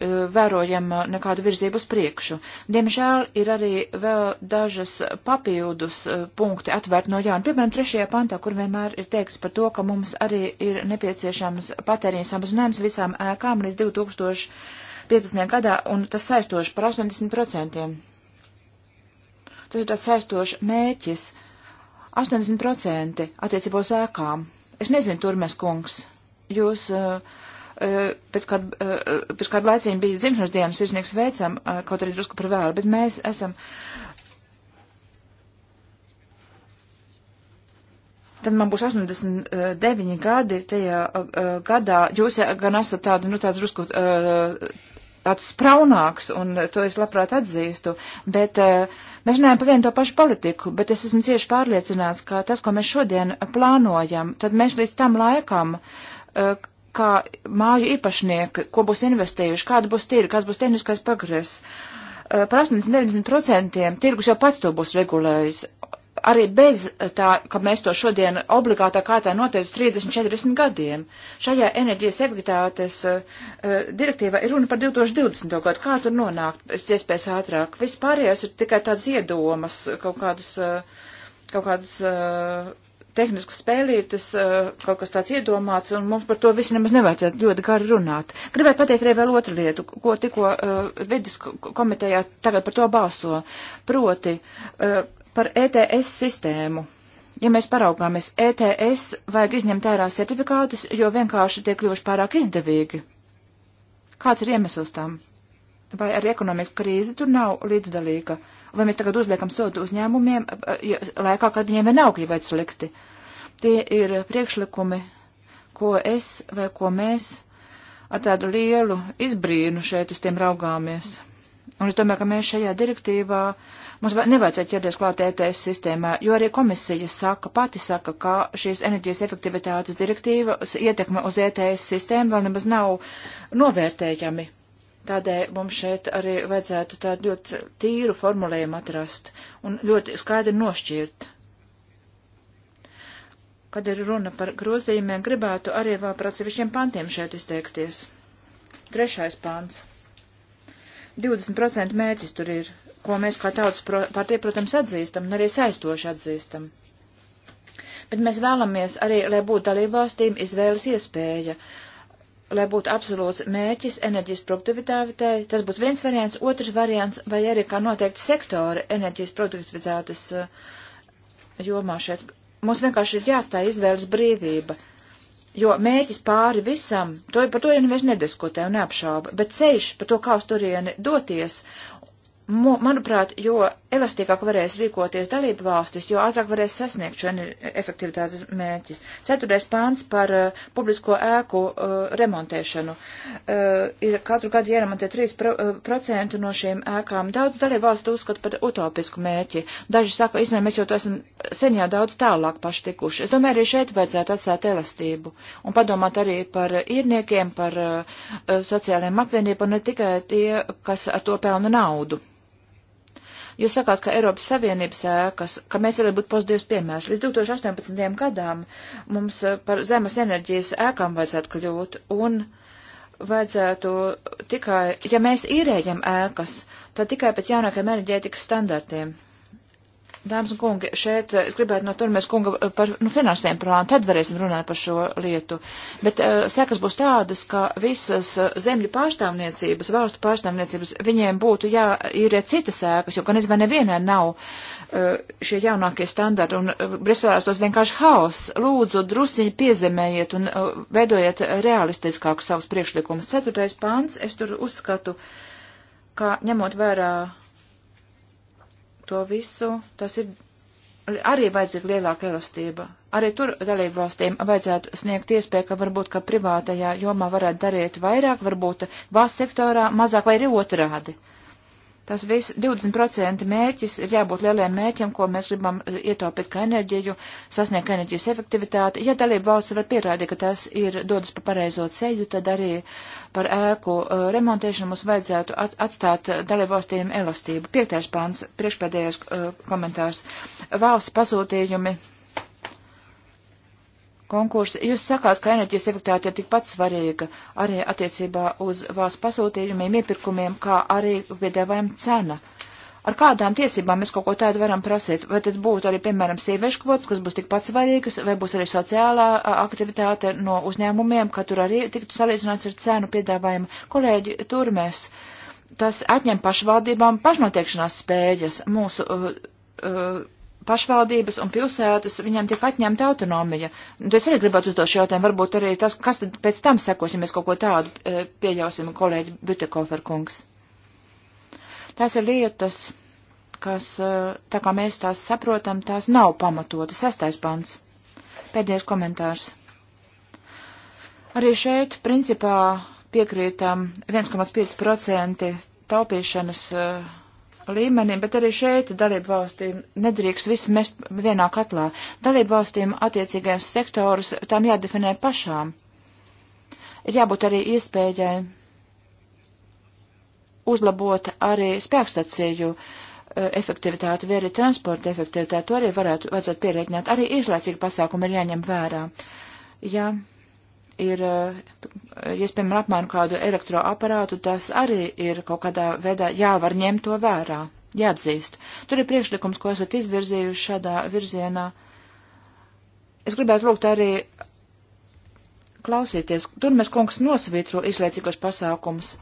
E, vērojam e, nekādu virzību uz priekšu. Diemžēl ir arī vēl dažas papildus e, punkti atvērt no jauna. Piemēram, trešajā pantā, kur vienmēr ir teikts par to, ka mums arī ir nepieciešams patēriņa samazinājums visām ēkām līdz 2015. gadā, un tas saistoši par 80%. Tas ir tāds saistošs mēķis. 80% attiecībā uz ēkām. Es nezinu, Turmes kungs, jūs uh, Eh, eh, pēc kāda, pēc kāda laicīna bija dzimšanas dienas sirsnieks veicam, eh, kaut arī drusku par vēlu, bet mēs esam. Tad man būs 89 gadi tajā gadā. Jūs gan esat tāda, nu tāds drusku tāds spraunāks, un to es labprāt atzīstu, bet uh, mēs runājam par vienu to pašu politiku, bet es esmu cieši pārliecināts, ka tas, ko mēs šodien plānojam, tad mēs līdz tam laikam, uh, kā māju īpašnieki, ko būs investējuši, kāda būs tirga, kāds būs tehniskais progress. Eh, par 80-90% tirgus jau pats to būs regulējis. Arī bez tā, ka mēs to šodien obligātā kārtā noteicu 30-40 gadiem. Šajā enerģijas efektivitātes uh, direktīvā ir runa par 2020. gadu. Kā tur nonākt pēc iespējas ātrāk? Vispārējais ir tikai tāds iedomas, kaut kādas, uh, kaut kādas uh, tehniskas spēlītas, kaut kas tāds iedomāts, un mums par to visu nemaz nevajadzētu ļoti gari runāt. Gribētu pateikt arī vēl otru lietu, ko tikko uh, vidus komitejā tagad par to balso, proti uh, par ETS sistēmu. Ja mēs paraugāmies ETS, vajag izņemt ērā certifikātus, jo vienkārši tie kļuvuši pārāk izdevīgi. Kāds ir iemesls tam? Vai arī ekonomikas krīze tur nav līdzdalīga? Uh, vai mēs tagad uzliekam sodu uzņēmumiem eh, laikā, kad viņiem vienalga ir veids slikti. Tie ir priekšlikumi, ko es vai ko mēs ar tādu lielu izbrīnu šeit uz tiem raugāmies. Un es domāju, ka mēs šajā direktīvā mums nevajadzētu ķerties klāt ETS sistēmā, jo arī komisija saka, pati saka, ka šīs enerģijas efektivitātes direktīvas ietekme uz ETS sistēmu vēl nemaz nav novērtējami. Tādēļ mums šeit arī vajadzētu tādu ļoti tīru formulējumu atrast un ļoti skaidri nošķirt. Kad ir runa par grozījumiem, gribētu arī vēl par atsevišķiem pantiem šeit izteikties. Trešais pants. 20% mērķis tur ir, ko mēs kā tautas partija, protams, atzīstam un arī saistoši atzīstam bet mēs vēlamies arī, lai būtu dalībvalstīm izvēles iespēja lai būtu absolūts mēķis enerģijas produktivitātei. Tas būs viens variants, otrs variants, vai arī kā noteikti sektori enerģijas produktivitātes eh, jomā šeit. Mums vienkārši ir jāatstāj izvēles brīvība, jo mēķis pāri visam, to, par to jau neviens nediskutē un neapšauba, bet ceļš par to, kā uz turieni doties Manuprāt, jo elastīgāk varēs rīkoties dalību valstis, jo ātrāk varēs sasniegt šo efektivitātes mērķis. Ceturtais pāns par uh, publisko ēku uh, remontēšanu. Uh, ir katru gadu jāremontē 3% uh, no šīm ēkām. Daudz dalību valstu uzskata par utopisku mērķi. Daži saka, izmēr, mēs jau to esam sen jau daudz tālāk paši tikuši. Es domāju, arī šeit vajadzētu atstāt elastību un padomāt arī par īrniekiem, par uh, uh sociālajiem apvienībām, ne tikai tie, kas ar to pelna naudu. Jūs sakāt, ka Eiropas Savienības ēkas, ka mēs varētu būt pozitīvs piemērs. Līdz 2018. gadām mums eh, par zemes enerģijas ēkām vajadzētu kļūt un vajadzētu tikai, ja mēs īrējam ēkas, tad tikai pēc jaunākiem enerģētikas standartiem. Dāmas un kungi, šeit eh, es gribētu no turmēs kunga eh, par nu, finansēm plānu, tad varēsim runāt par šo lietu. Bet uh, sekas būs tādas, ka visas zemļu pārstāvniecības, valstu pārstāvniecības, viņiem būtu jāīrē citas sēkas, jo gan es vai nevienai nav uh, šie jaunākie standarti, un uh, Briselās tos vienkārši haos. Lūdzu, drusiņi piezemējiet un uh, veidojiet realistiskākus savus priekšlikumus. Ceturtais pāns, es tur uzskatu, ka ņemot vērā. Uh, to visu, tas ir arī vajadzīga lielāka elastība. Arī tur dalību valstīm vajadzētu sniegt iespēju, ka varbūt, ka privātajā jomā varētu darīt vairāk, varbūt valsts sektorā mazāk vai arī otrādi. Uh, Tas viss 20% mērķis ir jābūt lieliem mērķiem, ko mēs gribam eh, ietaupīt kā enerģiju, sasniegt enerģijas efektivitāti. Ja dalība valsts var pierādīt, ka tas ir dodas pa pareizo ceļu, tad arī par ēku eh, remontēšanu mums vajadzētu atstāt dalību valstīm elastību. Piektais pāns, priekšpēdējais eh, komentārs. Valsts pasūtījumi konkursi. Jūs sakāt, ka enerģijas efektivitāte ir tikpat svarīga arī attiecībā uz valsts pasūtījumiem, iepirkumiem, kā arī piedāvājuma cena. Ar kādām tiesībām mēs kaut ko tādu varam prasīt? Vai tad būtu arī, piemēram, sieviešu kvotas, kas būs tikpat svarīgas, vai būs arī sociālā aktivitāte no uzņēmumiem, ka tur arī tiktu salīdzināts ar cenu piedāvājumu? Kolēģi, tur mēs. Tas atņem pašvaldībām pašnoteikšanās spējas mūsu. Uh, uh, pašvaldības un pilsētas, viņiem tiek atņemta autonomija. Un nu, es arī gribētu uzdot šo jautājumu, varbūt arī tas, kas tad pēc tam sekos, ja mēs kaut ko tādu e, pieļausim, kolēģi Butekofer kungs. Tās ir lietas, kas, e, tā kā mēs tās saprotam, tās nav pamatotas. Sestais pants. Pēdējais komentārs. Arī šeit, principā, piekrītam 1,5% taupīšanas uh, līmenim, bet arī šeit dalību valstīm nedrīkst viss mest vienā katlā. Dalību valstīm attiecīgajos sektorus tām jādefinē pašām. Ir jābūt arī iespējai uzlabot arī spēkstaciju uh, efektivitāti vai arī transporta efektivitāti. To arī varētu vajadzētu pierēķināt. Arī izlaicīgi pasākumi ir jāņem vērā. Jā. Ja ir, ja es, piemēram, apmainu kādu elektroaparātu, tas arī ir kaut kādā veidā jāvar ņemt to vērā, jāatzīst. Tur ir priekšlikums, ko esat izvirzījuši šādā virzienā. Es gribētu lūgt arī klausīties. Tur mēs kungs nosvītro izlaicīgos pasākums.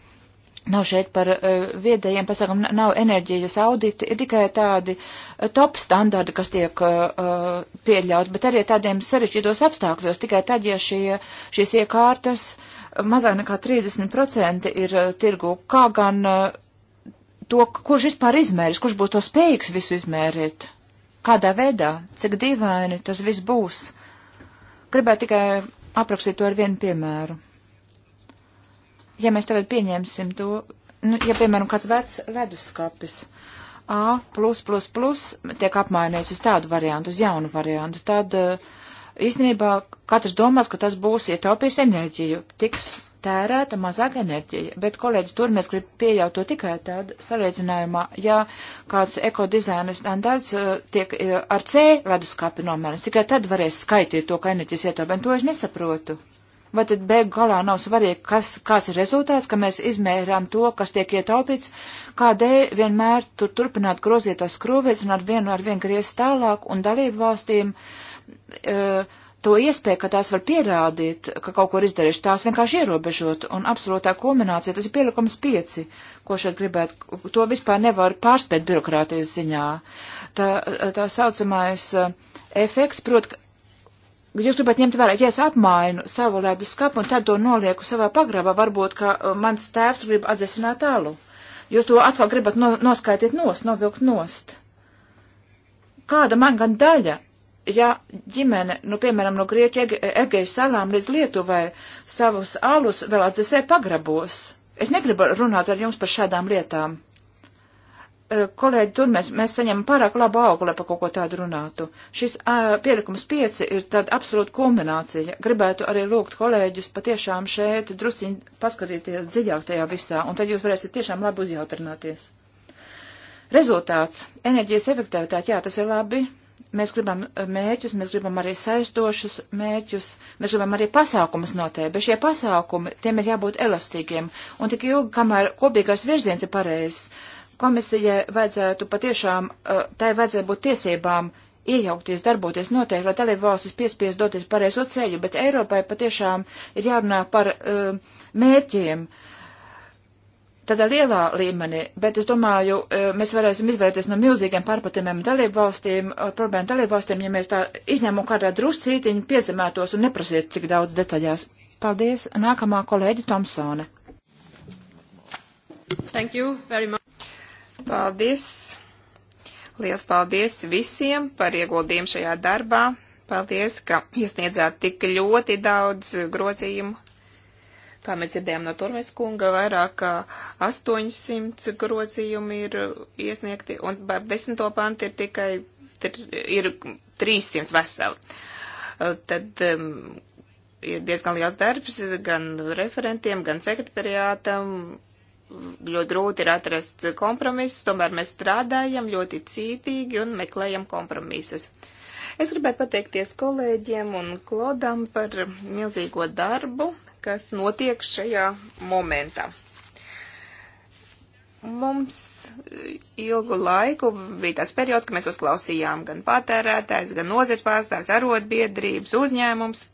Nav šeit par uh, viedajiem pasākumiem, nav enerģijas auditi, ir tikai tādi eh, top standarti, kas tiek uh, pieļaut, bet arī tādiem sarežģītos apstākļos, tikai tad, ja šie, šīs iekārtas mazāk nekā 30% ir uh, tirgu, kā gan uh, to, kurš vispār izmēris, kurš būs to spējīgs visu izmērīt, kādā veidā, cik dīvaini tas viss būs. Gribētu tikai aprakstīt to ar vienu piemēru ja mēs tagad pieņemsim to, nu, ja, piemēram, kāds vecs leduskapis A plus plus plus tiek apmainīts uz tādu variantu, uz jaunu variantu, tad eh, īstenībā katrs domās, ka tas būs ietaupījis enerģiju, tiks tērēta mazāk enerģija, bet kolēģis tur mēs grib pieļaut to tikai tādā salīdzinājumā, ja kāds ekodizaina standarts uh, tiek uh, ar C leduskapi nomērns, tikai tad varēs skaitīt to, ka enerģijas ietaupē, to es nesaprotu vai tad beigu galā nav svarīgi, kas, kāds ir rezultāts, ka mēs izmērām to, kas tiek ietaupīts, kādēļ vienmēr tur turpināt grozīt tās skrūvēs un ar vienu ar vienu griezt tālāk un dalību valstīm. Uh, to iespēju, ka tās var pierādīt, ka kaut ko ir izdarījuši, tās vienkārši ierobežot, un absolūtā kulminācija, tas ir pielikums pieci, ko šeit gribētu, to vispār nevar pārspēt birokrātijas ziņā. Tā, tā saucamais e, efekts, proti, jūs gribat ņemt vērā, ja es apmainu savu ledus kapu un tad to nolieku savā pagrabā, varbūt, ka uh, mans tēvs grib atzesināt alu. Jūs to atkal gribat no, noskaitīt nost, novilkt nost. Kāda man gan daļa, ja ģimene, nu, piemēram, no Grieķu Ege, Egeju salām līdz Lietuvai savus alus vēl atzesē pagrabos? Es negribu runāt ar jums par šādām lietām. Eh, kolēģi, tur mēs, mēs saņemam pārāk labu augu, lai pa kaut ko tādu runātu. Šis uh, pielikums pieci ir tāda absolūta kombinācija. Gribētu arī lūgt kolēģus patiešām šeit drusciņi paskatīties dziļāk tajā visā, un tad jūs varēsiet tiešām labi uzjautrināties. Rezultāts. Enerģijas efektivitāte, jā, tas ir labi. Mēs gribam eh, mērķus, mēs gribam arī saistošus mērķus, mēs gribam arī pasākumus noteikt, bet šie pasākumi, tiem ir jābūt elastīgiem, un tik ilgi, kamēr kopīgais virziens ir pareizs, uh, Komisijai vajadzētu patiešām, eh, tai vajadzētu būt tiesībām iejaukties, darboties noteikti, lai dalībvalstis piespies doties pareizo ceļu, bet Eiropai patiešām ir jārunā par uh, mērķiem tādā lielā līmenī, bet es domāju, uh, mēs varēsim izvairīties no milzīgiem pārpratumiem dalībvalstīm, uh, problēmu dalībvalstīm, ja mēs tā izņēmumu kādā druscītiņu piezemētos un neprasītu tik daudz detaļās. Paldies. Nākamā kolēģi Tomsone. Thank you very much. Paldies! Lielas paldies visiem par ieguldījumu šajā darbā. Paldies, ka iesniedzāt tik ļoti daudz grozījumu. Kā mēs dzirdējām no Turmes kunga, vairāk kā 800 grozījumi ir iesniegti, un par desmito pantu ir tikai ir 300 veseli. Uh, tad um, ir diezgan liels darbs gan referentiem, gan sekretariātam ļoti grūti ir atrast kompromisus, tomēr mēs strādājam ļoti cītīgi un meklējam kompromisus. Es gribētu pateikties kolēģiem un Klodam par milzīgo darbu, kas notiek šajā momentā. Mums ilgu laiku bija tāds periods, ka mēs uzklausījām gan patērētājs, gan nozars pārstāvs, arotbiedrības, uzņēmums,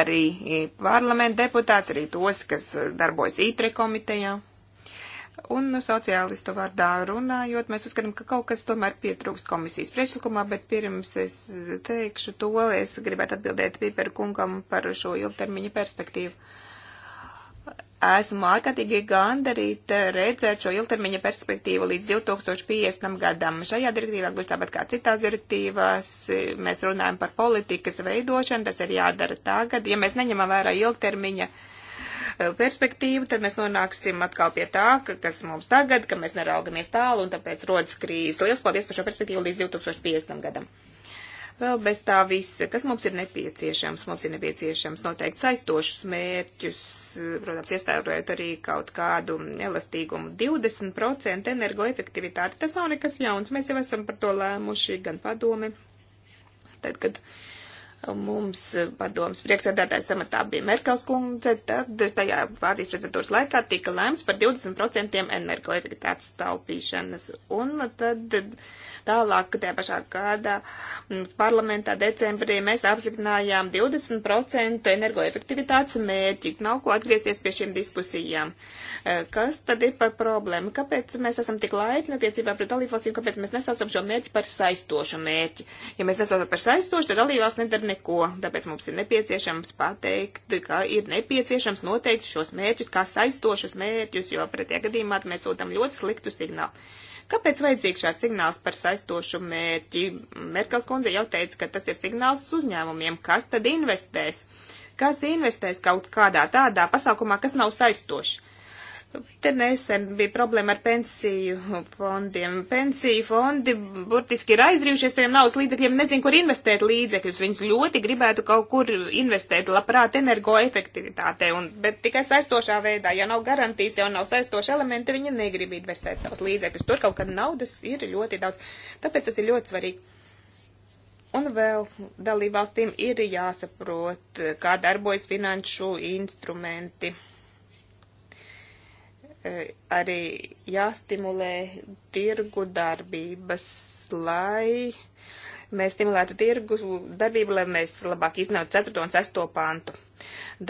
arī parlamenta deputāts, arī tos, kas darbojas ITRE komitejā un sociālistu vārdā runājot, mēs uzskatām, ka kaut kas tomēr pietrūkst komisijas priekšlikumā, bet pirms es teikšu to, es gribētu atbildēt Piper kungam par šo ilgtermiņa perspektīvu. Esmu ārkārtīgi gandarīta redzēt šo ilgtermiņa perspektīvu līdz 2050. gadam. Šajā direktīvā, gluži tāpat kā citās direktīvās, mēs runājam par politikas veidošanu, tas ir jādara tagad. Ja mēs neņemam vērā ilgtermiņa perspektīvu, Eh, perspektīvu, tad mēs nonāksim atkal pie tā, ka, kas mums tagad, ka mēs neraugamies tālu un tāpēc rodas krīzes. Lielas paldies par šo perspektīvu līdz 2050. gadam. Vēl bez tā visa, kas mums ir nepieciešams? Mums ir nepieciešams noteikti saistošus mērķus, eh, protams, iestādot arī kaut kādu elastīgumu. 20% energoefektivitāte, tas nav nekas jauns, mēs jau esam par to lēmuši gan padomi. Tad, kad uh, Mums eh, padomas priekšsēdētājs samatā bija Merkels kundze, tad tajā Vācijas prezidentūras laikā tika lēmts par 20% energoefektivitātes taupīšanas. Un tad tālāk, tajā pašā gadā mm, parlamentā decembrī mēs apstiprinājām 20% energoefektivitātes mērķi. Nav ko atgriezties pie šiem diskusijām. Eh, kas tad ir par problēmu? Kāpēc mēs esam tik laipni attiecībā pret dalībvalstīm? Kāpēc mēs nesaucam šo mērķi par saistošu mērķi? Ja mēs nesaucam par saistošu, tad dalībvalsts nedara neko, tāpēc mums ir nepieciešams pateikt, ka ir nepieciešams noteikt šos mērķus kā saistošus mērķus, jo pretie gadījumā mēs sūtam ļoti sliktu signālu. Kāpēc vajadzīgs šāds signāls par saistošu mērķi? Merkels kundze jau teica, ka tas ir signāls uzņēmumiem, kas tad investēs, kas investēs kaut kādā tādā pasākumā, kas nav saistošs. Te nesen bija problēma ar pensiju fondiem. Pensiju fondi burtiski ir aizrījušies saviem naudas līdzekļiem, nezin, kur investēt līdzekļus. Viņus ļoti gribētu kaut kur investēt, labprāt, energoefektivitātē, un, bet tikai saistošā veidā. Ja nav garantijas, ja nav saistoši elementi, viņi negrib investēt savus līdzekļus. Tur kaut kad naudas ir ļoti daudz. Tāpēc tas ir ļoti svarīgi. Un vēl dalībvalstīm ir jāsaprot, kā darbojas finanšu instrumenti arī jāstimulē tirgu darbības, lai mēs stimulētu tirgu darbību, lai mēs labāk iznāktu 4. un 6. pantu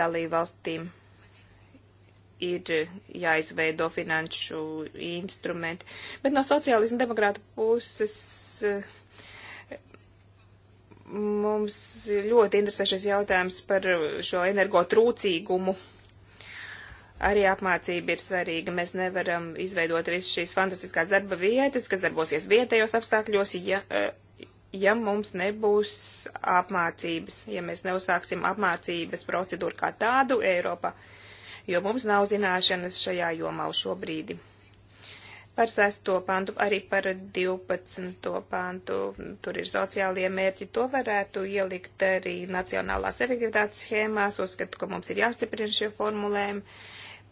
dalību valstīm. Ir jāizveido finanšu instrumenti. Bet no sociālismu demokrāta puses eh, mums ļoti interesē šis jautājums par šo energotrūcīgumu arī apmācība ir svarīga. Mēs nevaram izveidot visu šīs fantastiskās darba vietas, kas darbosies vietējos apstākļos, ja, eh, ja mums nebūs apmācības, ja mēs neuzsāksim apmācības procedūru kā tādu Eiropā, jo mums nav zināšanas šajā jomā uz šo brīdi par sesto pantu, arī par 12. pantu, tur ir sociālie mērķi, to varētu ielikt arī nacionālās efektivitātes schēmās, uzskatu, ka mums ir jāstiprina šie formulējumi,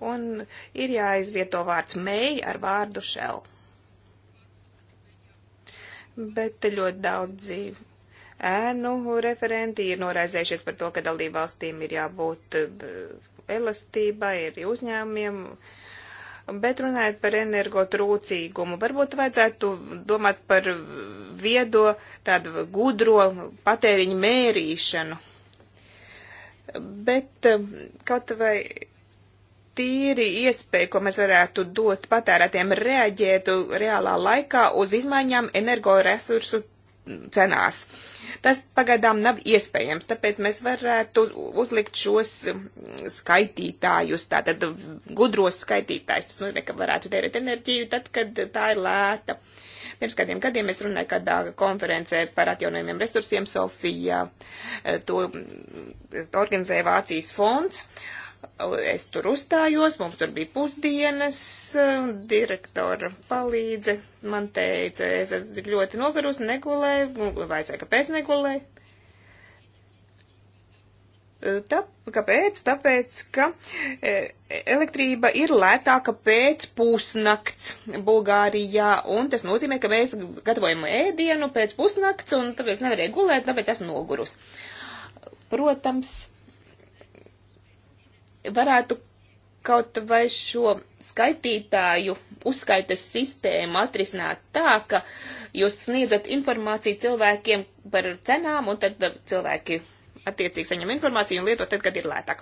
un ir jāizvieto vārds may ar vārdu shell. Bet ļoti daudzi ēnu referenti ir noraizējušies par to, ka dalībvalstīm ir jābūt eh, elastībai, ir uzņēmumiem. Bet runājot par energotrūcīgumu, varbūt vajadzētu domāt par viedo, tādu gudro patēriņu mērīšanu. Bet eh, kaut vai tīri iespēja, ko mēs varētu dot patērētiem, reaģēt reālā laikā uz izmaiņām energoresursu cenās. Tas pagaidām nav iespējams, tāpēc mēs varētu uzlikt šos skaitītājus, tātad gudros skaitītājus, tas nozīmē, ka varētu tērēt enerģiju tad, kad tā ir lēta. Pirms kādiem gadiem es runāju kādā konferencē par atjaunojumiem resursiem Sofijā, eh, to organizēja Vācijas fonds, Es tur uzstājos, mums tur bija pusdienas, direktora palīdze man teica, es esmu ļoti nogarus, negulēju, nu, vajadzēja, kāpēc negulēju. Tā, kāpēc? Tāpēc, ka e, elektrība ir lētāka pēc pusnakts Bulgārijā, un tas nozīmē, ka mēs gatavojam ēdienu pēc pusnakts, un tāpēc nevarēju gulēt, tāpēc esmu nogurus. Protams, varētu kaut vai šo skaitītāju uzskaites sistēmu atrisināt tā, ka jūs sniedzat informāciju cilvēkiem par cenām, un tad cilvēki attiecīgi saņem informāciju un lieto tad, kad ir lētāk.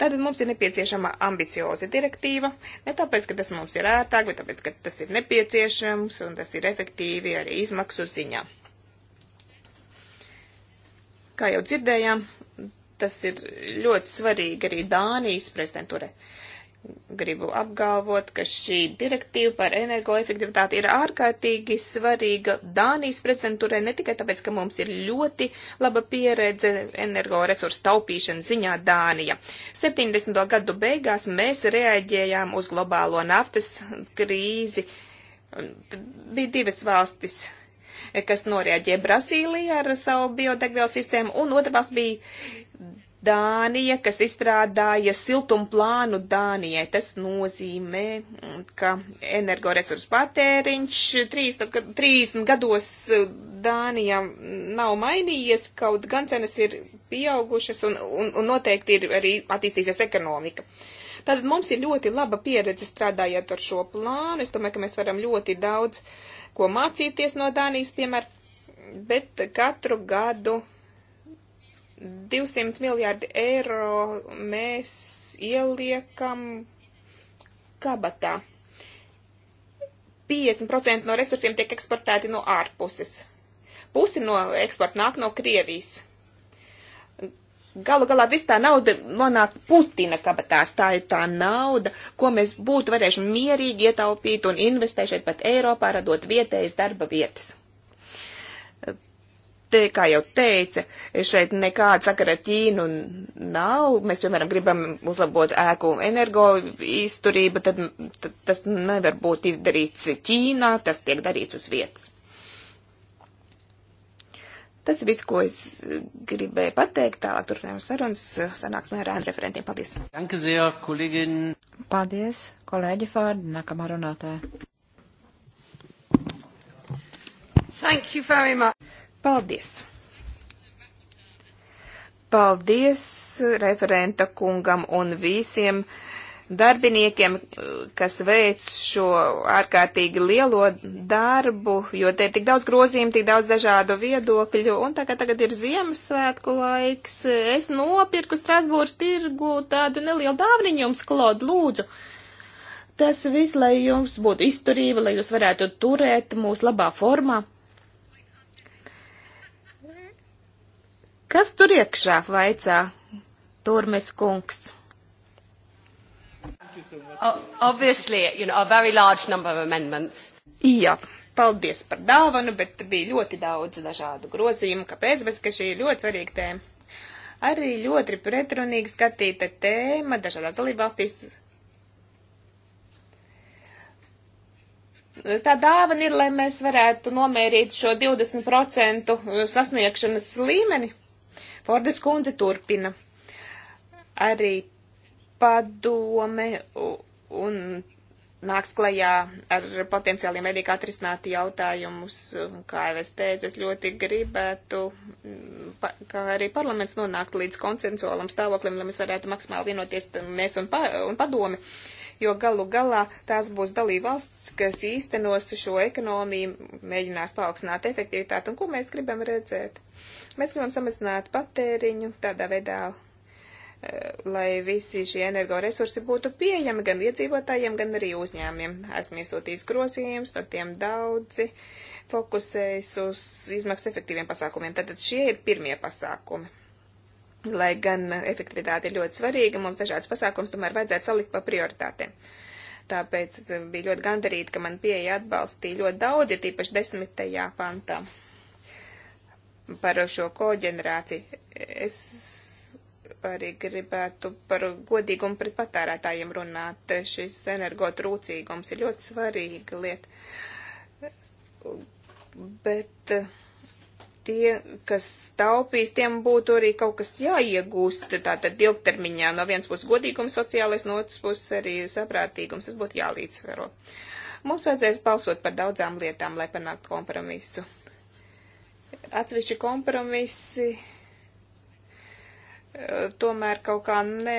Tātad mums ir nepieciešama ambicioza direktīva, ne tāpēc, ka tas mums ir ērtāk, bet tāpēc, ka tas ir nepieciešams un tas ir efektīvi arī izmaksu ziņā. Kā jau dzirdējām, Tas ir ļoti svarīgi arī Dānijas prezidentūrai. Gribu apgalvot, ka šī direktīva par energoefektivitāti ir ārkārtīgi svarīga Dānijas prezidentūrai ne tikai tāpēc, ka mums ir ļoti laba pieredze energoresursu taupīšanas ziņā Dānija. 70. gadu beigās mēs reaģējām uz globālo naftas krīzi. Bija divas valstis kas noreaģēja Brazīlija ar savu biodegvielu sistēmu, un otra valsts bija Dānija, kas izstrādāja siltumu plānu Dānijai. Tas nozīmē, ka energoresursu patēriņš 30 gados uh, Dānijā nav mainījies, kaut gan cenas ir pieaugušas un, un, un noteikti ir arī attīstījusies ekonomika. Tātad mums ir ļoti laba pieredze strādājot ar šo plānu. Es domāju, ka mēs varam ļoti daudz uh, ko mācīties no Dānijas, piemēram, bet katru gadu 200 miljārdi eiro mēs ieliekam kabatā. 50% no resursiem tiek eksportēti no ārpuses. Pusi no eksporta nāk no Krievijas Galu galā viss tā nauda nonāk Putina kabatās. Tā ir tā nauda, ko mēs būtu varējuši mierīgi ietaupīt un investēt šeit pat Eiropā, radot vietējas darba vietas. Te, kā jau teica, šeit nekāda sakara ar Ķīnu nav. Mēs, piemēram, gribam uzlabot ēku energo izturību, tad, tad tas nevar būt izdarīts Ķīnā, tas tiek darīts uz vietas. Tas ir viss, ko es eh, gribēju pateikt. Tālāk turpinām sarunas. Eh, sanāksim ar ēnu referentiem. Paldies. Sehr, Paldies, kolēģi Fārdi. Nākamā runātāja. Thank you very much. Paldies. Paldies referenta kungam un visiem. Uh, darbiniekiem, kas veic šo ārkārtīgi lielo darbu, jo te ir tik daudz grozījumu, tik daudz dažādu viedokļu, un tā kā tagad ir Ziemassvētku laiks, es nopirku Strasbūras tirgu tādu nelielu dāvniņu jums, Klod, lūdzu. Tas viss, lai jums būtu izturība, lai jūs varētu turēt mūs labā formā. Kas tur iekšā vaicā, Turmes kungs? Obviously, you know, a very large number of amendments. Jā, paldies par dāvanu, bet bija ļoti daudz dažādu grozījumu. Kāpēc? Bez, ka šī ir ļoti svarīga tēma. Arī ļoti pretrunīgi skatīta tēma dažādās dalībvalstīs. Tā dāvana ir, lai mēs varētu nomērīt šo 20% uh, sasniegšanas līmeni. Fordas kundze turpina. Arī padome un nāks klajā ar potenciāliem veidiem, kā atrisināt jautājumus. Kā jau es teicu, es ļoti gribētu, mm, ka arī parlaments nonāktu līdz konsensuālam stāvoklim, lai mēs varētu maksimāli vienoties mēs un, pa, un padomi. Jo galu galā tās būs dalībvalsts, kas īstenos šo ekonomiju, mēģinās paaugstināt efektivitāti. Un ko mēs gribam redzēt? Mēs gribam samazināt patēriņu tādā veidā, lai visi šie energoresursi būtu pieejami gan iedzīvotājiem, gan arī uzņēmiem. Esmu iesūtījis grozījumus, no tiem daudzi fokusējas uz izmaksu efektīviem pasākumiem. Tātad šie ir pirmie pasākumi. Lai gan efektivitāte ir ļoti svarīga, mums dažādas pasākums tomēr vajadzētu salikt pa prioritātēm. Tāpēc bija ļoti gandarīti, ka man pieeja atbalstīja ļoti daudzi, ja tīpaši desmitajā pantā par šo koģenerāciju. Es arī gribētu par godīgumu pret patērētājiem runāt. Šis energotrūcīgums ir ļoti svarīga lieta. Bet eh, tie, kas taupīs, tiem būtu arī kaut kas jāiegūst tātad ilgtermiņā. No vienas puses godīgums sociālais, no otras puses arī saprātīgums. Tas būtu jālīdzsvero. Mums vajadzēs balsot par daudzām lietām, lai panāktu kompromisu. Atsevišķi kompromisi tomēr kaut kā ne,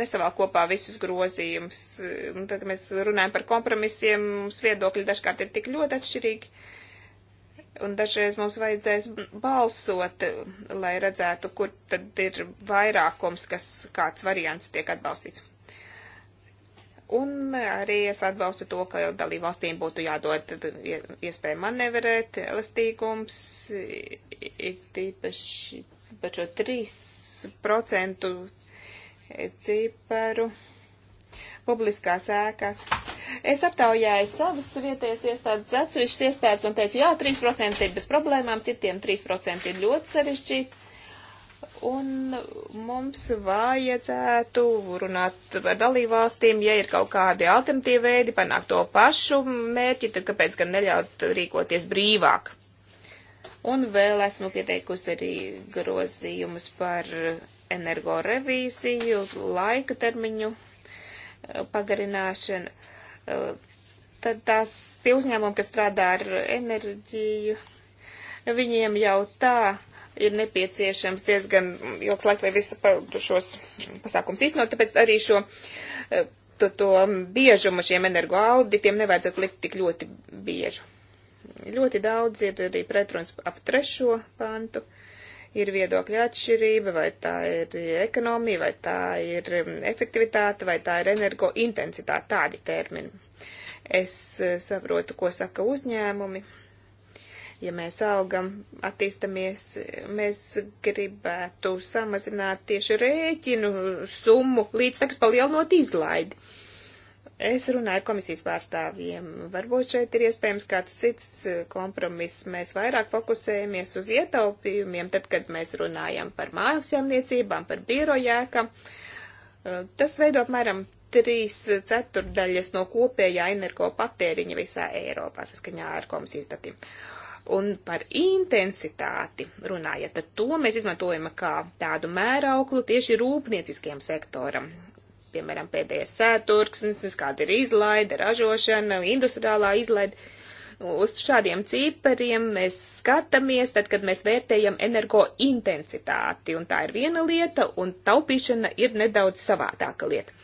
nesavāl kopā visus grozījumus. Tad, kad mēs runājam par kompromisiem, mums viedokļi dažkārt ir tik ļoti atšķirīgi. Un dažreiz mums vajadzēs balsot, lai redzētu, kur tad ir vairākums, kas kāds variants tiek atbalstīts. Un arī es atbalstu to, ka dalībvalstīm būtu jādod iespēja manevrēt, elastīgums, ir tīpaši par šo trīs procentu ciparu publiskās ēkās. Es aptaujāju savas vietējas iestādes, atsevišķas iestādes, un teicu, jā, 3% ir bez problēmām, citiem 3% ir ļoti sarežģīti. Un mums vajadzētu runāt ar dalībvalstīm, ja ir kaut kādi alternatīvi veidi panākt to pašu mērķi, tad kāpēc gan neļaut rīkoties brīvāk? Un vēl esmu pieteikusi arī grozījumus par energorevīziju, laika termiņu eh, pagarināšanu. Eh, tad tās tie uzņēmumi, kas strādā ar enerģiju, viņiem jau tā ir nepieciešams diezgan ilgs laiks, lai visu pa, šos pasākums īstenot, tāpēc arī šo eh, to, to biežumu šiem energoauditiem nevajadzētu likt tik ļoti biežu. Ļoti daudz ir arī pretruns ap trešo pantu. Ir viedokļa atšķirība, vai tā ir ekonomija, vai tā ir mm, efektivitāte, vai tā ir energointensitāte, tādi termini. Es eh, saprotu, ko saka uzņēmumi. Ja mēs augam, attīstamies, mēs gribētu samazināt tieši rēķinu summu, līdz saks palielinot izlaidi. Uh, Es runāju ar komisijas pārstāvjiem. Varbūt šeit ir iespējams kāds cits eh, kompromiss. Mēs vairāk fokusējamies uz ietaupījumiem, tad, kad mēs runājam par mājasjāmniecībām, par birojēkam. Eh, tas veido apmēram trīs ceturdaļas no kopējā energo patēriņa visā Eiropā, saskaņā ar komisijas datiem. Un par intensitāti runājot, tad to mēs izmantojam kā tādu mērauklu tieši rūpnieciskiem sektoram piemēram, pēdējais sēturksnis, kāda ir izlaide, ražošana, industriālā izlaide. Uz šādiem cipariem mēs skatāmies, tad, kad mēs vērtējam energointensitāti, un tā ir viena lieta, un taupīšana ir nedaudz savādāka lieta.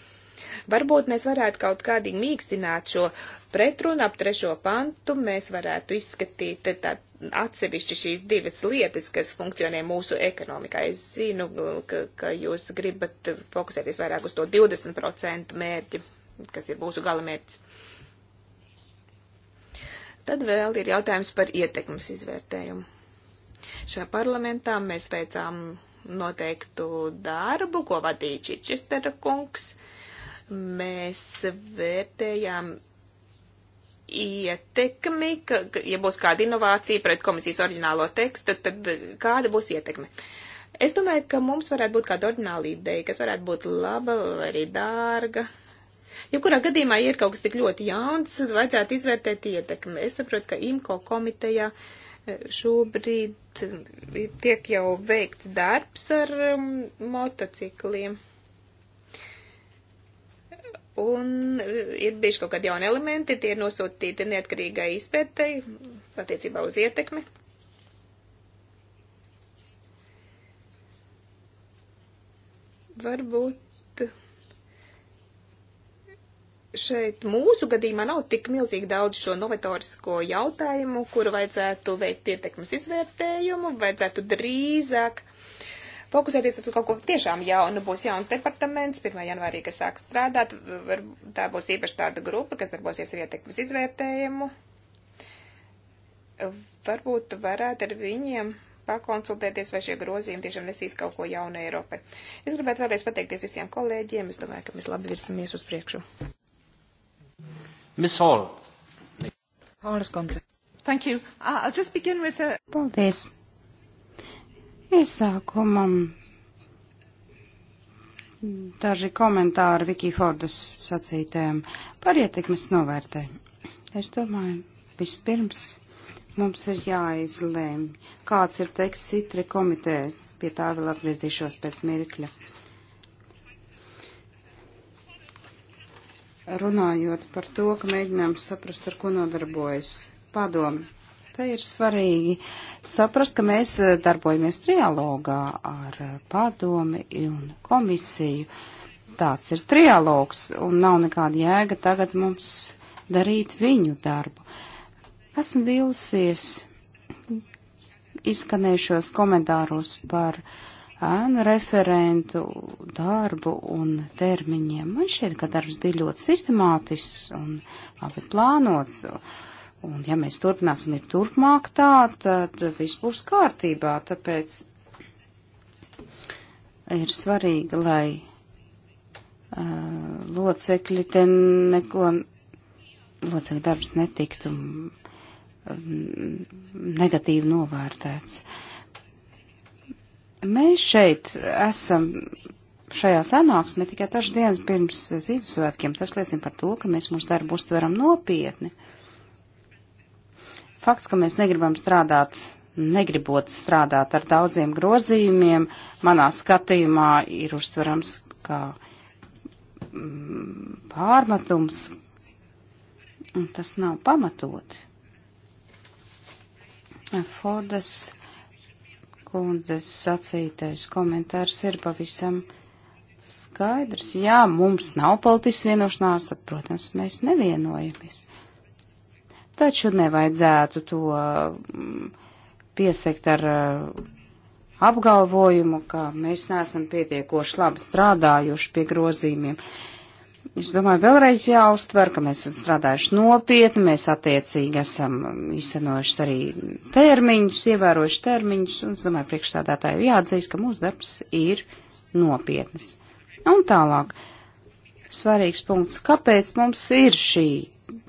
Varbūt mēs varētu kaut kādīgi mīkstināt šo pretrunu ap trešo pantu, mēs varētu izskatīt tad atsevišķi šīs divas lietas, kas funkcionē mūsu ekonomikā. Es zinu, ka, ka jūs gribat fokusēties vairāk uz to 20% mērķi, kas ir mūsu galamērķis. Tad vēl ir jautājums par ietekmes izvērtējumu. Šajā parlamentā mēs veicām noteiktu darbu, ko vadīja Čičistera kungs. Mēs vērtējām ietekmi, ka, ja būs kāda inovācija pret komisijas oriģinālo tekstu, tad kāda būs ietekme? Es domāju, ka mums varētu būt kāda oriģināla ideja, kas varētu būt laba vai arī dārga. Jebkurā ja gadījumā ir kaut kas tik ļoti jauns, vajadzētu izvērtēt ietekmi. Es saprotu, ka IMCO komitejā eh, šobrīd tiek jau veikts darbs ar um, motocikliem. Un eh, ir bijuši kaut kādi jauni elementi, tie ir nosūtīti neatkarīgai izpētei attiecībā uz ietekmi. Varbūt šeit mūsu gadījumā nav tik milzīgi daudz šo novatorisko jautājumu, kuru vajadzētu veikt ietekmes izvērtējumu, vajadzētu drīzāk uh, fokusēties uz kaut ko tiešām jaunu. Būs jauns departaments, 1. janvārī, kas sāk strādāt. Var, tā būs īpaši tāda grupa, kas darbosies ar ietekmes izvērtējumu. Varbūt varētu ar viņiem pakonsultēties, vai šie grozījumi tiešām nesīs kaut ko jaunu Eiropai. Es gribētu vēlreiz pateikties visiem kolēģiem. Es domāju, ka mēs labi virsamies uz priekšu. Miss Hall. Hall Thank you. Uh, I'll just begin with a... Paldies. Iesākumam daži komentāri Vikifordas sacītēm par ietekmes novērtē. Es domāju, vispirms mums ir jāizlēm, kāds ir teiks citri komitē, pie tā vēl atgriezīšos pēc mirkļa. Runājot par to, ka mēģinām saprast, ar ko nodarbojas padomi Te ir svarīgi saprast, ka mēs eh, darbojamies trialogā ar eh, padomi un komisiju. Tāds ir trialogs, un nav nekāda jēga tagad mums darīt viņu darbu. Esmu vīlusies izskanējušos komentāros par ēnu referentu darbu un termiņiem. Man šķiet, ka darbs bija ļoti sistemātisks un labi plānots. Uh, Un ja mēs turpināsim ir turpmāk tā, tad viss būs kārtībā, tāpēc ir svarīgi, lai uh, locekļi te neko, locekļu darbs netiktu negatīvi novērtēts. Mēs šeit esam šajā sanāksmē tikai dažas dienas pirms Ziemassvētkiem. Tas liecina par to, ka mēs mūsu darbu uztveram nopietni. Uh, Fakts, ka mēs negribam strādāt, negribot strādāt ar daudziem grozījumiem, manā skatījumā ir uztverams kā mm, pārmetums, un tas nav pamatoti. Fordas kundzes sacītais komentārs ir pavisam skaidrs. Jā, mums nav politisks vienošanās, tad, protams, mēs nevienojamies taču nevajadzētu to mm, piesekt ar eh, apgalvojumu, ka mēs neesam pietiekoši labi strādājuši pie grozījumiem. Es domāju, vēlreiz jāuztver, ka mēs esam strādājuši nopietni, mēs attiecīgi esam izcenojuši arī termiņus, ievērojuši termiņus, un es domāju, priekšstādātāji jāatzīst, ka mūsu darbs ir nopietnas. Un tālāk, svarīgs punkts, kāpēc mums ir šī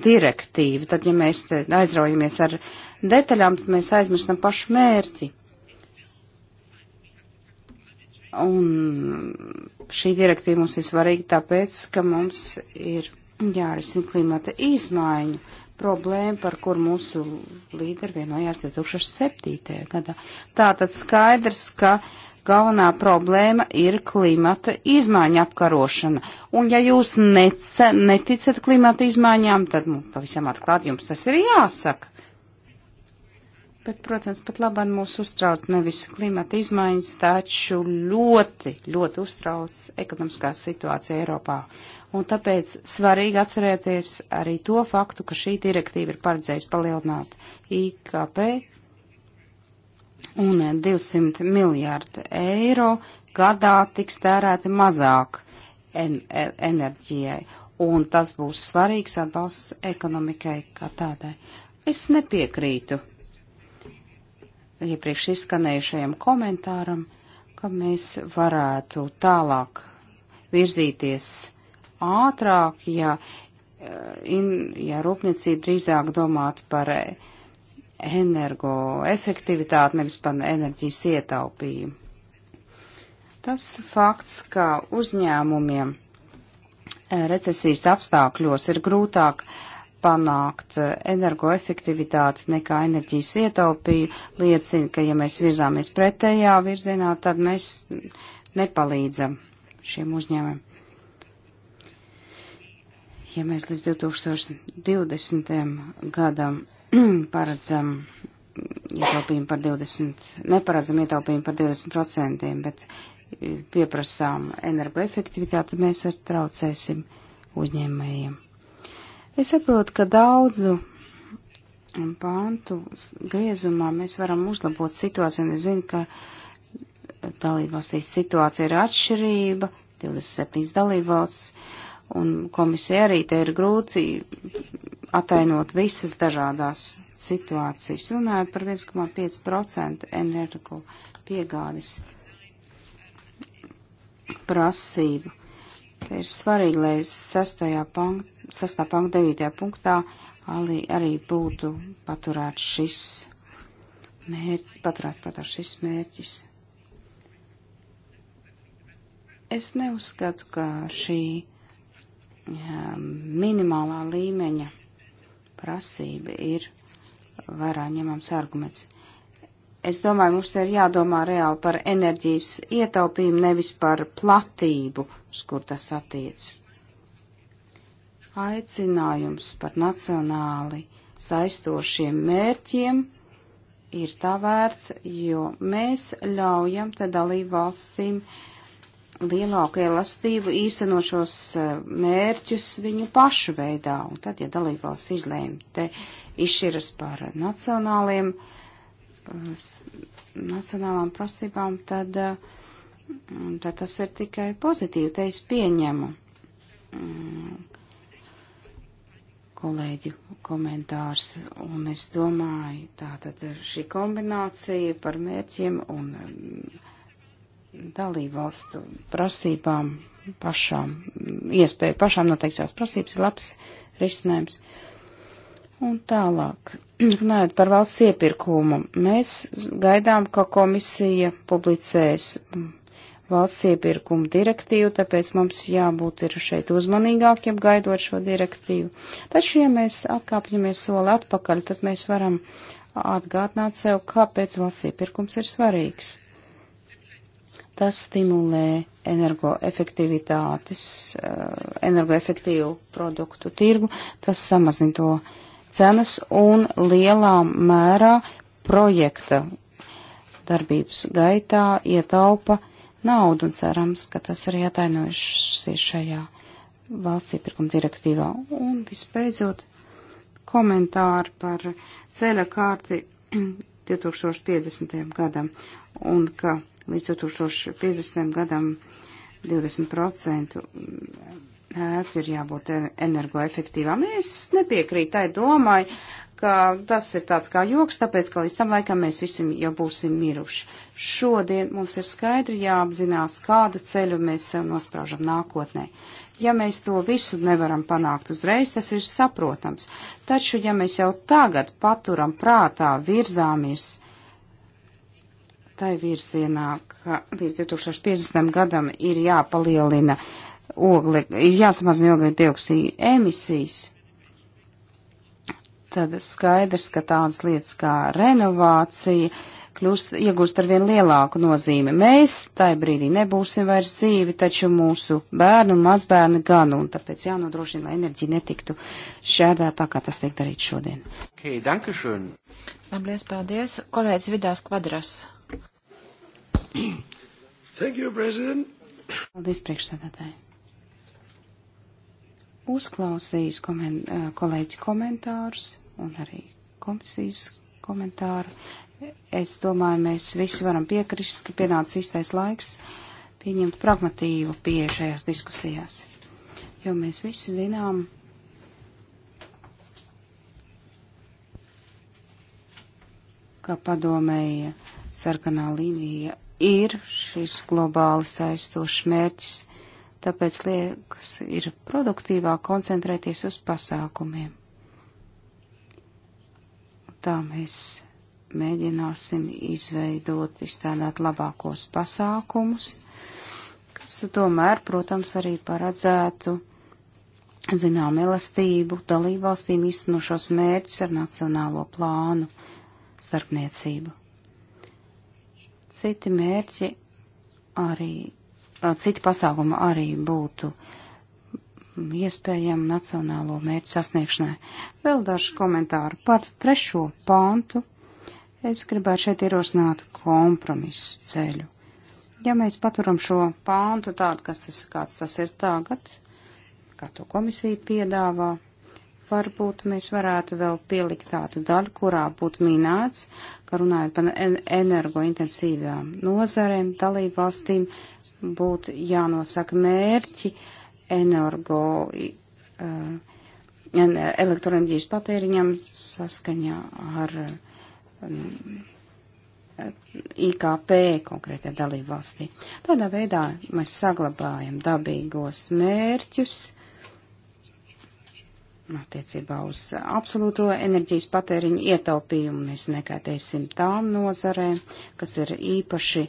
direktīvu. Tad, ja mēs aizraujamies ar detaļām, tad mēs aizmirstam pašu mērķi. Un šī direktīva mums ir svarīga tāpēc, ka mums ir jārisina klimata izmaiņu problēma, par kur mūsu līderi vienojās 2007. gadā. Tātad skaidrs, ka galvenā problēma ir klimata izmaiņa apkarošana. Un ja jūs nece, neticat klimata izmaiņām, tad nu, pavisam atklāt jums tas ir jāsaka. Bet, protams, pat labāk mūs uztrauc nevis klimata izmaiņas, taču ļoti, ļoti uztrauc ekonomiskā situācija Eiropā. Un tāpēc svarīgi atcerēties arī to faktu, ka šī direktīva ir paredzējusi palielināt IKP un 200 miljārdi eiro gadā tiks tērēti mazāk en e, enerģijai, un tas būs svarīgs atbalsts ekonomikai kā tādai. Es nepiekrītu iepriekš ja izskanējušajam komentāram, ka mēs varētu tālāk virzīties ātrāk, ja, e, in, ja rūpniecība drīzāk domātu par e, energoefektivitāti, nevis par enerģijas ietaupījumu. Tas fakts, ka uzņēmumiem eh, recesijas apstākļos ir grūtāk panākt eh, energoefektivitāti nekā enerģijas ietaupīju, liecina, ka ja mēs virzāmies pretējā virzienā, tad mēs nepalīdzam šiem uzņēmumiem. Ja mēs līdz 2020. gadam paredzam ietaupījumu par 20, neparedzam ietaupījumu par 20%, bet e, pieprasām energoefektivitāti, mēs ar traucēsim uzņēmējiem. Es saprotu, ka daudzu pāntu griezumā mēs varam uzlabot situāciju, un es zinu, ka dalībvalstīs situācija ir atšķirība, 27 dalībvalsts, un komisija arī te ir grūti atainot visas dažādās situācijas. Runājot par 1,5% energo piegādes prasību. Te ir svarīgi, lai 6. pantā, 9. punktā arī, arī būtu paturēts šis mērķis, paturēts prātā šis mērķis. Es neuzskatu, ka šī jā, minimālā līmeņa prasība ir vērā ņemams arguments. Es domāju, mums te ir jādomā reāli par enerģijas ietaupījumu, nevis par platību, uz kur tas attiec. Aicinājums par nacionāli saistošiem mērķiem ir tā vērts, jo mēs ļaujam te dalību valstīm uh, lielāku elastību īstenot šos eh, mērķus viņu pašu veidā. Un tad, ja dalībvalsts izlēma te izšķiras par nacionāliem, eh, nacionālām prasībām, tad, eh, tad tas ir tikai pozitīvi. Te es pieņemu mm, kolēģi komentārs, un es domāju, tā tad šī kombinācija par mērķiem un mm, dalību valstu prasībām pašām, iespēju pašām noteikt savas prasības ir labs risinājums. Un tālāk, runājot par valsts iepirkumu, mēs gaidām, ka komisija publicēs valsts iepirkuma direktīvu, tāpēc mums jābūt ir šeit uzmanīgākiem gaidot šo direktīvu. Taču, ja mēs atkāpjamies soli atpakaļ, tad mēs varam atgādināt sev, kāpēc valsts iepirkums ir svarīgs. Tas stimulē energoefektivitātes, eh, energoefektīvu produktu tirgu, tas samazina to cenas un lielā mērā projekta darbības gaitā ietaupa naudu un cerams, ka tas arī atainojušies šajā valsts iepirkuma direktīvā. Un vispēdzot komentāri par ceļa kārti 2050. gadam un ka līdz 2050. gadam 20% ēku ir jābūt e- energoefektīvām. Es nepiekrītu tai domai, ka tas ir tāds kā joks, tāpēc, ka līdz tam laikam mēs visi jau būsim miruši. Šodien mums ir skaidri jāapzinās, kādu ceļu mēs sev nospraužam nākotnē. Ja mēs to visu nevaram panākt uzreiz, tas ir saprotams. Taču, ja mēs jau tagad paturam prātā virzāmies tai virzienā, ka līdz 2050. gadam ir jāpalielina ogle, ir jāsamazina ogle dioksīda emisijas, tad skaidrs, ka tādas lietas kā renovācija kļūst, iegūst ar vien lielāku nozīmi. Mēs tai brīdī nebūsim vairs dzīvi, taču mūsu bērnu un mazbērni gan, un tāpēc jānodrošina, lai enerģija netiktu šērdētā, kā tas tiek darīts šodien. Okay, Labi, liels paldies. Kolēģis Vidās Kvadras. Thank you, President. Paldies, priekšsēdētāji. Uzklausījis koment, kolēģi komentārus un arī komisijas komentāru. Es domāju, mēs visi varam piekrist, ka pienācis īstais laiks pieņemt pragmatīvu pieeju šajās diskusijās. Jo mēs visi zinām, ka padomēja sarkanā līnija ir šis globāli saistošs mērķis, tāpēc liekas ir produktīvāk koncentrēties uz pasākumiem. Tā mēs mēģināsim izveidot, izstrādāt labākos pasākumus, kas tomēr, protams, arī paredzētu zinām elastību dalībvalstīm īstenošos mērķus ar nacionālo plānu starpniecību citi mērķi arī, citi pasākumi arī būtu iespējami nacionālo mērķu sasniegšanai. Vēl daži komentāri par trešo pāntu. Es gribētu šeit ierosināt kompromisu ceļu. Ja mēs paturam šo pāntu tādu, kas tas, kāds tas ir tagad, kā to komisija piedāvā, varbūt mēs varētu vēl pielikt tādu daļu, kurā būtu minēts, ka runājot par energointensīvām nozarēm, dalību valstīm būtu jānosaka mērķi energo uh, elektroenerģijas patēriņam saskaņā ar um, IKP konkrētajā dalību valstī. Tādā veidā mēs saglabājam dabīgos mērķus attiecībā uz absolūto enerģijas patēriņu ietaupījumu. Mēs nekaitēsim tām nozarēm, kas ir īpaši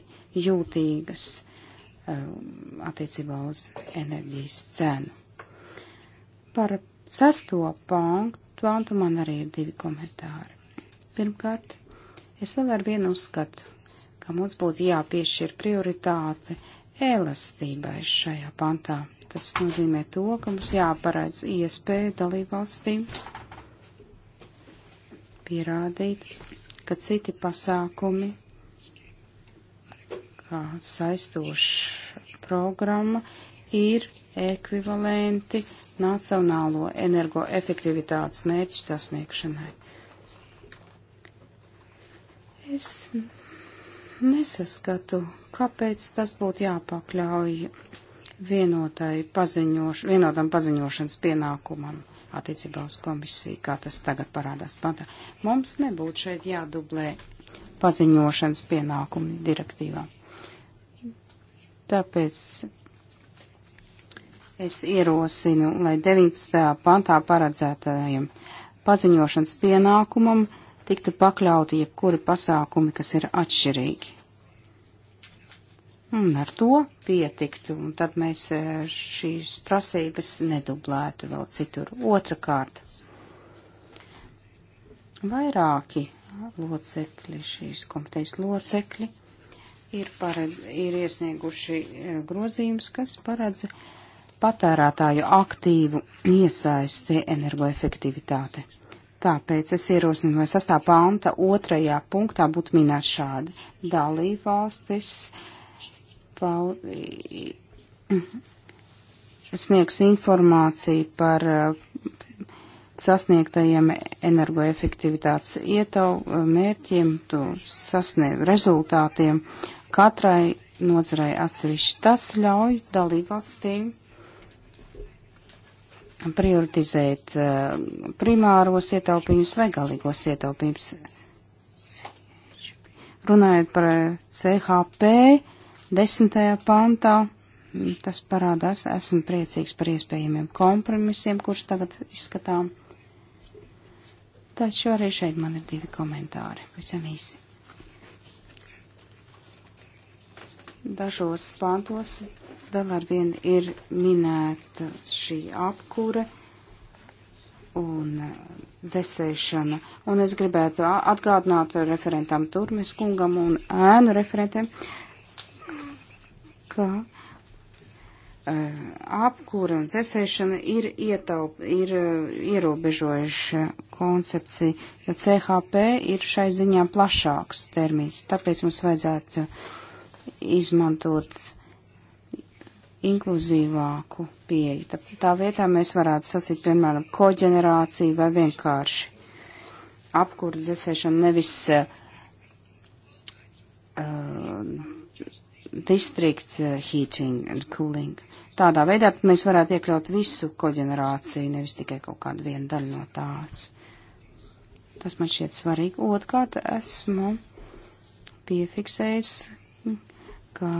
jūtīgas um, attiecībā uz enerģijas cenu. Par sesto pāntu man arī ir divi komentāri. Pirmkārt, es vēl ar vienu uzskatu, ka mums būtu jāpiešķir prioritāte elastībai šajā pantā. Tas nozīmē to, ka mums jāparedz iespēju dalībvalstīm pierādīt, ka citi pasākumi, kā saistoša programma, ir ekvivalenti nacionālo energoefektivitātes mērķu sasniegšanai. Es nesaskatu, kāpēc tas būtu jāpakļauj vienotai paziņoš, vienotam paziņošanas pienākumam attiecībā uz komisiju, kā tas tagad parādās pantā. Mums nebūtu šeit jādublē paziņošanas pienākumi direktīvā. Tāpēc es ierosinu, lai 19. pantā paredzētajiem paziņošanas pienākumam tiktu pakļauti jebkuri pasākumi, kas ir atšķirīgi. Un ar to pietiktu, un tad mēs e, šīs prasības nedublētu vēl citur. Otrakārt, vairāki locekļi, šīs komitejas locekļi, ir, pared, ir iesnieguši e, grozījums, kas paredz patērētāju aktīvu iesaisti energoefektivitāte. Tāpēc es ierosinu, lai sastāv panta otrajā punktā būtu minēts šādi. Dalībvalstis valstis pau, sniegs informāciju par uh, sasniegtajiem energoefektivitātes ietau uh, mērķiem, to sasniegt rezultātiem. Katrai nozarei atsevišķi tas ļauj dalībvalstīm prioritizēt uh, primāros ietaupījumus vai galīgos ietaupījumus. Runājot par CHP, desmitajā pantā. Tas parādās, esmu priecīgs par iespējamiem kompromisiem, kurus tagad izskatām. Taču arī šeit man ir divi komentāri, visam īsi. Dažos pantos vēl ar vienu ir minēta šī apkūra un uh, zesēšana. Un es gribētu atgādināt referentam Turmes kungam un ēnu referentiem, ka e, apkūra un cesēšana ir, ietaup, ir e, ierobežojuša koncepcija, jo CHP ir šai ziņā plašāks termins. Tāpēc mums vajadzētu izmantot inkluzīvāku pieeju. Tā, tā vietā mēs varētu sacīt, piemēram, koģenerāciju vai vienkārši apkūra dzēsēšana nevis uh, district eh, heating and cooling. Tādā veidā mēs varētu iekļaut visu koģenerāciju, nevis tikai kaut kādu vienu daļu no tās. Tas man šķiet svarīgi. Otkārt, esmu piefiksējis, ka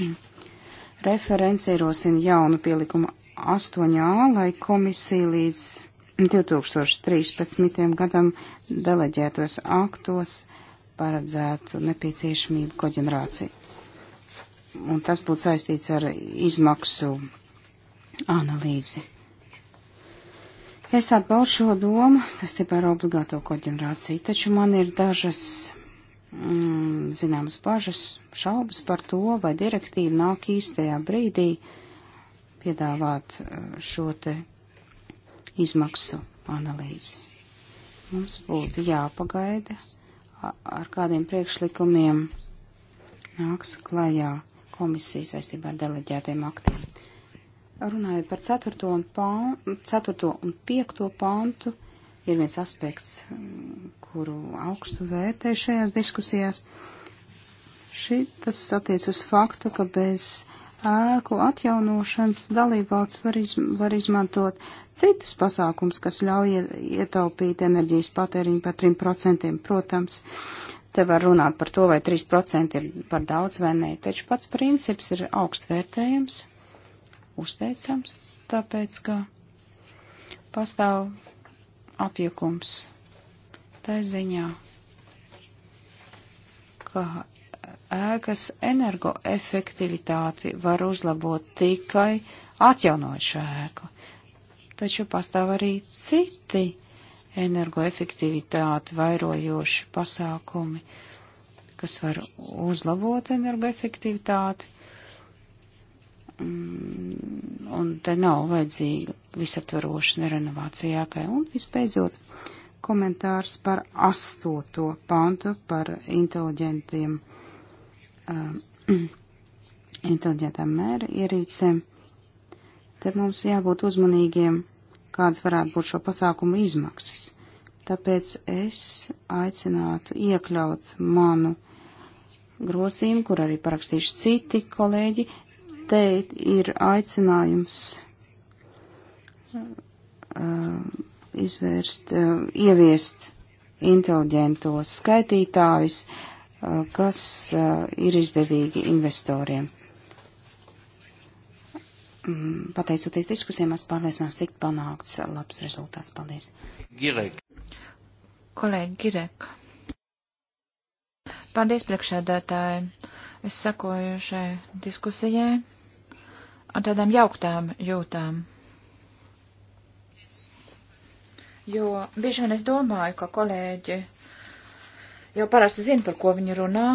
referents ierosina jaunu pielikumu 8a, lai komisija līdz 2013. gadam deleģētos aktos paredzētu nepieciešamību koģenerāciju un tas būtu saistīts ar izmaksu analīzi. Es atbalstu šo domu saistībā ar obligāto koģenerāciju, taču man ir dažas, mm, zināmas, bažas, šaubas par to, vai direktīva nāk īstajā brīdī piedāvāt eh, šo te izmaksu analīzi. Mums būtu jāpagaida, ar kādiem priekšlikumiem nāks klajā komisiju saistībā ar deleģētiem aktiem. Runājot par 4. un, pā, 4. un 5. pantu, ir viens aspekts, mm, kuru augstu vērtēju šajās diskusijās. Šī tas attiec uz faktu, ka bez ēku atjaunošanas dalībvalsts var, iz, var izmantot citus pasākums, kas ļauj ietaupīt enerģijas patēriņu par 3%. Protams, Te var runāt par to, vai 3% ir par daudz vai nē, taču pats princips ir augstvērtējams, uzteicams, tāpēc, ka pastāv apjukums tā ziņā, ka ēkas energoefektivitāti var uzlabot tikai atjaunot šo ēku. Taču pastāv arī citi energoefektivitāti vairojoši pasākumi, kas var uzlabot energoefektivitāti. Mm, un te nav vajadzīga visaptvaroša nerenovācija jākai. Un vispēcot komentārs par astoto pantu par inteliģentiem, um, inteliģentām mēra ierīcēm. Te mums jābūt uzmanīgiem kādas varētu būt šo pasākumu izmaksas. Tāpēc es aicinātu iekļaut manu grozījumu, kur arī parakstīšu citi kolēģi. Te ir aicinājums uh, izvērst, uh, ieviest inteliģentos skaitītājus, uh, kas uh, ir izdevīgi investoriem. Mm, pateicoties diskusijām, esmu pārliecināts tikt panākts labs rezultāts. Paldies. Girek. Kolēģi Girek. Paldies priekšēdētāji. Es sekoju šai diskusijai ar tādām jauktām jūtām. Jo bieži vien es domāju, ka kolēģi jau parasti zina, par ko viņi runā.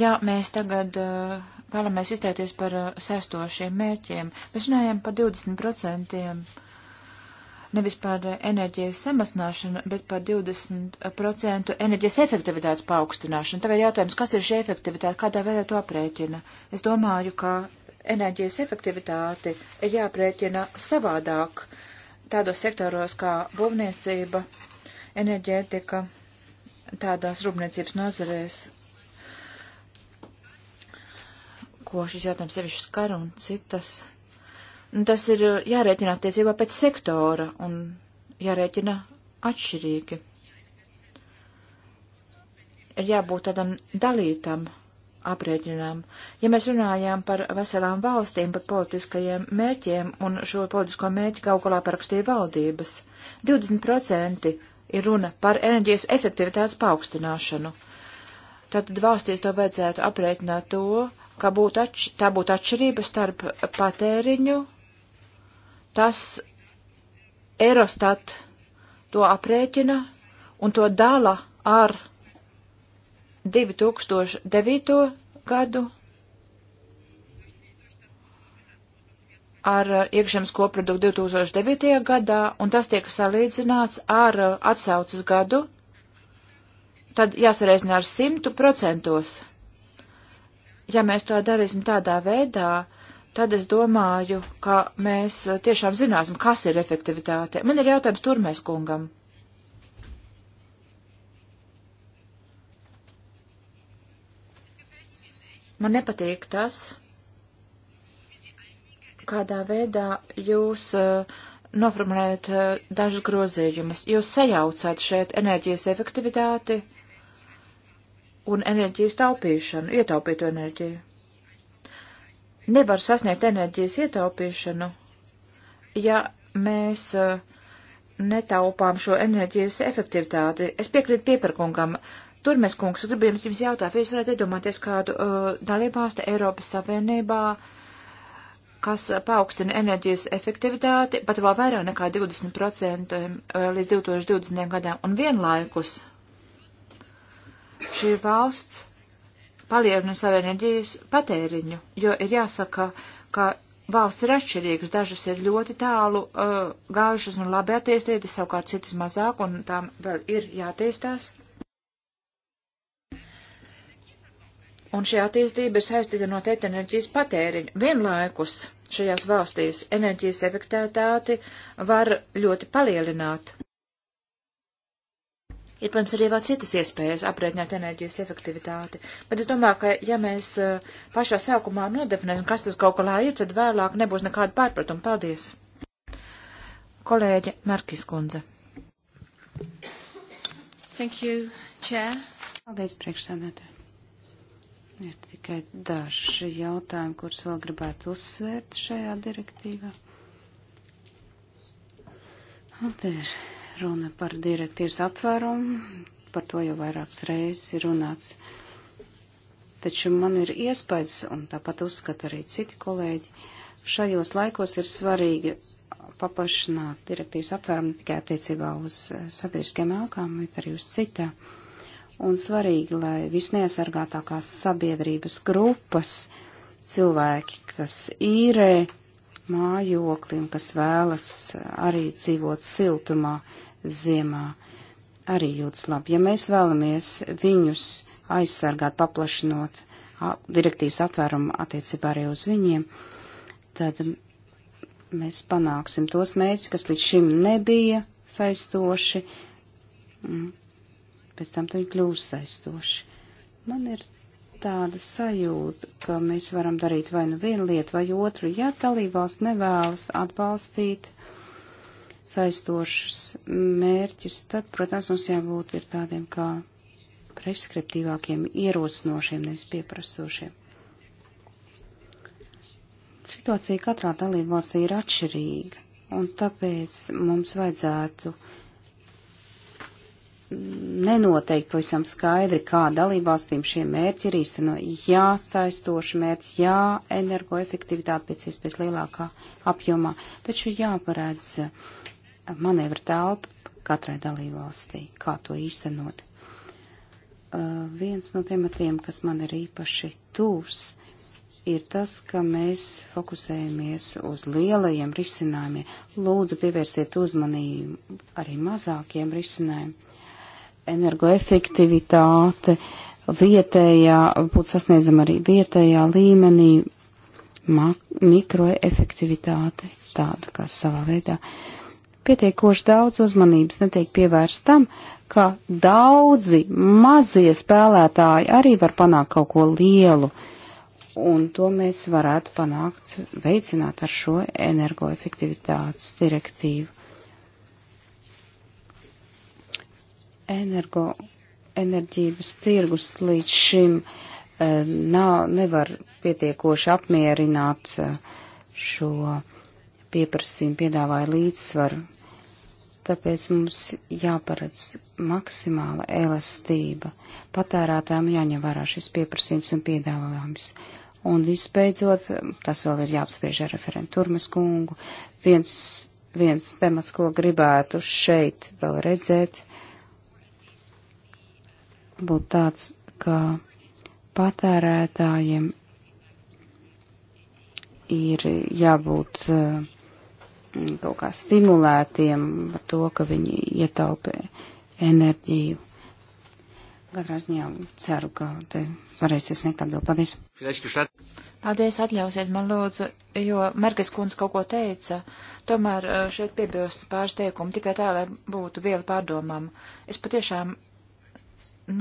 Ja mēs tagad uh, vēlamies izteikties par uh, sesto šiem mērķiem. Mēs runājam par 20% nevis par uh, enerģijas samazināšanu, bet par 20% enerģijas efektivitātes paaugstināšanu. Tagad jautājums, kas ir šī efektivitāte, kādā veidā to aprēķina? Es domāju, ka enerģijas efektivitāti ir jāprēķina savādāk tādos sektoros kā būvniecība, enerģētika, tādās rūpniecības nozarēs, ko šis jautājums sevišķi skar un cik tas. Un tas ir uh, jārēķina attiecībā pēc sektora un jārēķina atšķirīgi. Ir jābūt tādam dalītam aprēķinām. Ja mēs runājām par veselām valstīm, par politiskajiem mērķiem un šo politisko mērķu kaut kādā parakstīja valdības, 20% ir runa par enerģijas efektivitātes paaugstināšanu. Tātad valstīs to vajadzētu aprēķināt to, ka būtu atš tā būtu atšķirība starp patēriņu, tas Eurostat to aprēķina un to dala ar 2009. gadu ar iekšzemes koproduktu 2009. gadā, un tas tiek salīdzināts ar atsaucas gadu, tad jāsareizina ar simtu procentos ja mēs to darīsim tādā veidā, tad es domāju, ka mēs tiešām zināsim, kas ir efektivitāte. Man ir jautājums turmēs kungam. Man nepatīk tas, kādā veidā jūs uh, noformulējat uh, dažus grozījumus. Jūs sajaucat šeit enerģijas efektivitāti. Uh, un enerģijas taupīšanu, ietaupītu enerģiju. Nevar sasniegt enerģijas ietaupīšanu, ja mēs uh, netaupām šo enerģijas efektivitāti. Es piekrītu pieparkungam. Turmes kungs, gribējām jums jautāt, vai jūs varētu iedomāties kādu uh, dalībvalstu Eiropas Savienībā, kas paaugstina enerģijas efektivitāti pat vēl vairāk nekā 20% uh, līdz 2020. gadam un vienlaikus šī valsts palielina savu enerģijas patēriņu, jo ir jāsaka, ka valsts ir atšķirīgas, dažas ir ļoti tālu uh, gājušas un labi attīstītas, savukārt citas mazāk, un tām vēl ir jātīstās. Un šī attīstība ir saistīta noteikti enerģijas patēriņu. Vienlaikus šajās valstīs enerģijas efektivitāti var ļoti palielināt. Ir, protams, arī vēl citas iespējas aprēķināt enerģijas efektivitāti, bet es domāju, ka ja mēs uh, pašā sākumā nodefinēsim, kas tas kaut kādā ir, tad vēlāk nebūs nekāda pārpratuma. Paldies! Kolēģe Markis Kundze. Thank you, Chair. Paldies, priekšsēdētāji. Ir tikai daži jautājumi, kurus vēl gribētu uzsvērt šajā direktīvā. Un te ir Runa par direktīvas aptvērumu, par to jau vairākas reizes ir runāts. Taču man ir iespējas, un tāpat uzskata arī citi kolēģi, šajos laikos ir svarīgi paplašināt direktīvas aptvērumu ne tikai attiecībā uz eh, sabiedriskiem ēkām, bet arī uz citā. Un svarīgi, lai visneaizsargātākās sabiedrības grupas, cilvēki, kas īrē mājokli un kas vēlas eh, arī dzīvot siltumā, ziemā arī jūtas labi. Ja mēs vēlamies viņus aizsargāt, paplašinot direktīvas apvērumu attiecībā arī uz viņiem, tad mēs panāksim tos mērķus, kas līdz šim nebija saistoši, pēc tam viņi kļūs saistoši. Man ir tāda sajūta, ka mēs varam darīt vai nu vienu lietu, vai otru, ja dalībvalsts nevēlas atbalstīt saistošus mērķus, tad, protams, mums jābūt ir tādiem kā preskriptīvākiem, ierosinošiem, nevis pieprasošiem. Situācija katrā dalībvalstī ir atšķirīga, un tāpēc mums vajadzētu nenoteikt pavisam skaidri, kā dalībvalstīm šie mērķi ir īsteno. Jā, saistoši mērķi, jā, energoefektivitāte pēc iespējas lielākā apjomā, taču jāparedz manevra telpa katrai dalībvalstī, kā to īstenot. Uh, viens no tematiem, kas man ir īpaši tūs, ir tas, ka mēs fokusējamies uz lielajiem risinājumiem. Lūdzu, pievērsiet uzmanību arī mazākiem risinājumiem. Energoefektivitāte vietējā, būtu sasniedzama arī vietējā līmenī, mikroefektivitāte, tāda kā savā veidā. Uh, pietiekoši daudz uzmanības netiek pievērst tam, ka daudzi mazie spēlētāji arī var panākt kaut ko lielu, un to mēs varētu panākt, veicināt ar šo energoefektivitātes direktīvu. Energo, enerģības tirgus līdz šim eh, nav, nevar pietiekoši apmierināt eh, šo pieprasījumu, piedāvāja līdzsvaru Tāpēc mums jāparedz maksimāla elastība. Patērētājiem jāņem vērā šis pieprasījums un piedāvājums. Un visbeidzot, tas vēl ir jāapspriež ar referentu Turmas kungu, viens, viens temats, ko gribētu šeit vēl redzēt, būtu tāds, ka patērētājiem ir jābūt uh, Mm, kaut kā stimulētiem par to, ka viņi ietaupē enerģiju. Katrā ziņā ceru, ka te varēsiet sniegt atbildi. Paldies! Paldies, atļausiet man lūdzu, jo Merkes kundze kaut ko teica. Tomēr eh, šeit piebilst pāris teikumu tikai tā, lai būtu viela pārdomām. Es patiešām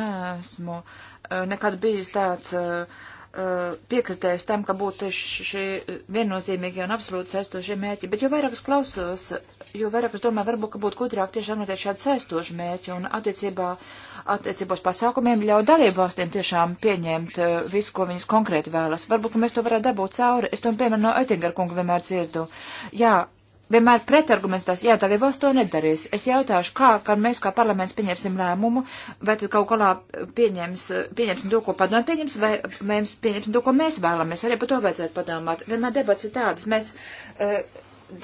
neesmu eh, nekad bijis tāds. Uh, Eh, piekritējis tam, ka būtu šī eh, viennozīmīgi un absolūti saistošie mērķi, bet jo vairāk es klausos, jo vairāk es domāju, varbūt, ka būtu gudrāk tiešām noteikt šādi saistoši mērķi un attiecībā, attiecībos pasākumiem ļauj dalību valstīm tiešām pieņemt uh, visu, ko viņas konkrēti vēlas. Varbūt, ka mēs to varētu dabūt cauri. Es to, piemēram, no Oettinger kunga vienmēr dzirdu. Jā, vienmēr pretarguments tās, jā, dalībvalsts to nedarīs. Es jautāšu, kā, kad mēs kā parlaments pieņemsim lēmumu, vai tad kaut kādā pieņems, pieņemsim to, ko padomu pieņems, vai mēs pieņemsim to, ko mēs vēlamies. Arī par to vajadzētu padomāt. Vienmēr debats ir tādas. Mēs uh,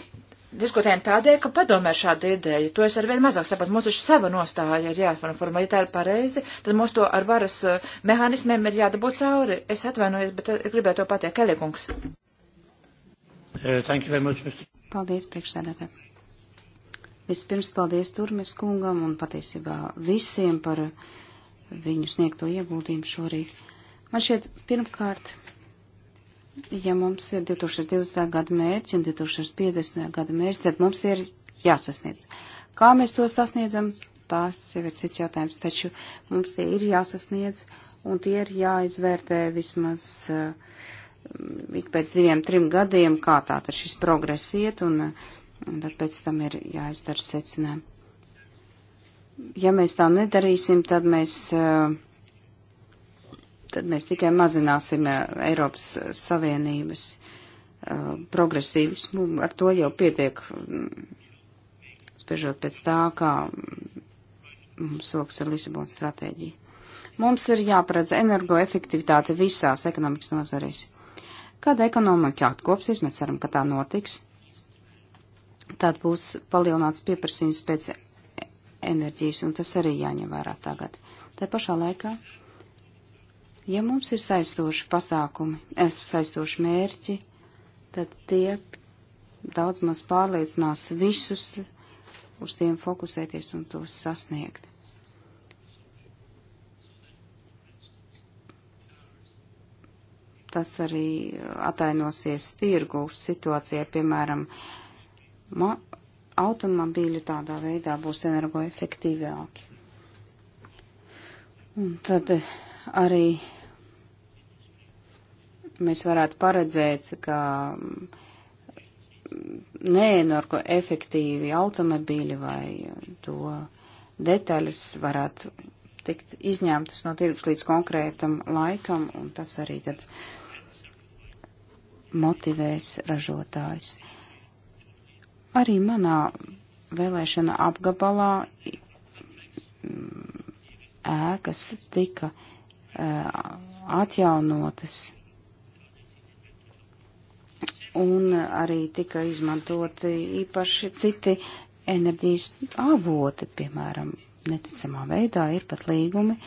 diskutējam tādēļ, ka padomē šāda ideja. To es arvien mazāk saprotu. Mums taču sava nostāja ir jāformā. Ja tā ir pareizi, tad mums to ar varas uh, mehānismiem ir jādabūt cauri. Es atvainojos, bet uh, eh, gribētu to pateikt. Kelikungs. Uh, thank you very much, Mr. Paldies, priekšsēdētāji. Vispirms paldies Turmes kungam un patiesībā visiem par viņu sniegto ieguldījumu šorīt. Man šķiet, pirmkārt, ja mums ir 2020. gada mērķi un 2050. gada mērķi, tad mums ir jāsasniedz. Kā mēs to sasniedzam, tās jau ir cits jautājums, taču mums tie ir jāsasniedz un tie ir jāizvērtē vismaz uh, ik pēc diviem, trim gadiem, kā tā tad šis progress iet, un, un tad pēc tam ir jāizdara secinājumi. Ja mēs tā nedarīsim, tad mēs, eh, tad mēs tikai mazināsim eh, Eiropas Savienības eh, progresīvismu. Ar to jau pietiek, spiežot pēc tā, kā mums soks ar Lisabonas stratēģiju. Mums ir jāparedz energoefektivitāte visās ekonomikas nozarēs. Kad ekonomika atkopsies, mēs ceram, ka tā notiks, tad būs palielināts pieprasījums pēc enerģijas, un tas arī jāņem vērā tagad. Tā pašā laikā, ja mums ir saistoši pasākumi, eh, saistoši mērķi, tad tie daudz maz pārliecinās visus uz tiem fokusēties un tos sasniegt. tas arī atainosies tirgu situācijai, piemēram, automobīļi tādā veidā būs energoefektīvāki. Un tad arī mēs varētu paredzēt, ka neenergoefektīvi automobīļi vai to detaļas varētu tikt izņemtas no tirgus līdz konkrētam laikam, un tas arī tad motivēs ražotājs. Arī manā vēlēšana apgabalā mm, ēkas tika e, atjaunotas un arī tika izmantoti īpaši citi enerģijas avoti, piemēram, neticamā veidā ir pat līgumi uh,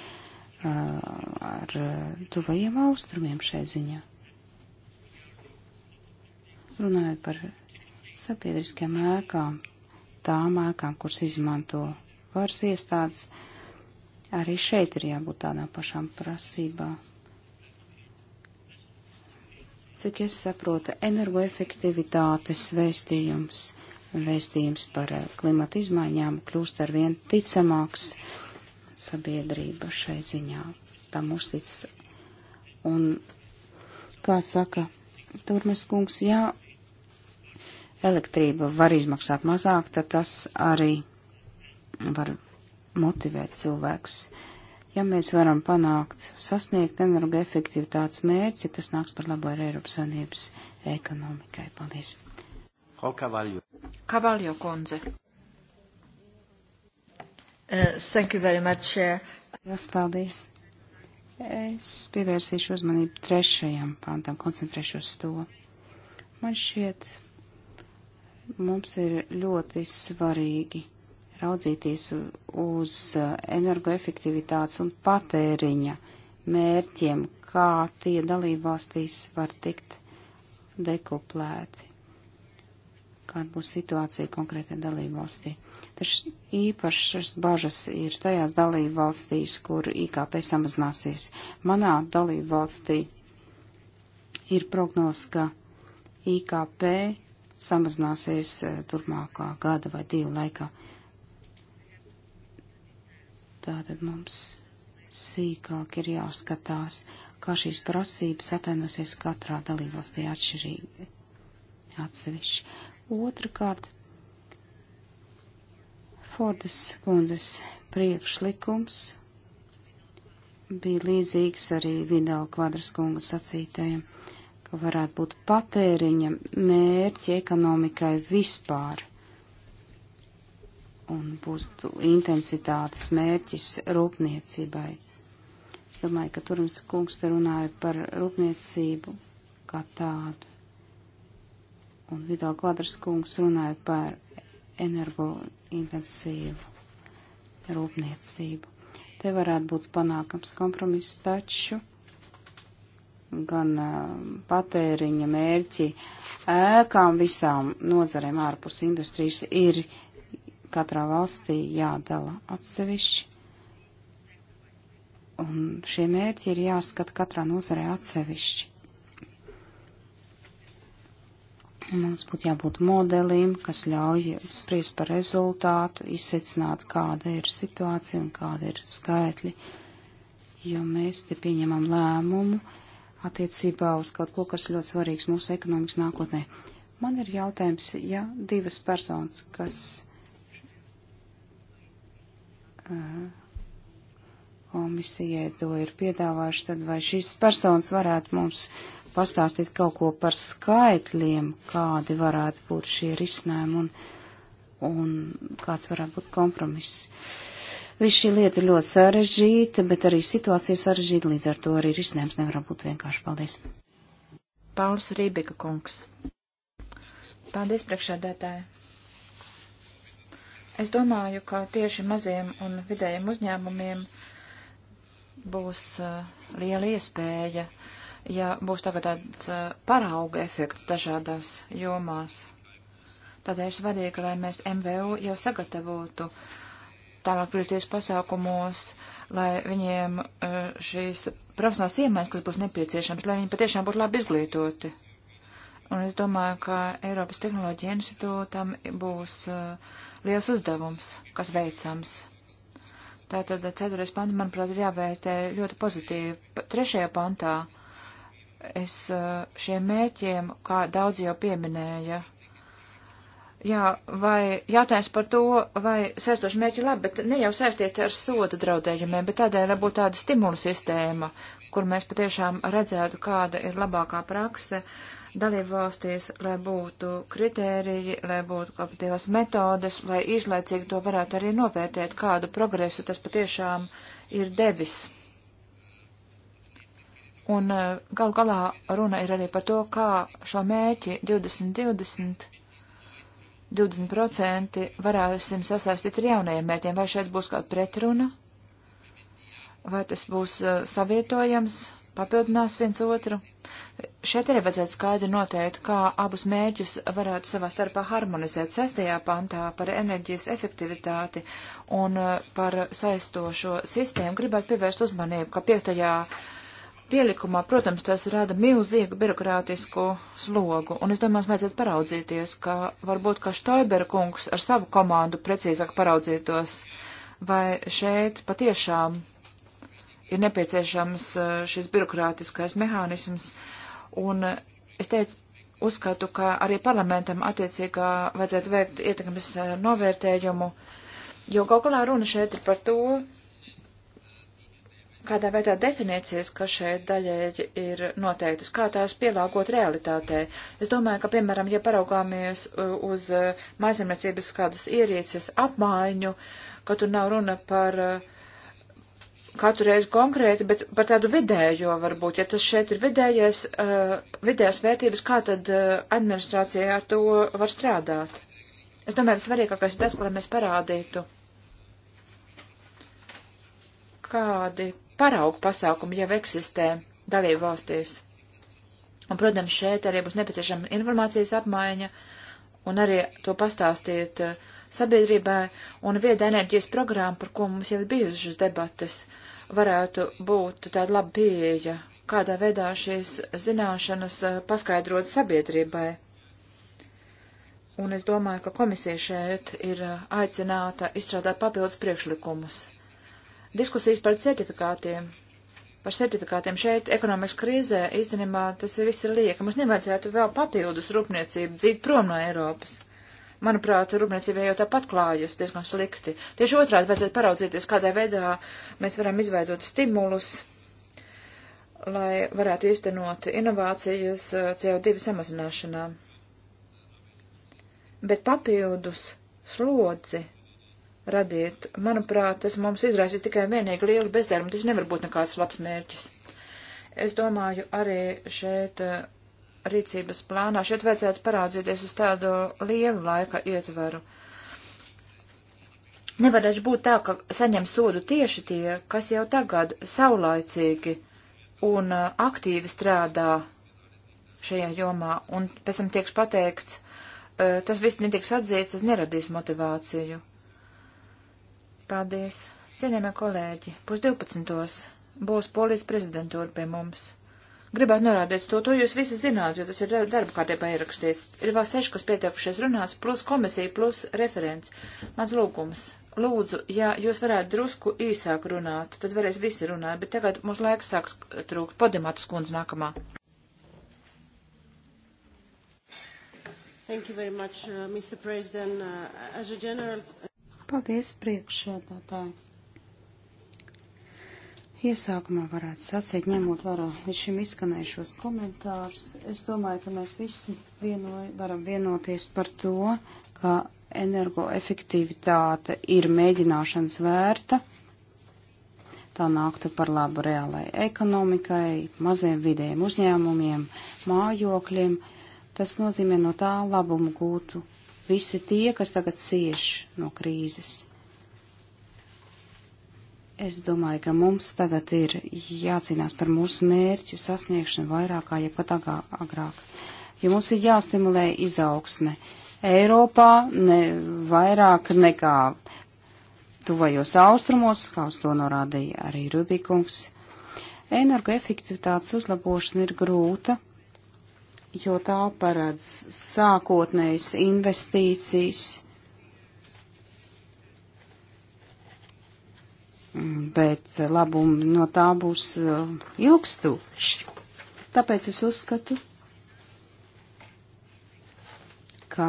ar e, tuvajiem austrumiem šai ziņā. Runājot par sabiedriskajām ēkām, tām ēkām, kuras izmanto varas iestādes, arī šeit ir jābūt tādām pašām prasībām. Cik es saprotu, energoefektivitātes vēstījums, vēstījums par eh, klimata izmaiņām kļūst ar vien ticamāks sabiedrība šai ziņā. Tam uztic. Un, kā saka Turmes kungs, jā, elektrība var izmaksāt mazāk, tad tas arī var motivēt cilvēkus. Ja mēs varam panākt, sasniegt energo efektivitātes mērķi, tas nāks par labu ar Eiropas Savienības ekonomikai. Paldies! Kavaljo. Kavaljo kundze. Uh, thank you very much, Chair. Yes, paldies. Es pievērsīšu uzmanību trešajam pantam, koncentrēšos to. Man šķiet, Mums ir ļoti svarīgi raudzīties uz eh, energoefektivitātes un patēriņa mērķiem, kā tie dalībvalstīs var tikt dekoplēti, kāda būs situācija konkrētai dalībvalstī. Taču īpašas bažas ir tajās dalībvalstīs, kur IKP samazināsies. Manā dalībvalstī ir prognoz, ka IKP samazināsies e, turpmākā gada vai divu laikā. Tātad mums sīkāk ir jāskatās, kā šīs prasības atainosies katrā dalībvalstī atšķirīgi atsevišķi. Otrakārt, Fordas kundzes priekšlikums bija līdzīgs arī Vidāla kvadras kunga sacītajiem varētu būt patēriņa mērķi ekonomikai vispār. Un būs intensitātes mērķis rūpniecībai. Es domāju, ka Turms kungs te runāja par rūpniecību kā tādu. Un Vidal Kvadras kungs runāja par energointensīvu rūpniecību. Te varētu būt panākams kompromiss, taču gan patēriņa mērķi ēkām visām nozarēm ārpus industrijas ir katrā valstī jādala atsevišķi. Un šie mērķi ir jāskata katrā nozarē atsevišķi. Mums būtu jābūt modelim, kas ļauj spriest par rezultātu, izsecināt, kāda ir situācija un kāda ir skaitļi. Jo mēs te pieņemam lēmumu, uh, attiecībā uz kaut ko, kas ļoti svarīgs mūsu ekonomikas nākotnē. Man ir jautājums, ja divas personas, kas uh, komisijai to ir piedāvājuši, tad vai šīs personas varētu mums pastāstīt kaut ko par skaitļiem, kādi varētu būt šie risinājumi un, un kāds varētu būt kompromiss. Uh, Viss šī lieta ir ļoti sarežģīta, bet arī situācija sarežģīta, līdz ar to arī risinājums nevar būt vienkārši. Paldies! Pauls Rībika kungs. Paldies, priekšādētāji! Es domāju, ka tieši maziem un vidējiem uzņēmumiem būs uh, liela iespēja, ja būs tagad tāds uh, parauga efekts dažādās jomās. Tādēļ svarīgi, lai mēs MVU jau sagatavotu uh, tālāk piedalīties pasākumos, lai viņiem eh, šīs profesionāls iemaņas, kas būs nepieciešams, lai viņi patiešām būtu labi izglītoti. Un es domāju, ka Eiropas Tehnoloģija institūtam būs uh, liels uzdevums, kas veicams. Tātad ceturtais pants, manuprāt, ir jāvērtē ļoti pozitīvi. Trešajā pantā es uh, šiem mērķiem, kā daudz jau pieminēja, Jā, vai jautājums par to, vai saistoši mērķi labi, bet ne jau saistīti ar sodu draudējumiem, bet tādēļ būtu tāda stimulu sistēma, kur mēs patiešām redzētu, kāda ir labākā prakse dalību valstīs, lai būtu kritēriji, lai būtu kooperatīvās metodes, lai izlaicīgi to varētu arī novērtēt, kādu progresu tas patiešām ir devis. Un eh, gal galā runa ir arī par to, kā šo mērķi 2020 20% varēsim sasaistīt ar jaunajiem mērķiem. Vai šeit būs kāda pretruna? Vai tas būs uh, savietojams, papildinās viens otru? Šeit arī vajadzētu skaidri noteikt, kā abus mērķus varētu savā starpā harmonizēt sestajā pantā par enerģijas efektivitāti un uh, par saistošo sistēmu. Gribētu pievērst uzmanību, ka piektajā uh, pielikumā, protams, tas rada milzīgu birokrātisku slogu, un es domāju, mums vajadzētu paraudzīties, ka varbūt, ka Štoibera kungs ar savu komandu precīzāk paraudzītos, vai šeit patiešām ir nepieciešams uh, šis birokrātiskais mehānisms, un es teicu, uzskatu, ka arī parlamentam attiecīgā vajadzētu veikt ietekmes uh, novērtējumu, jo kaut kādā runa šeit ir par to, kādā veidā definīcijas, kas šeit daļēji ir noteiktas, kā tās pielāgot realitātei. Es domāju, ka, piemēram, ja paraugāmies uz uh, maizemniecības kādas ierīces apmaiņu, ka tur nav runa par uh, katru reizi konkrēti, bet par tādu vidējo varbūt, ja tas šeit ir vidējais, uh, vidējās vērtības, kā tad administrācija ar to var strādāt. Es domāju, svarīgākais ir tas, lai mēs parādītu kādi paraugu pasākumi jau eksistē dalību valstīs. Un, protams, šeit arī būs nepieciešama informācijas apmaiņa un arī to pastāstīt eh, sabiedrībai un vieda enerģijas programma, par ko mums jau ir bijušas debates, varētu būt tāda laba pieeja, kādā veidā šīs zināšanas eh, paskaidrot sabiedrībai. Un es domāju, ka komisija šeit ir eh, aicināta izstrādāt papildus priekšlikumus diskusijas par certifikātiem. Par certifikātiem šeit ekonomikas krīzē īstenībā tas ir viss ir lieka. Mums nevajadzētu vēl papildus rūpniecību dzīt prom no Eiropas. Manuprāt, rūpniecībai jau tāpat klājas diezgan slikti. Tieši otrādi vajadzētu paraudzīties, kādā veidā mēs varam izveidot stimulus, lai varētu īstenot inovācijas eh, CO2 samazināšanā. Bet papildus slodzi radīt. Manuprāt, tas mums izraisīs tikai vienīgi lielu bezdarbu, tas nevar būt nekāds labs mērķis. Es domāju, arī šeit eh, rīcības plānā šeit vajadzētu paraudzīties uz tādu lielu laika ietvaru. Nevarēšu būt tā, ka saņem sodu tieši tie, kas jau tagad saulaicīgi un eh, aktīvi strādā šajā jomā, un pēc tam tieks pateikts, eh, tas viss netiks atzīts, tas neradīs motivāciju. Paldies. Cienījamie kolēģi, pusdivpadsmitos būs polijas prezidentūra pie mums. Gribētu norādīt to, to jūs visi zināt, jo tas ir darba kārtībā ierakstīts. Ir vēl seši, kas pieteikušies runās, plus komisija, plus referents. Mans lūgums. Lūdzu, ja jūs varētu drusku īsāk runāt, tad varēs visi runāt, bet tagad mums laiks sāk trūkt. Podimātas kundze nākamā. Thank you very much, uh, Mr. President. Uh, as a general... Paldies, priekšsēdētāji. Iesākumā varētu sacīt, ņemot vērā līdz šim izskanējušos komentārus, es domāju, ka mēs visi vienoj, varam vienoties par to, ka energoefektivitāte ir mēģināšanas vērta. Tā nāktu par labu reālai ekonomikai, maziem vidējiem uzņēmumiem, mājokļiem. Tas nozīmē no tā labumu gūtu visi tie, kas tagad cieš no krīzes. Es domāju, ka mums tagad ir jācīnās par mūsu mērķu sasniegšanu vairāk kā jebkad agrāk, jo mums ir jāstimulē izaugsme Eiropā ne vairāk nekā tuvajos austrumos, kā uz to norādīja arī Rubikungs. Energoefektivitātes uzlabošana ir grūta, jo tā paredz sākotnējas investīcijas. bet labumi no tā būs uh, ilgstūši. Tāpēc es uzskatu, ka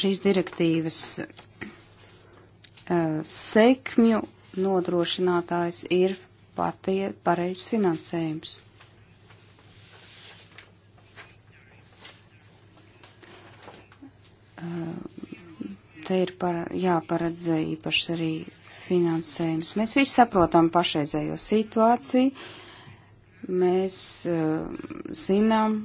šīs direktīvas uh, sekmju nodrošinātājs ir patie pareizs finansējums. te ir par, jāparedz īpaši arī finansējums. Mēs visi saprotam pašreizējo situāciju. Mēs zinām,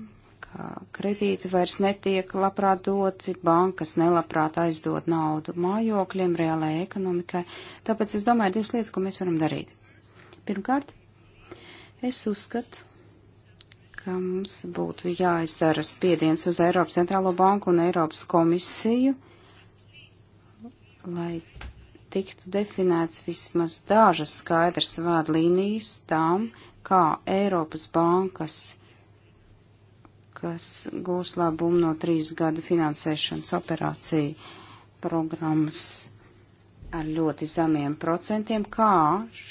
ka kredīti vairs netiek labprāt doti, bankas nelabprāt aizdod naudu mājokļiem, reālajai ekonomikai. Tāpēc es domāju divas lietas, ko mēs varam darīt. Pirmkārt, es uzskatu, ka mums būtu jāizdara spiediens uz Eiropas centrālo banku un Eiropas komisiju, lai tiktu definēts vismaz dažas skaidras vārdlīnijas tām, kā Eiropas bankas, kas gūs labumu no trīs gadu finansēšanas operāciju programmas ar ļoti zemiem procentiem, kā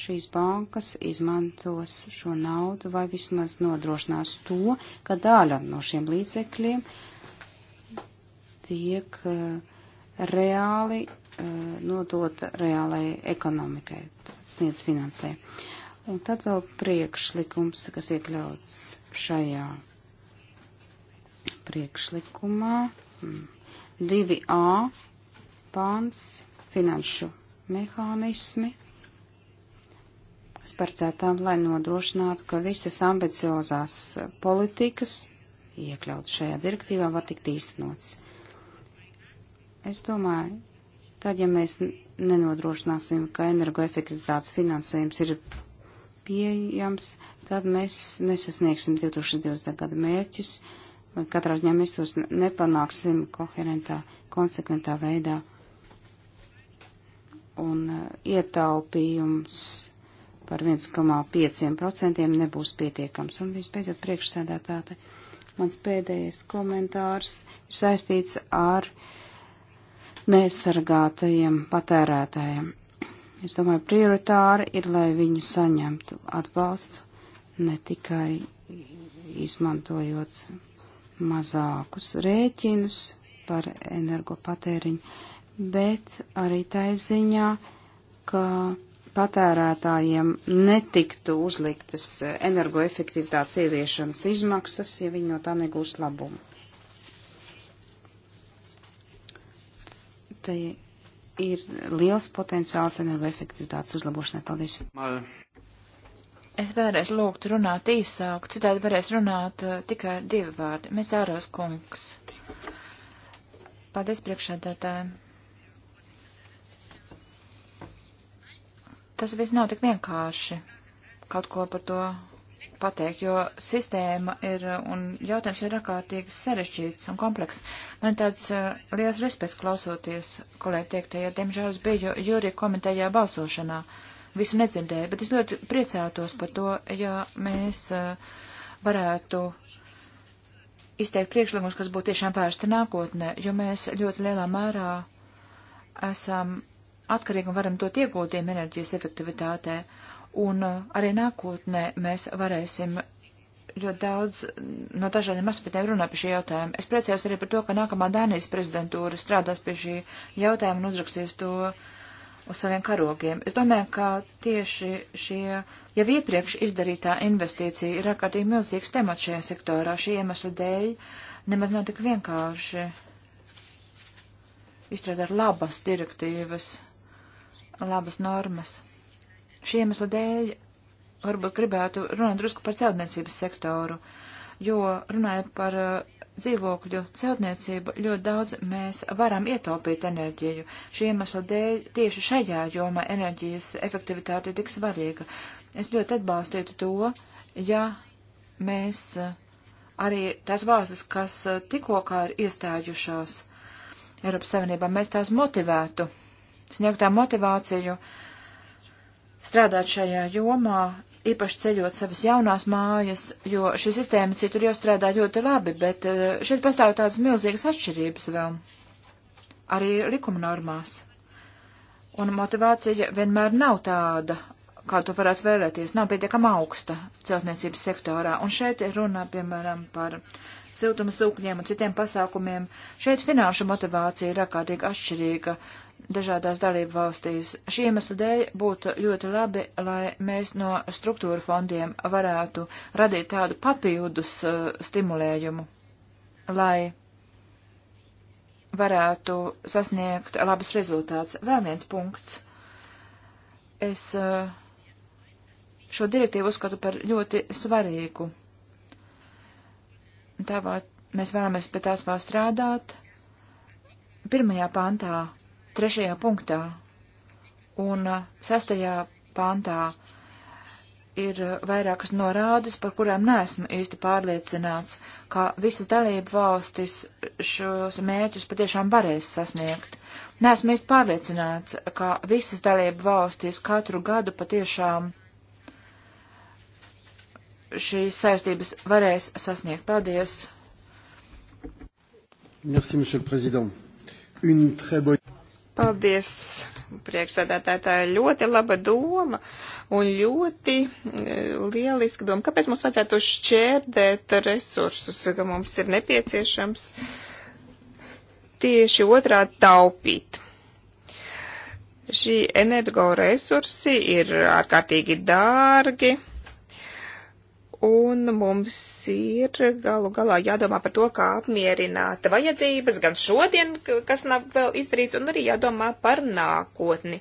šīs bankas izmantos šo naudu vai vismaz nodrošinās to, ka daļa no šiem līdzekļiem tiek eh, reāli eh, nodota reālai ekonomikai, sniedz finansē. Un tad vēl priekšlikums, kas iekļauts šajā priekšlikumā. 2a hmm. pāns finanšu mehānismi, kas paredzētām, lai nodrošinātu, ka visas ambiciozās politikas iekļaut šajā direktīvā var tikt īstenots. Es domāju, tad, ja mēs nenodrošināsim, ka energoefektivitātes finansējums ir pieejams, tad mēs nesasniegsim 2020. gada mērķus, vai katrā ziņā mēs tos nepanāksim koherentā, konsekventā veidā un e, ietaupījums par 1,5% nebūs pietiekams. Un visbeidzot priekšsēdētāte, mans pēdējais komentārs ir saistīts ar nesargātajiem patērētājiem. Es domāju, prioritāri ir, lai viņi saņemtu atbalstu ne tikai izmantojot mazākus rēķinus par energopatēriņu, bet arī tā ziņā, ka patērētājiem netiktu uzliktas energoefektivitātes ieviešanas izmaksas, ja viņi no tā negūs labumu. Te ir liels potenciāls energoefektivitātes uzlabošanai. Paldies! Mal. Es vēlreiz lūgtu runāt īsāk, citādi varēs runāt uh, tikai divi vārdi. Mēs ārās kungs. Paldies priekšādātājiem. tas viss nav tik vienkārši kaut ko par to pateikt, jo sistēma ir un jautājums ir ārkārtīgi sarežģīts un kompleks. Man ir tāds uh, liels respekts klausoties kolēģi teiktajā. Ja, diemžēl es biju jūri komitējā balsošanā. Visu nedzirdēju, bet es ļoti priecātos par to, ja mēs uh, varētu izteikt priekšlikumus, kas būtu tiešām vērsti nākotnē, jo mēs ļoti lielā mērā esam atkarīgi un varam dot ieguldījumu enerģijas efektivitātē. Un uh, arī nākotnē mēs varēsim ļoti daudz mm, no dažādiem aspektiem runāt par šī jautājumu. Es priecājos arī par to, ka nākamā Dānijas prezidentūra strādās pie šī jautājuma un uzrakstīs to uz saviem karogiem. Es domāju, ka tieši šie jau iepriekš izdarītā investīcija ir ārkārtīgi milzīgs temats šajā sektorā. Šī iemesla dēļ nemaz nav tik vienkārši izstrādāt labas direktīvas labas normas. Šiem iemesla dēļ varbūt gribētu runāt drusku par celtniecības sektoru, jo runājot par eh, dzīvokļu celtniecību, ļoti daudz mēs varam ietaupīt enerģiju. Šī iemesla dēļ tieši šajā jomā enerģijas efektivitāte ir tik svarīga. Es ļoti atbalstītu to, ja mēs eh, arī tās valstis, kas eh, tikko kā ir iestājušās Eiropas Savienībā, mēs tās motivētu sniegtā motivāciju strādāt šajā jomā, īpaši ceļot savas jaunās mājas, jo šī sistēma citur jau strādā ļoti labi, bet eh, šeit pastāv tādas milzīgas atšķirības vēl, arī likuma normās. Un motivācija vienmēr nav tāda, kā to varētu vēlēties, nav pietiekama augsta celtniecības sektorā. Un šeit ir runa, piemēram, par siltuma sūkņiem un citiem pasākumiem. Šeit finanšu motivācija ir ārkārtīgi atšķirīga dažādās dalību valstīs. Šī iemesla dēļ būtu ļoti labi, lai mēs no struktūra fondiem varētu radīt tādu papildus uh, stimulējumu, lai varētu sasniegt labus rezultātus. Vēl viens punkts. Es uh, šo direktīvu uzskatu par ļoti svarīgu. Tā vā, mēs vēlamies pie tās vēl strādāt. Pirmajā pantā trešajā punktā un sastajā pantā ir vairākas norādes, par kurām neesmu īsti pārliecināts, ka visas dalību valstis šos mērķus patiešām varēs sasniegt. Neesmu īsti pārliecināts, ka visas dalību valstis katru gadu patiešām šīs saistības varēs sasniegt. Paldies! Merci, monsieur le président. Une très bonne... Paldies, priekšsēdētāji, tā ir ļoti laba doma un ļoti e, lieliska doma. Kāpēc mums vajadzētu šķērdēt resursus, ka mums ir nepieciešams tieši otrā taupīt? Šī energoresursi ir ārkārtīgi dārgi Un mums ir galu galā jādomā par to, kā apmierināt vajadzības gan šodien, kas nav vēl izdarīts, un arī jādomā par nākotni.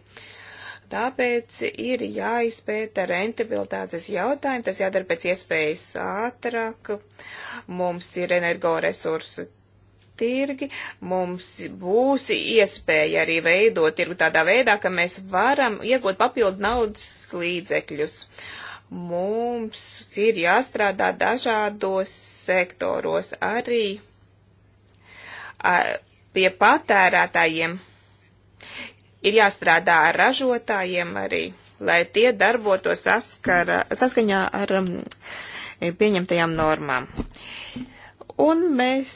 Tāpēc ir jāizpēta rentabilitātes jautājumi, tas jādara pēc iespējas ātrāk. Mums ir energoresursu tirgi, mums būs iespēja arī veidot tirgu tādā veidā, ka mēs varam iegūt papildu naudas līdzekļus. Uh, mums ir jāstrādā dažādos sektoros arī ar, pie patērētājiem. Ir jāstrādā ar ražotājiem arī, lai tie darbotos saskara, saskaņā ar um, pieņemtajām normām. Un mēs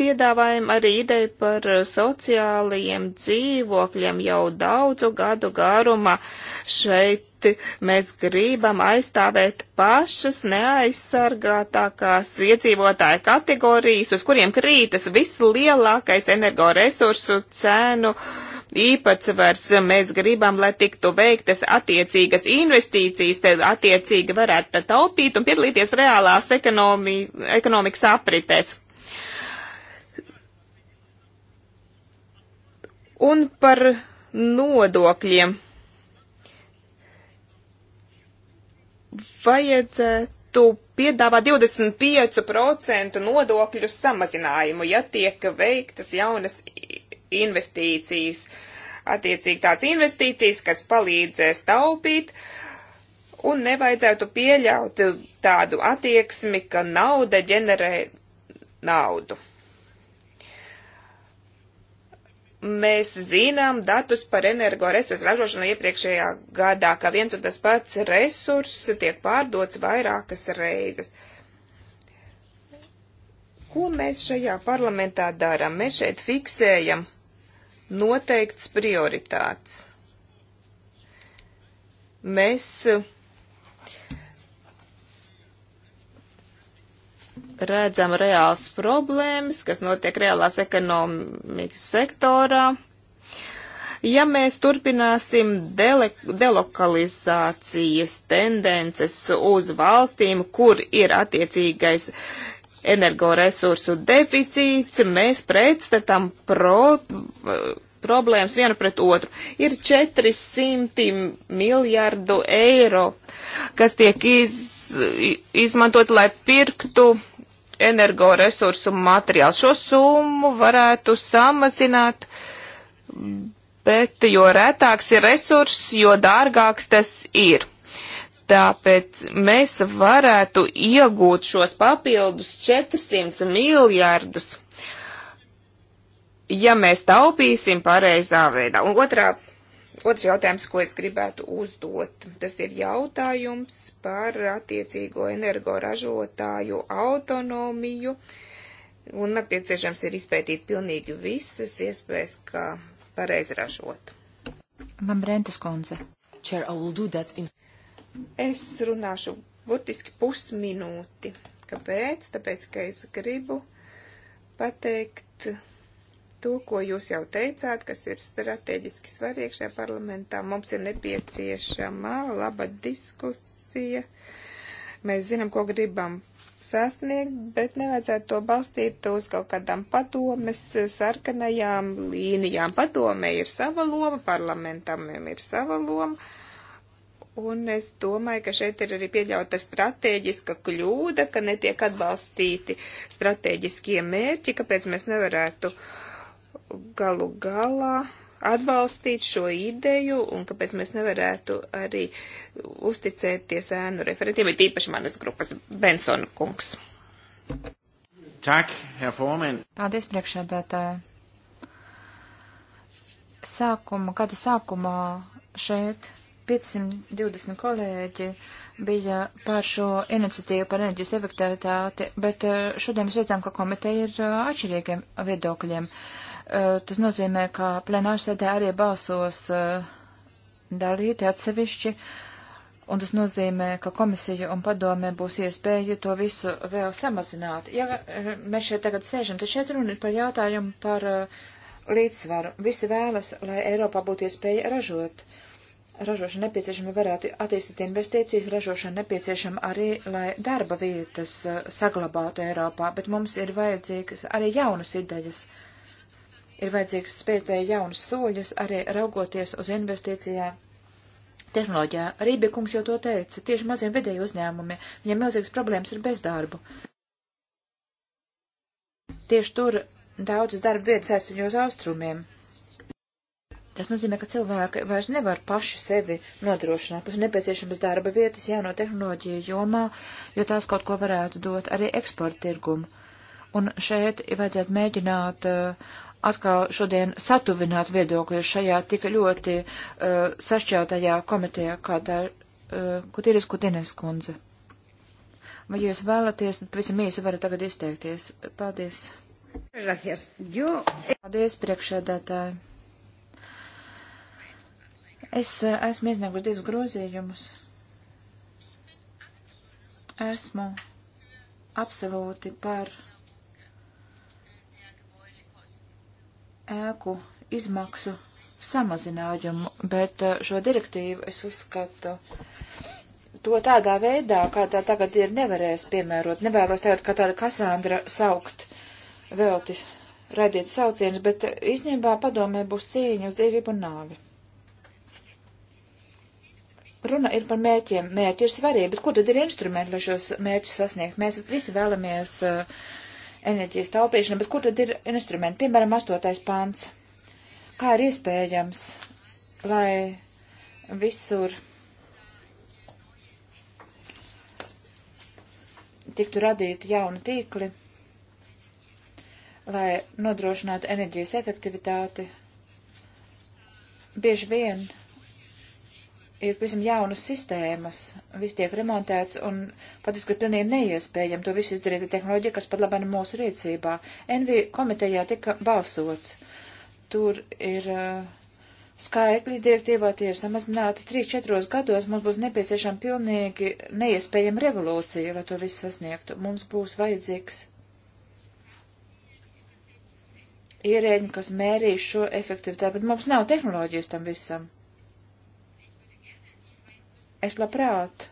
piedāvājam arī ideju par sociālajiem dzīvokļiem jau daudzu gadu garumā. Šeit proti mēs gribam aizstāvēt pašas neaizsargātākās iedzīvotāju kategorijas, uz kuriem krītas vislielākais energoresursu cēnu īpatsvars. Mēs gribam, lai tiktu veiktas attiecīgas investīcijas, attiecīgi varētu taupīt un piedalīties reālās ekonomi, ekonomikas apritēs. Un par nodokļiem. vajadzētu piedāvāt 25% nodokļu samazinājumu, ja tiek veiktas jaunas investīcijas. Attiecīgi tāds investīcijas, kas palīdzēs taupīt, un nevajadzētu pieļaut tādu attieksmi, ka nauda ģenerē naudu. mēs zinām datus par energoresursu ražošanu iepriekšējā gadā, ka viens un tas pats resurss tiek pārdots vairākas reizes. Ko mēs šajā parlamentā darām? Mēs šeit fiksējam noteikts prioritāts. Mēs uh, redzam reāls problēmas, kas notiek reālās ekonomikas sektorā. Ja mēs turpināsim dele, delokalizācijas tendences uz valstīm, kur ir attiecīgais energoresursu deficīts, mēs pretstatam pro, problēmas vienu pret otru. Ir 400 miljardu eiro, kas tiek iz, izmantot, lai pirktu energoresursu materiāls. Šo summu varētu samazināt, bet jo retāks ir resurss, jo dārgāks tas ir. Tāpēc mēs varētu iegūt šos papildus 400 miljārdus, ja mēs taupīsim pareizā veidā. Un otrā Otrs jautājums, ko es gribētu uzdot, tas ir jautājums par attiecīgo energoražotāju autonomiju, un nepieciešams ir izpētīt pilnīgi visas iespējas, kā pareizi ražot. Man Brentas konce. Chair, I will do that in... Es runāšu burtiski pusminūti. Kāpēc? Tāpēc, ka es gribu pateikt to, ko jūs jau teicāt, kas ir strateģiski svarīgi šajā parlamentā. Mums ir nepieciešama laba diskusija. Mēs zinām, ko gribam sasniegt, bet nevajadzētu to balstīt uz kaut kādām padomes sarkanajām līnijām. Padome ir sava loma, parlamentam ir sava loma. Un es domāju, ka šeit ir arī pieļauta strateģiska kļūda, ka netiek atbalstīti strateģiskie mērķi, kāpēc mēs nevarētu uh, galu galā atbalstīt šo ideju un kāpēc mēs nevarētu arī uzticēties ēnu referentiem, ir tīpaši manas grupas Benson kungs. Tak, Herr Formen. Paldies, priekšsēdētāji. Sākuma, gada sākumā šeit 520 kolēģi bija pār šo iniciatīvu par enerģijas efektivitāti, bet eh, šodien mēs redzam, ka komiteja ir eh, atšķirīgiem viedokļiem. Uh, Eh, tas nozīmē, ka plenārsēdē arī balsos eh, dalīti atsevišķi, un tas nozīmē, ka komisija un padome būs iespēja to visu vēl samazināt. Ja eh, mēs šeit tagad sēžam, tad šeit runa ir par jautājumu par līdzsvaru. Visi vēlas, lai Eiropā būtu iespēja ražot. Ražošana nepieciešama varētu attīstīt investīcijas, ražošana nepieciešama arī, lai darba vietas saglabātu Eiropā, bet mums ir vajadzīgas arī jaunas idejas. Uh, ir vajadzīgs spētēji jaunas soļas, arī raugoties uz investīcijām. Tehnoloģijā Rībekungs jau to teica, tieši maziem vidēju uzņēmumi, viņiem milzīgas problēmas ir bezdarbu. Tieši tur daudzas darba vietas aizceļ uz austrumiem. Tas nozīmē, ka cilvēki vairs nevar paši sevi nodrošināt, kas nepieciešams darba vietas jauno tehnoloģiju jomā, jo tās kaut ko varētu dot arī eksporta tirgumu. Un šeit vajadzētu mēģināt uh, atkal šodien satuvināt viedokļus šajā tik ļoti uh, sašķeltajā komitejā, kā tā uh, Kutīris Kutīnes kundze. Vai jūs vēlaties, tad visam īsi varat tagad izteikties. Paldies. Gracias. Jo... Eh, Paldies, priekšēdētāji. Es uh, esmu iesniegusi divus grozījumus. Esmu absolūti par ēku izmaksu samazinājumu, bet eh, šo direktīvu es uzskatu to tādā veidā, kā tā tagad ir, nevarēs piemērot. Nevēlos tagad kā tāda Kasandra saukt velti radīt saucienus, bet īstenībā padomē būs cīņa uz dzīvību un nāvi. Runa ir par mērķiem. Mērķi ir svarīgi, bet kur tad ir instrumenti, lai šos mērķus sasniegt? Mēs visi vēlamies uh, enerģijas taupīšana, bet kur tad ir instrumenti? Piemēram, astotais pāns. Kā ir iespējams, lai visur tiktu radīti jauni tīkli, lai nodrošinātu enerģijas efektivitāti? Bieži vien ir pavisam jaunas sistēmas, viss tiek remontēts un patiesībā pilnīgi neiespējami to visu izdarīt ar tehnoloģiju, kas pat labāk mūsu rīcībā. NV komitejā tika balsots. Tur ir uh, skaitļi direktīvā tie ir samazināti. 3-4 gados mums būs nepieciešama pilnīgi neiespējama revolūcija, lai to visu sasniegtu. Mums būs vajadzīgs ierēģi, kas mērīs šo efektivitāti, bet mums nav tehnoloģijas tam visam. Es labprāt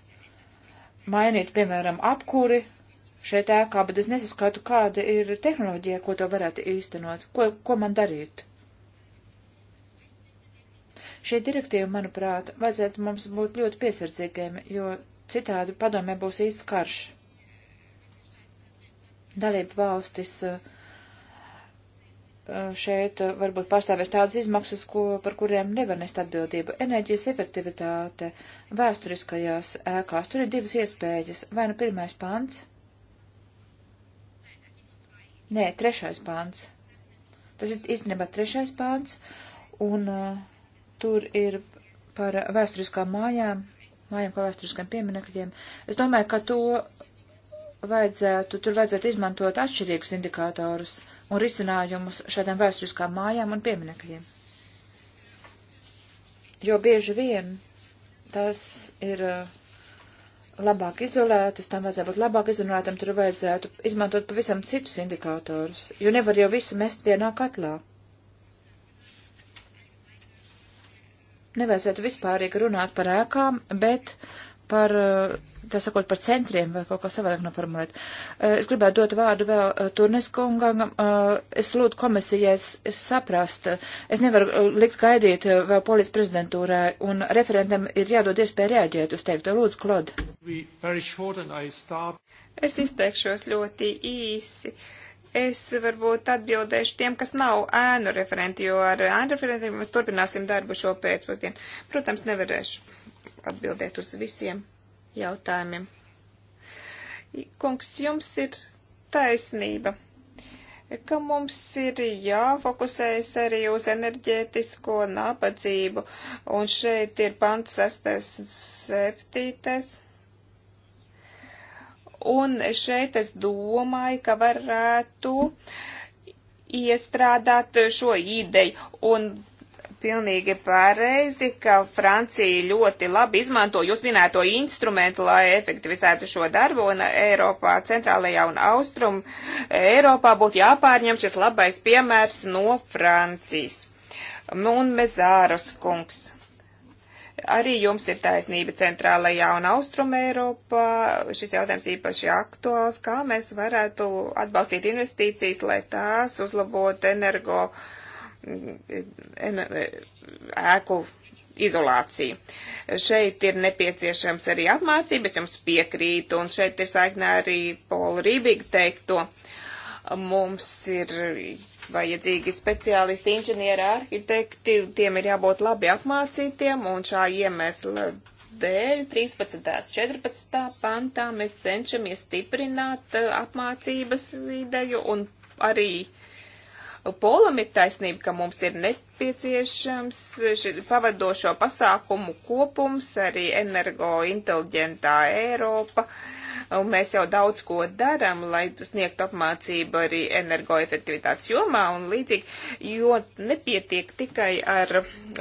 mainītu, piemēram, apkuri šeit ēkā, bet es nesaskatu, kāda ir tehnoloģija, ko to varētu īstenot, ko, ko man darīt. Šie direktīvi, manuprāt, vajadzētu mums būt ļoti piesardzīgiem, jo citādi padomē būs īsts karš. Dalība valstis uh, Eh, šeit eh, varbūt pastāvēs tādas izmaksas, ko, par kuriem nevar nest atbildību. Enerģijas efektivitāte vēsturiskajās ēkās. Tur ir divas iespējas. Vai nu pirmais pants? Nē, trešais pants. Tas ir īstenībā trešais pants. Un uh, tur ir par vēsturiskām mājām, mājām kā vēsturiskām pieminekļiem. Es domāju, ka to vajadzētu, tur vajadzētu izmantot atšķirīgus indikātorus. Uh, un risinājumus šādām vēsturiskām mājām un pieminekļiem. Jo bieži vien tas ir eh, labāk izolētas, tam vajadzētu būt labāk izolētam, tur vajadzētu izmantot pavisam citus indikātorus, jo nevar jau visu mest vienā katlā. Nevajadzētu vispārīgi runāt par ēkām, bet par, eh, tā sakot, par centriem vai kaut kā savādāk noformulēt. Eh, es gribētu dot vārdu vēl eh, Turniskungam. Es lūdzu komisijai saprast. Es nevaru likt gaidīt vēl polijas prezidentūrai, un referentam ir jādod iespēja reaģēt uz teikto. Lūdzu, Klod. Es izteikšos ļoti īsi. Es varbūt atbildēšu tiem, kas nav ēnu referenti, jo ar ēnu referentiem mēs turpināsim darbu šo pēcpusdienu. Protams, nevarēšu atbildēt uz visiem jautājumiem. Kungs, jums ir taisnība, ka mums ir jāfokusējas arī uz enerģētisko nabadzību, un šeit ir pants 6. 7. Un šeit es domāju, ka varētu iestrādāt šo ideju un pilnīgi pareizi, ka Francija ļoti labi izmanto jūs minēto instrumentu, lai efektivizētu šo darbu, un Eiropā, centrālajā un austrum Eiropā būtu jāpārņem šis labais piemērs no Francijas. Un Mezāras kungs. Arī jums ir taisnība centrālajā un austrum Eiropā. Šis jautājums īpaši aktuāls. Kā mēs varētu atbalstīt investīcijas, lai tās uzlabotu energo uh, E, ēku izolāciju. Šeit ir nepieciešams arī apmācības, jums piekrītu, un šeit ir saiknē arī Pola Rībīga teikto. Mums ir vajadzīgi speciālisti, inženieri, arhitekti, tiem ir jābūt labi apmācītiem, un šā iemesla dēļ 13. 14. pantā mēs cenšamies stiprināt e, apmācības ideju un arī uh, Polam ir taisnība, ka mums ir nepieciešams pavadošo pasākumu kopums, arī energointeliģentā Eiropa. Un mēs jau daudz ko darām, lai sniegtu apmācību arī energoefektivitātes jomā un līdzīgi, jo nepietiek tikai ar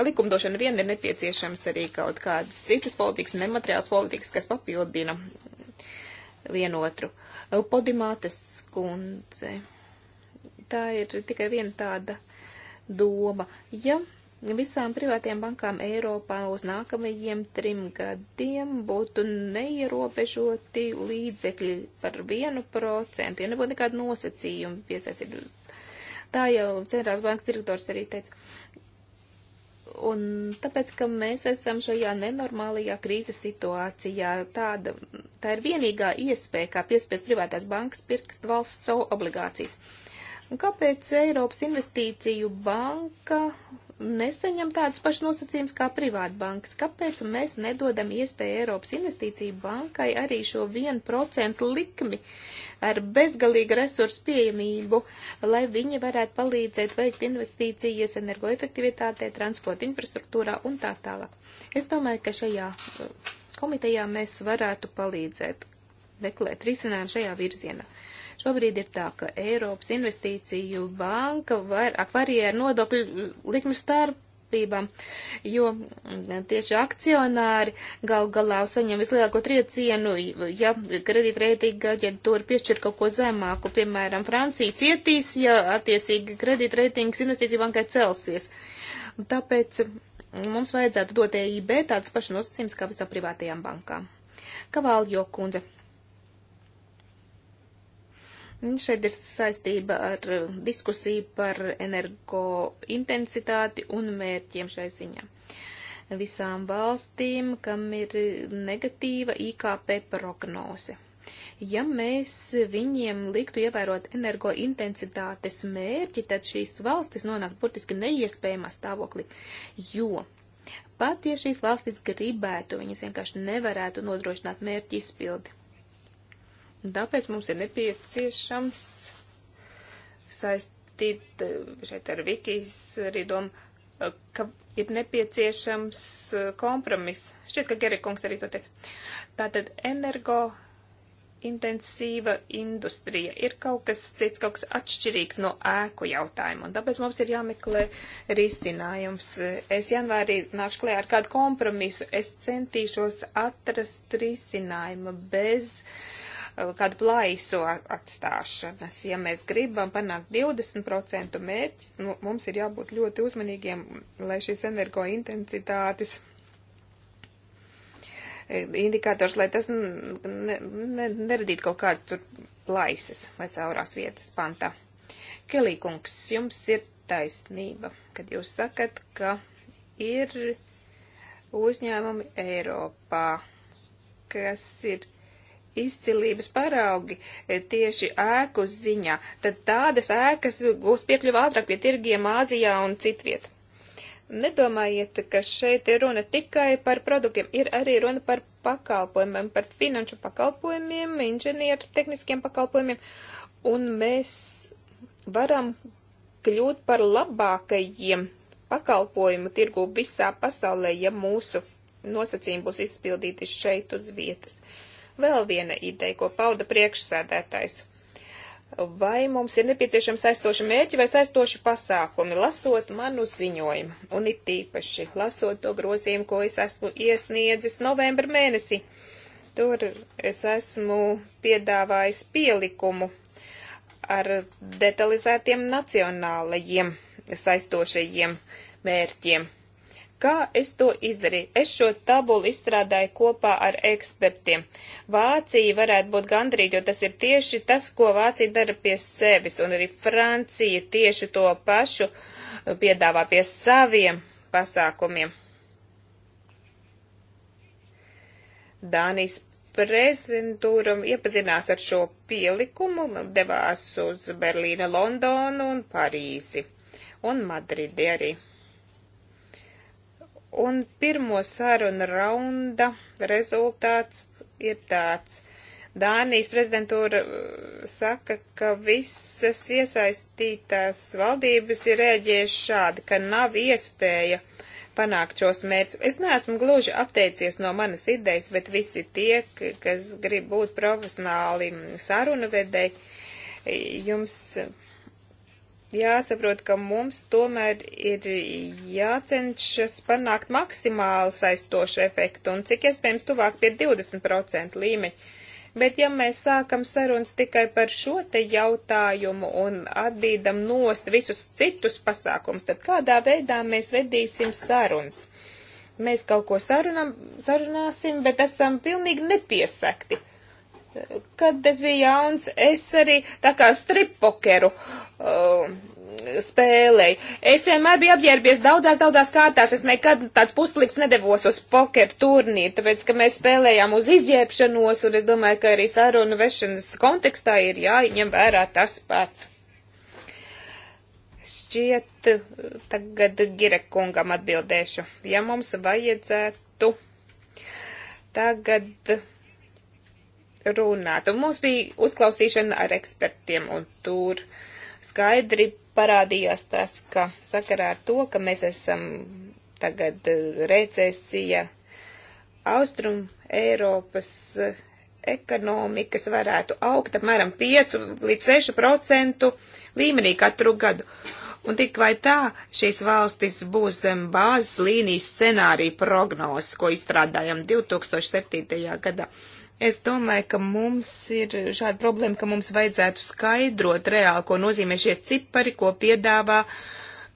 likumdošanu vien, ir nepieciešams arī kaut kādas citas politikas, nemateriāls politikas, kas papildina vienotru. Podimātes kundze tā ir tikai viena tāda doma. Ja visām privātajām bankām Eiropā uz nākamajiem trim gadiem būtu neierobežoti līdzekļi par vienu procentu, ja nebūtu nekāda nosacījuma piesaistība. Tā jau centrālās bankas direktors arī teica. Un tāpēc, ka mēs esam šajā nenormālajā krīzes situācijā, tāda, tā ir vienīgā iespēja, kā piespies privātās bankas pirkt valsts savu obligācijas. Uh, Kāpēc Eiropas investīciju banka nesaņem tādas pašas nosacījumas kā privātbankas? Kāpēc mēs nedodam iespēju Eiropas investīciju bankai arī šo 1% likmi ar bezgalīgu resursu pieejamību, lai viņi varētu palīdzēt veikt investīcijas energoefektivitātē, transporta infrastruktūrā un tā tālāk? Es domāju, ka šajā uh, komitejā mēs varētu palīdzēt meklēt risinājumu šajā virzienā. Šobrīd ir tā, ka Eiropas investīciju banka vairāk varīja ar nodokļu likmu starpībām, jo mm, tieši akcionāri gal galā saņem vislielāko triecienu, ja kredītreitinga aģentūra piešķir kaut ko zemāku, piemēram, Francija cietīs, ja attiecīgi kredītreitings investīciju bankai celsies. Tāpēc mm, mums vajadzētu dot EIB tādas pašas nosacījumus kā visām privātajām bankām. Kavaljo kundze. Šeit ir saistība ar eh, diskusiju par energointensitāti un mērķiem šai ziņā. Visām valstīm, kam ir negatīva IKP prognoze. Ja mēs viņiem liktu ievērot energointensitātes mērķi, tad šīs valstis nonāktu burtiski neiespējamā stāvoklī, jo pat ja šīs valstis gribētu, viņas vienkārši nevarētu nodrošināt mērķi izpildi Tāpēc mums ir nepieciešams saistīt eh, šeit ar Vikijas arī domu, eh, ka ir nepieciešams eh, kompromiss. Šķiet, ka Gerikungs arī to teica. Tātad energo intensīva industrija ir kaut kas cits, kaut kas atšķirīgs no ēku jautājuma, un tāpēc mums ir jāmeklē risinājums. Es janvārī nākšu klē ar kādu kompromisu, es centīšos atrast risinājumu bez uh, kādu plaisu atstāšanas. Ja mēs gribam panākt 20% mērķis, nu, mums ir jābūt ļoti uzmanīgiem, lai šīs energointensitātes e, indikators, lai tas ne, ne, neradītu kaut kādu plaisas vai caurās vietas pantā. Kelīkungs, jums ir taisnība, kad jūs sakat, ka ir uzņēmumi Eiropā, kas ir izcilības paraugi e, tieši ēku ziņā, tad tādas ēkas būs piekļuva ātrāk pie tirgiem Āzijā un citviet. Nedomājiet, ka šeit ir runa tikai par produktiem, ir arī runa par pakalpojumiem, par finanšu pakalpojumiem, inženieru tehniskiem pakalpojumiem, un mēs varam kļūt par labākajiem pakalpojumu tirgu visā pasaulē, ja mūsu nosacījumi būs izpildīti šeit uz vietas. Vēl viena ideja, ko pauda priekšsēdētājs. Vai mums ir nepieciešams saistoši mērķi vai saistoši pasākumi, lasot manu ziņojumu, un it īpaši lasot to grozījumu, ko es esmu iesniedzis novembra mēnesi. Tur es esmu piedāvājis pielikumu ar detalizētiem nacionālajiem saistošajiem mērķiem. Kā es to izdarīju? Es šo tabulu izstrādāju kopā ar ekspertiem. Vācija varētu būt gandrīt, jo tas ir tieši tas, ko Vācija dara pie sevis, un arī Francija tieši to pašu piedāvā pie saviem pasākumiem. Dānijas prezidentūra iepazinās ar šo pielikumu, devās uz Berlīnu, Londonu un Parīzi, un Madridi arī. Un pirmo sarunu raunda rezultāts ir tāds. Dānijas prezidentūra uh, saka, ka visas iesaistītās valdības ir rēģējušas šādi, ka nav iespēja panākt šos mērķus. Es neesmu gluži apteicies no manas idejas, bet visi tie, kas grib būt profesionāli sarunu vedēji, jums jāsaprot, ka mums tomēr ir jācenšas panākt maksimāli saistošu efektu un cik iespējams tuvāk pie 20% līmeņa. Bet ja mēs sākam sarunas tikai par šo te jautājumu un atdīdam nost visus citus pasākums, tad kādā veidā mēs vedīsim sarunas? Mēs kaut ko sarunam, sarunāsim, bet esam pilnīgi nepiesekti. Kad es biju jauns, es arī tā kā strippokeru uh, um, spēlēju. Es vienmēr biju apģērbies daudzās, daudzās kārtās. Es nekad tāds puslīgs nedevos uz pokeru turnīru, tāpēc, ka mēs spēlējām uz izģērbšanos, un es domāju, ka arī sarunu vešanas kontekstā ir jāņem vērā tas pats šķiet, tagad Girekungam atbildēšu. Ja mums vajadzētu tagad runāt. Un mums bija uzklausīšana ar ekspertiem, un tur skaidri parādījās tas, ka sakarā ar to, ka mēs esam tagad eh, recesija Austrum Eiropas eh, ekonomikas varētu augt apmēram 5 līdz 6 procentu līmenī katru gadu. Un tik vai tā šīs valstis būs zem bāzes līnijas scenārija prognozes, ko izstrādājam 2007. gadā. Es domāju, ka mums ir šāda problēma, ka mums vajadzētu skaidrot reāli, ko nozīmē šie cipari, ko piedāvā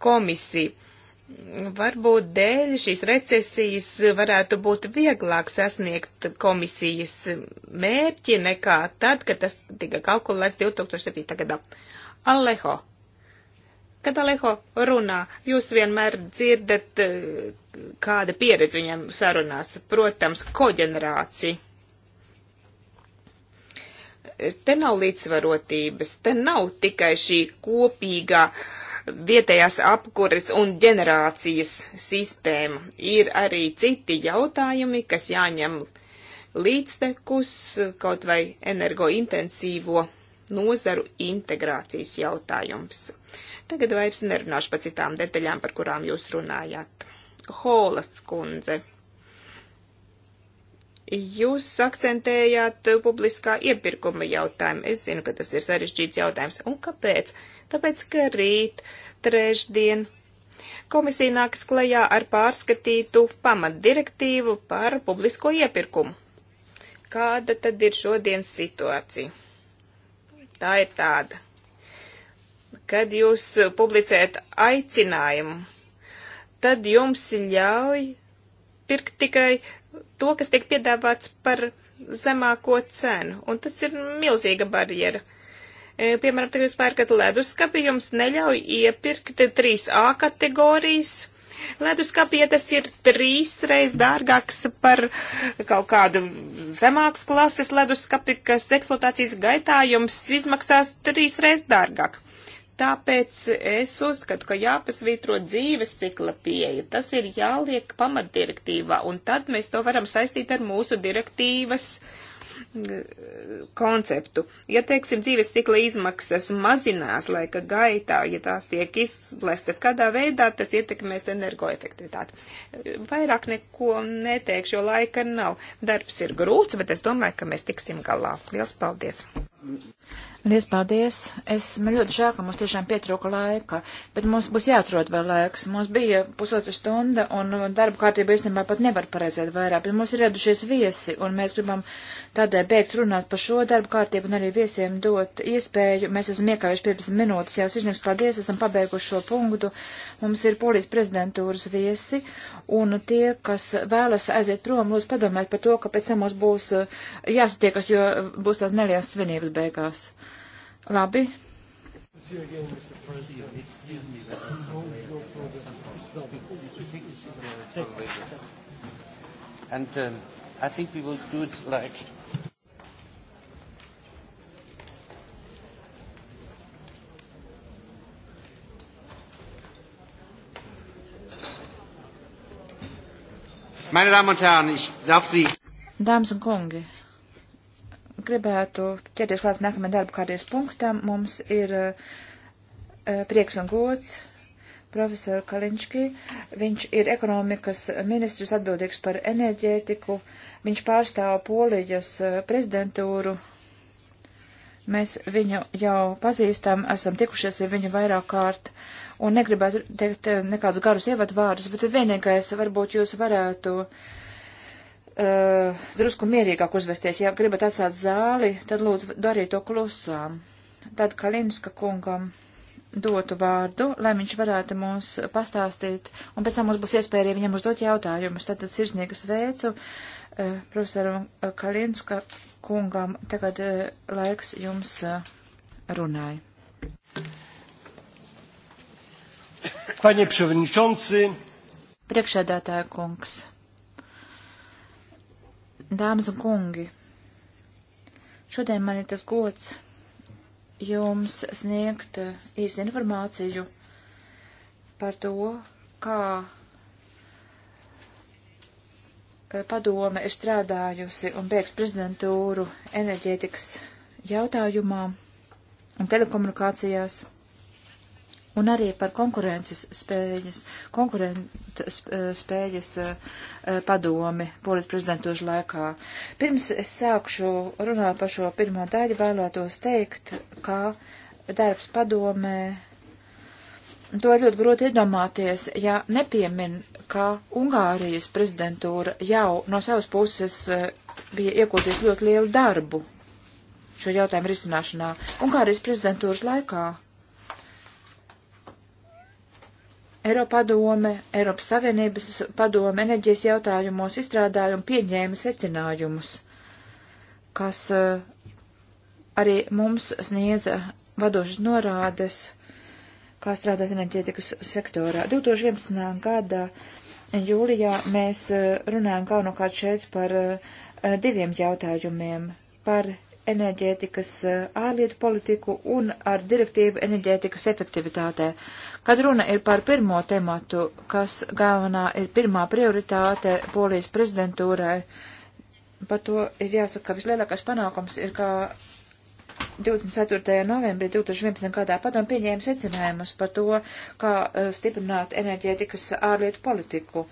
komisija. Varbūt dēļ šīs recesijas varētu būt vieglāk sasniegt komisijas mērķi nekā tad, kad tas tika kalkulēts 2007. gadā. Alejo. Kad Alejo runā, jūs vienmēr dzirdat, eh, kāda pieredze viņam sarunās. Protams, koģenerācija Te nav līdzsvarotības, te nav tikai šī kopīgā vietējās apkures un ģenerācijas sistēma. Ir arī citi jautājumi, kas jāņem līdztekus kaut vai energointensīvo nozaru integrācijas jautājums. Tagad vairs nerunāšu par citām detaļām, par kurām jūs runājāt. Holas kundze. Jūs akcentējāt uh, publiskā iepirkuma jautājumu. Es zinu, ka tas ir sarežģīts jautājums. Un kāpēc? Tāpēc, ka rīt, trešdien, komisija nāks klajā ar pārskatītu pamatdirektīvu par publisko iepirkumu. Kāda tad ir šodienas situācija? Tā ir tāda. Kad jūs publicējat aicinājumu, tad jums ļauj pirkt tikai to, kas tiek piedāvāts par zemāko cenu. Un tas ir milzīga barjera. E, piemēram, tagad jūs pērkat leduskapi, jums neļauj iepirkt 3A kategorijas leduskapi, ja tas ir trīs reizes dārgāks par kaut kādu zemāks klases leduskapi, kas eksploatācijas gaitā jums izmaksās trīs reizes dārgāk. Tāpēc es uzskatu, ka jāpasvītro dzīves cikla pieeja. Tas ir jāliek pamatdirektīvā, un tad mēs to varam saistīt ar mūsu direktīvas mm, konceptu. Ja, teiksim, dzīves cikla izmaksas mazinās laika gaitā, ja tās tiek izplestas kādā veidā, tas ietekmēs energoefektivitāti. Vairāk neko neteikšu, jo laika nav. Darbs ir grūts, bet es domāju, ka mēs tiksim galā. Liels paldies! Lies paldies. Es, man ļoti žēl, ka mums tiešām pietrūka laika, bet mums būs jāatrod vēl laiks. Mums bija pusotra stunda, un darba kārtība īstenībā pat nevar paredzēt vairāk, bet mums ir ieradušies viesi, un mēs gribam tādēļ beigt runāt par šo darba kārtību un arī viesiem dot iespēju. Mēs esam iekājuši 15 minūtes, jau sirsnieks paldies, esam pabeiguši šo punktu. Mums ir polijas prezidentūras viesi, un tie, kas vēlas aiziet prom, lūdzu padomāt par to, ka pēc tam mums būs uh, jāsatiekas, jo būs tās nelielas svinības beigās. Labi. And um, I think we will do it like Meine Damen und Herren, ich darf Sie. Dāmas un kungi, gribētu ķerties klāt nākamajam darba kārties punktam. Mums ir uh, prieks un gods profesoru Kalinčki. Viņš ir ekonomikas ministrs atbildīgs par enerģētiku. Viņš pārstāv Polijas eh, prezidentūru. Mēs viņu jau pazīstam, esam tikušies pie viņa vairāk kārt un negribētu teikt eh, nekādus garus ievadvārdus, bet vienīgais varbūt jūs varētu uh, uh, drusku mierīgāk uzvesties. Ja gribat atstāt zāli, tad lūdzu dariet to klusām. Tad Kalinska kungam dotu vārdu, lai viņš varētu mums pastāstīt, un pēc tam mums būs iespēja arī viņam uzdot jautājumus. Tātad sirsnīgi sveicu uh, eh, profesoru eh, Kalinska kungam. Tagad uh, laiks jums uh, runāja. Panie Przewodniczący, Priekšsēdētāja kungs, dāmas un kungi, šodien man ir tas gods jums sniegt eh, īsu informāciju par to, kā eh, padome ir strādājusi un beigs prezidentūru enerģētikas jautājumā un telekomunikācijās un arī par konkurences spējas, konkurences eh, spējas eh, padomi polijas prezidentūžu laikā. Pirms es sākšu runāt par šo pirmo daļu, vēlētos teikt, ka darbs padomē, to ir ļoti grūti iedomāties, ja nepiemin, ka Ungārijas prezidentūra jau no savas puses eh, bija iekūties ļoti lielu darbu šo jautājumu risināšanā. Ungārijas prezidentūras laikā Eiropadome, Eiropas Savienības padome enerģijas jautājumos izstrādāja un pieņēma secinājumus, kas eh, arī mums sniedza vadošas norādes, kā strādāt enerģētikas sektorā. 2011. gada jūlijā mēs eh, runājam galvenokārt šeit par eh, diviem jautājumiem - par enerģētikas eh, ārlietu politiku un ar direktīvu enerģētikas efektivitātē. Kad runa ir par pirmo tematu, kas galvenā ir pirmā prioritāte polijas prezidentūrai, par to ir jāsaka, ka vislielākais panākums ir, ka 24. novembrī 2011. gadā padomu pieņēma secinājumus par to, kā eh, stiprināt enerģētikas ārlietu politiku.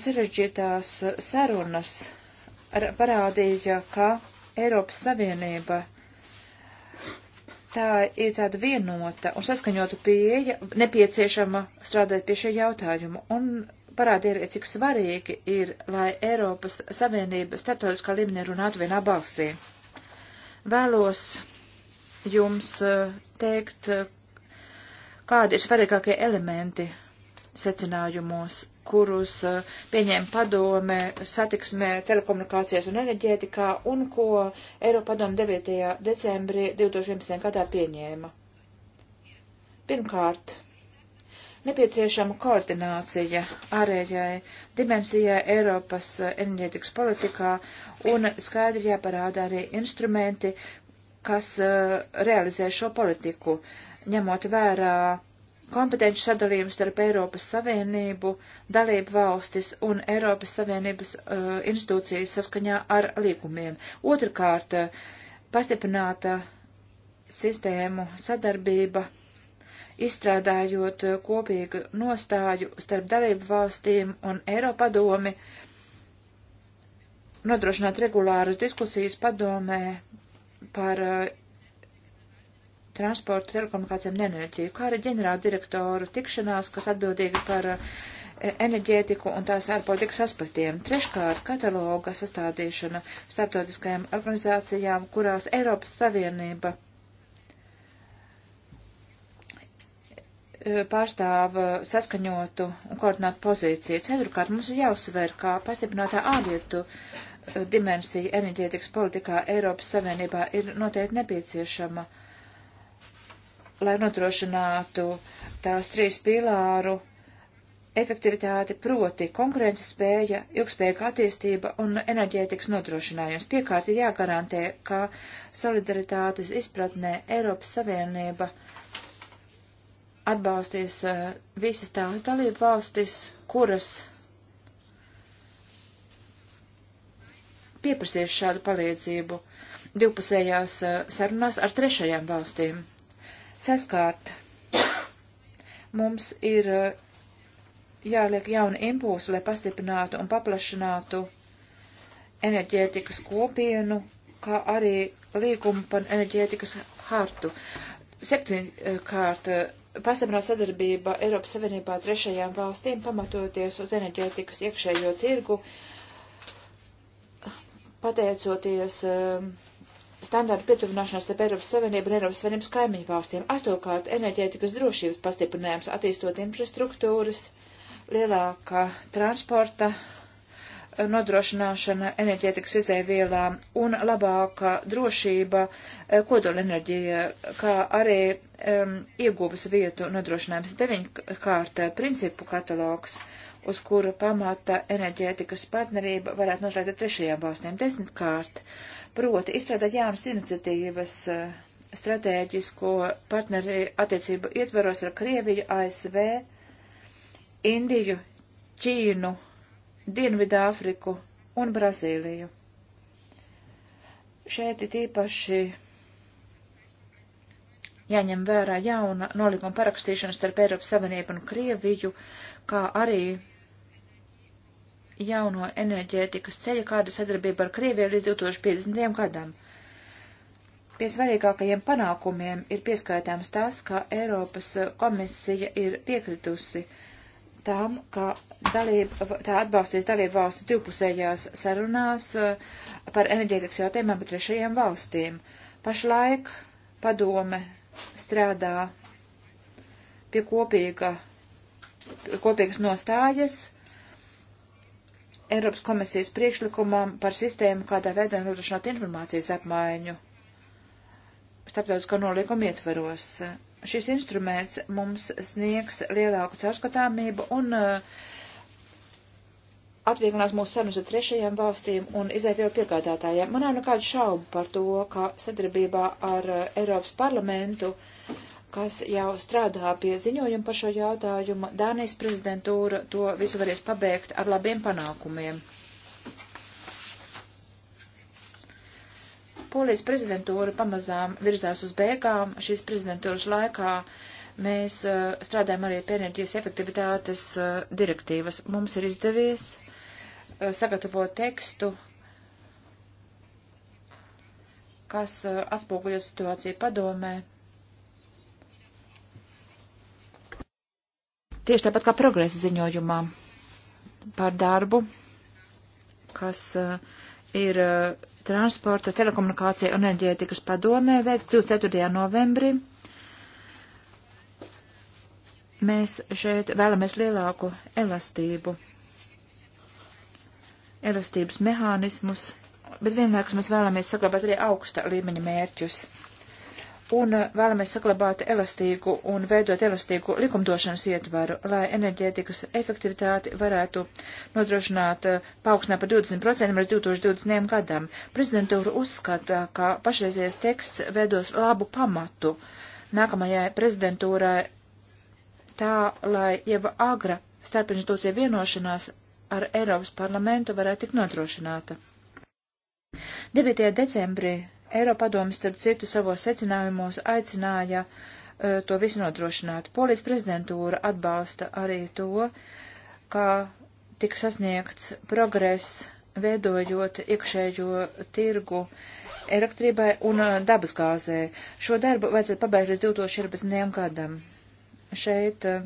Sarežģītās eh, sarunas parādīja, ka Eiropas Savienība tā ir tāda vienota un saskaņota pieeja, nepieciešama strādāt pie šī jautājuma. Un parādīja arī, cik svarīgi ir, lai Eiropas Savienība starptautiskā līmenī runātu vienā balsī. Vēlos jums eh, teikt, eh, kādi ir svarīgākie elementi secinājumos kurus eh, pieņēma padome satiksmē telekomunikācijas un enerģētikā un ko Eiropadome 9. decembrī 2011. gadā pieņēma. Pirmkārt, nepieciešama koordinācija ārējai dimensijai Eiropas eh, enerģētikas politikā un skaidri jāparāda arī instrumenti, kas uh, realizē šo politiku, ņemot vērā uh, kompetenci sadalījumu starp Eiropas Savienību, dalību valstis un Eiropas Savienības uh, institūcijas saskaņā ar līgumiem. Otrakārt, eh, pastiprināta sistēmu sadarbība, izstrādājot eh, kopīgu nostāju starp dalību valstīm un Eiropadomi, nodrošināt regulāras diskusijas padomē par uh, transportu, telekomunikācijām un enerģiju, kā arī ģenerāla direktoru tikšanās, kas atbildīga par e, enerģētiku un tās ārpolitikas aspektiem. Treškārt, kataloga sastādīšana starptautiskajām organizācijām, kurās Eiropas Savienība e, pārstāv e, saskaņotu un koordinātu pozīciju. Ceturkārt, mums ir jāuzsver, kā pastiprinātā ārlietu dimensija enerģētikas politikā Eiropas Savienībā ir noteikti nepieciešama. Uh, lai nodrošinātu tās trīs pīlāru efektivitāti, proti konkurences spēja, ilgspējīga attīstība un enerģētikas nodrošinājums. Piekārt ir jāgarantē, ka solidaritātes izpratnē Eiropas Savienība atbalstīs eh, visas tās dalību valstis, kuras pieprasīs šādu palīdzību divpusējās eh, sarunās ar trešajām valstīm. Saskārt, mums ir eh, jāliek jauni impulsi, lai pastiprinātu un paplašinātu enerģētikas kopienu, kā arī līgumu par enerģētikas hartu. Septiņkārt, eh, pastiprināt sadarbība Eiropas Savienībā trešajām valstīm, pamatoties uz enerģētikas iekšējo tirgu, pateicoties uh, standārtu pietuvināšanās starp Eiropas Savienību un Eiropas Savienības kaimiņu valstīm. Astokārt, enerģētikas drošības pastiprinājums, attīstot infrastruktūras, lielāka transporta eh, nodrošināšana enerģētikas izēvielām un labāka drošība eh, kodolenerģija, kā arī um, ieguvas vietu nodrošinājums. Deviņkārt eh, principu katalogs, uz kura pamata enerģētikas partnerība varētu noslēgt ar trešajām valstīm. Desmitkārt uh, proti izstrādāt jaunas iniciatīvas eh, stratēģisko partneri attiecību ietveros ar Krieviju, ASV, Indiju, Ķīnu, Dienvidāfriku un Brazīliju. Šeit ir īpaši jāņem vērā jauna nolikuma parakstīšana starp Eiropas Savienību un Krieviju, kā arī jauno enerģētikas ceļu, kāda sadarbība ar Krieviju līdz 2050. gadam. Pie svarīgākajiem panākumiem ir pieskaitāms tas, ka Eiropas komisija ir piekritusi tam, ka dalība, tā atbalstīs dalību valstu divpusējās sarunās eh, par enerģētikas jautājumiem ar trešajiem valstīm. Pašlaik padome strādā pie kopīga, kopīgas nostājas Eiropas komisijas priekšlikumam par sistēmu, kādā veidā nodrošināt informācijas apmaiņu starptautiskā nolīguma ietveros. Šis instruments mums sniegs lielāku caurskatāmību un uh, atvieglinās mūsu sarunas ar trešajām valstīm un izēvielu piegādātājiem. Man nav nekādu šaubu par to, ka sadarbībā ar uh, Eiropas parlamentu kas jau strādā pie ziņojuma par šo jautājumu. Dānijas prezidentūra to visu varēs pabeigt ar labiem panākumiem. Polijas prezidentūra pamazām virzās uz beigām. Šīs prezidentūras laikā mēs uh, strādājam arī pie enerģijas efektivitātes uh, direktīvas. Mums ir izdevies uh, sagatavot tekstu, kas uh, atspoguļo situāciju padomē Tieši tāpat kā progresa ziņojumā par darbu, kas uh, ir uh, transporta, telekomunikācija un enerģētikas padomē veikts 24. novembrī. Mēs šeit vēlamies lielāku elastību, elastības mehānismus, bet vienlaikus mēs vēlamies saglabāt arī augsta līmeņa mērķus un eh, vēlamies saglabāt elastīgu un veidot elastīgu likumdošanas ietvaru, lai enerģētikas efektivitāti varētu nodrošināt eh, paaugstināt par 20% līdz 2020. gadam. Prezidentūra uzskata, ka pašreizies teksts veidos labu pamatu nākamajai prezidentūrai tā, lai jau agra starpinstitūcija vienošanās ar Eiropas parlamentu varētu tikt nodrošināta. 9. decembrī Eiropadomi starp citu savos secinājumos aicināja uh, to visu nodrošināt. Polijas prezidentūra atbalsta arī to, kā tika sasniegts progress, veidojot iekšējo tirgu elektrībai un e, dabasgāzē. Šo darbu vajadzētu pabeigt līdz 2014. gadam. Šeit uh,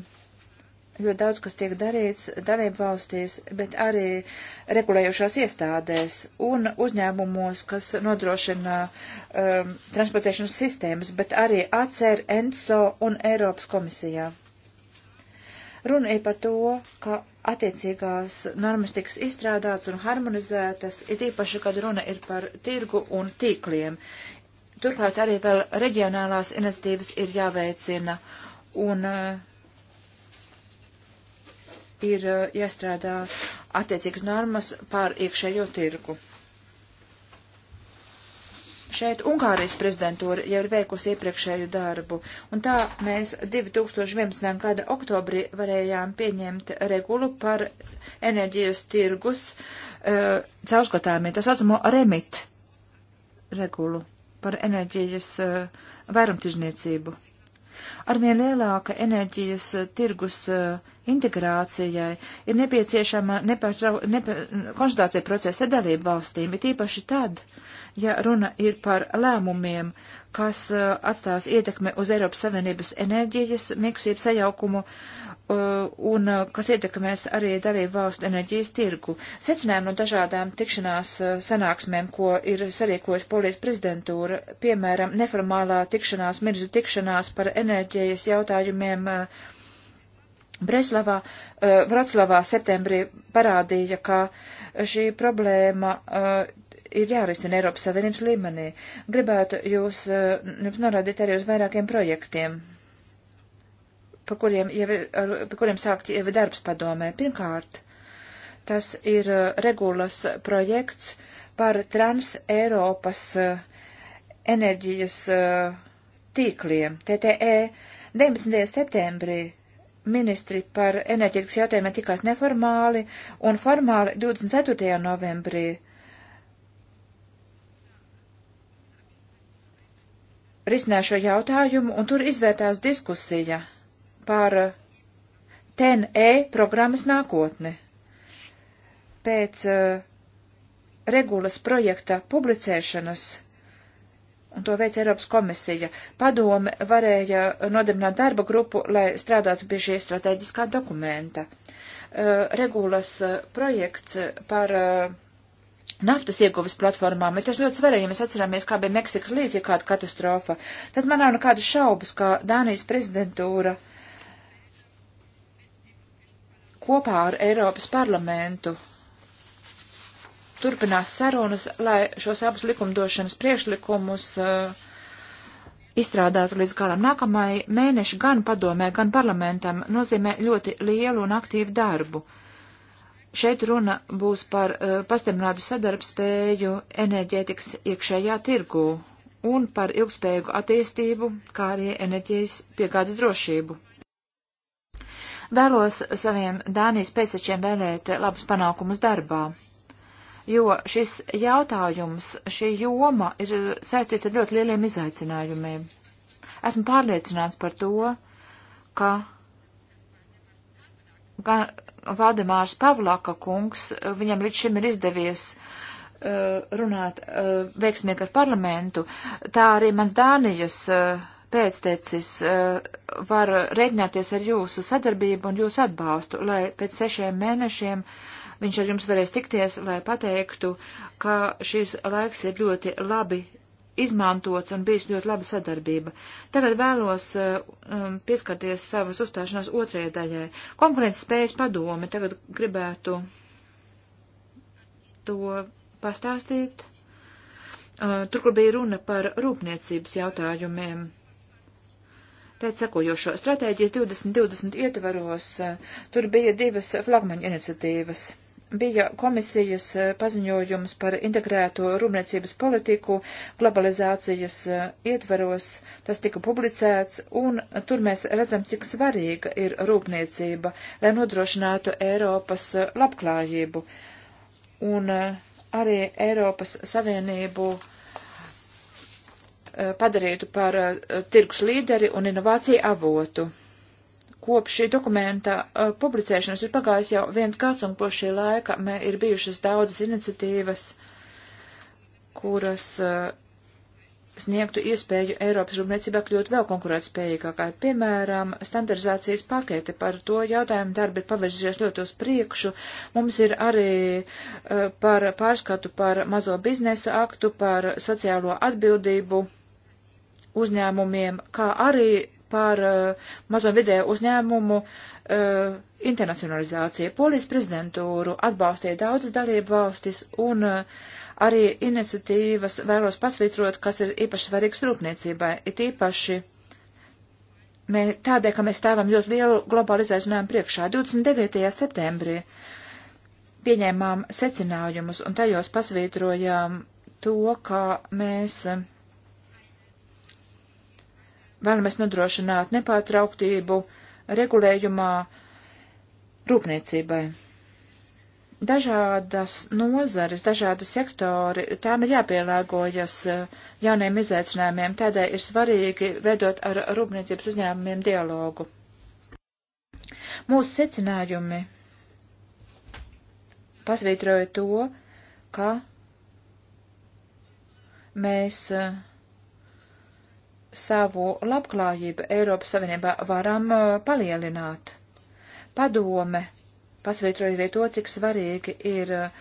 jo daudz kas tiek darīts dalību valstīs, bet arī regulējušās iestādēs un uzņēmumos, kas nodrošina um, transportēšanas sistēmas, bet arī ACR, ENSO un Eiropas komisijā. Runa ir par to, ka attiecīgās normas tiks izstrādāts un harmonizētas, it īpaši, kad runa ir par tirgu un tīkliem. Turklāt arī vēl reģionālās iniciatīvas ir jāveicina un uh, ir eh, jāstrādā attiecīgas normas pār iekšējo tirgu. Šeit Ungārijas prezidentūra jau ir veikusi iepriekšēju darbu, un tā mēs 2011. gada oktobrī varējām pieņemt regulu par enerģijas tirgus uh, eh, caurskatāmiem, tā saucamo remit regulu par enerģijas uh, eh, vairumtižniecību. Arvien lielāka enerģijas uh, tirgus uh, integrācijai ir nepieciešama nepārtrau, nepa, konsultācija procesa dalību valstīm, ir īpaši tad, ja runa ir par lēmumiem, kas uh, atstās ietekmi uz Eiropas Savienības enerģijas miksību sajaukumu uh, un uh, kas ietekmēs arī dalību valstu enerģijas tirgu. Secinājumi no dažādām tikšanās uh, sanāksmēm, ko ir sarīkojis Polijas prezidentūra, piemēram, neformālā tikšanās, mirzu tikšanās par enerģijas jautājumiem, uh, Breslavā, eh, Vroclavā septembrī parādīja, ka šī problēma eh, ir jārisina Eiropas Savienības līmenī. Gribētu jūs, eh, jums norādīt arī uz vairākiem projektiem, pa kuriem, jau, pa kuriem sākt jau darbs padomē. Pirmkārt, tas ir regulas projekts par trans Eiropas enerģijas tīkliem, TTE. 19. septembrī ministri par enerģetikas jautājumiem tikās neformāli un formāli 24. novembrī. Risināju šo jautājumu, un tur izvērtās diskusija par TNE programmas nākotni. Pēc uh, regulas projekta publicēšanas un to veica Eiropas komisija. Padome varēja nodarbināt darba grupu, lai strādātu pie šī strateģiskā dokumenta. Regulas projekts par naftas ieguves platformām, bet tas ļoti svarīgi, ja mēs atceramies, kā bija Meksikas līdzi kāda katastrofa, tad man nav nekādas šaubas, ka Dānijas prezidentūra kopā ar Eiropas parlamentu turpinās sarunas, lai šos abus likumdošanas priekšlikumus uh, izstrādātu līdz galam. Nākamai mēneši gan padomē, gan parlamentam nozīmē ļoti lielu un aktīvu darbu. Šeit runa būs par uh, pastiprinātu sadarbspēju enerģētikas iekšējā tirgū un par ilgspējīgu attīstību, kā arī enerģijas piegādes drošību. Vēlos saviem Dānijas pēctečiem vēlēt labus panākumus darbā jo šis jautājums, šī joma ir saistīta ar ļoti lieliem izaicinājumiem. Esmu pārliecināts par to, ka Valdemārs Pavlaka kungs, viņam līdz šim ir izdevies uh, runāt uh, veiksmīgi ar parlamentu, tā arī mans Dānijas uh, pēctecis uh, var rēķināties ar jūsu sadarbību un jūsu atbalstu, lai pēc sešiem mēnešiem viņš ar jums varēs tikties, lai pateiktu, ka šis laiks ir ļoti labi izmantots un bijis ļoti laba sadarbība. Tagad vēlos eh, um, pieskarties savas uzstāšanās otrajai daļai. Konkurences spējas padome tagad gribētu to pastāstīt. Uh, tur, kur bija runa par rūpniecības jautājumiem. Teic sekojošo stratēģijas 2020 ietvaros, uh, tur bija divas flagmaņa iniciatīvas bija komisijas eh, paziņojums par integrēto rūpniecības politiku globalizācijas eh, ietveros. Tas tika publicēts, un tur mēs redzam, cik svarīga ir rūpniecība, lai nodrošinātu Eiropas eh, labklājību un arī Eiropas Savienību padarītu par tirgus līderi un inovāciju avotu kopš šī dokumenta uh, publicēšanas ir pagājis jau viens gads, un kopš šī laika mē, ir bijušas daudzas iniciatīvas, kuras uh, sniegtu iespēju Eiropas rūpniecībā kļūt vēl konkurētspējīgākai. Piemēram, standardizācijas pakete par to jautājumu darbi ir pavirzījušies ļoti uz priekšu. Mums ir arī uh, par pārskatu par mazo biznesa aktu, par sociālo atbildību uzņēmumiem, kā arī par uh, mazo vidēju uzņēmumu uh, internacionalizāciju. Polijas prezidentūru atbalstīja daudzas dalību valstis un uh, arī iniciatīvas vēlos pasvitrot, kas ir īpaši svarīgs rūpniecībai, ir īpaši mē, tādēļ, ka mēs stāvam ļoti lielu globālu izaicinājumu priekšā. 29. septembrī pieņēmām secinājumus un tajos pasvītrojām to, ka mēs. Uh, vēlamies nodrošināt nepārtrauktību regulējumā rūpniecībai. Dažādas nozares, dažādi sektori, tām ir jāpielāgojas eh, jauniem izaicinājumiem, tādēļ ir svarīgi veidot ar rūpniecības uzņēmumiem dialogu. Mūsu secinājumi pasvītroja to, ka mēs uh, savu labklājību Eiropas Savienībā varam uh, palielināt. Padome pasvītroja arī to, cik svarīgi ir uh,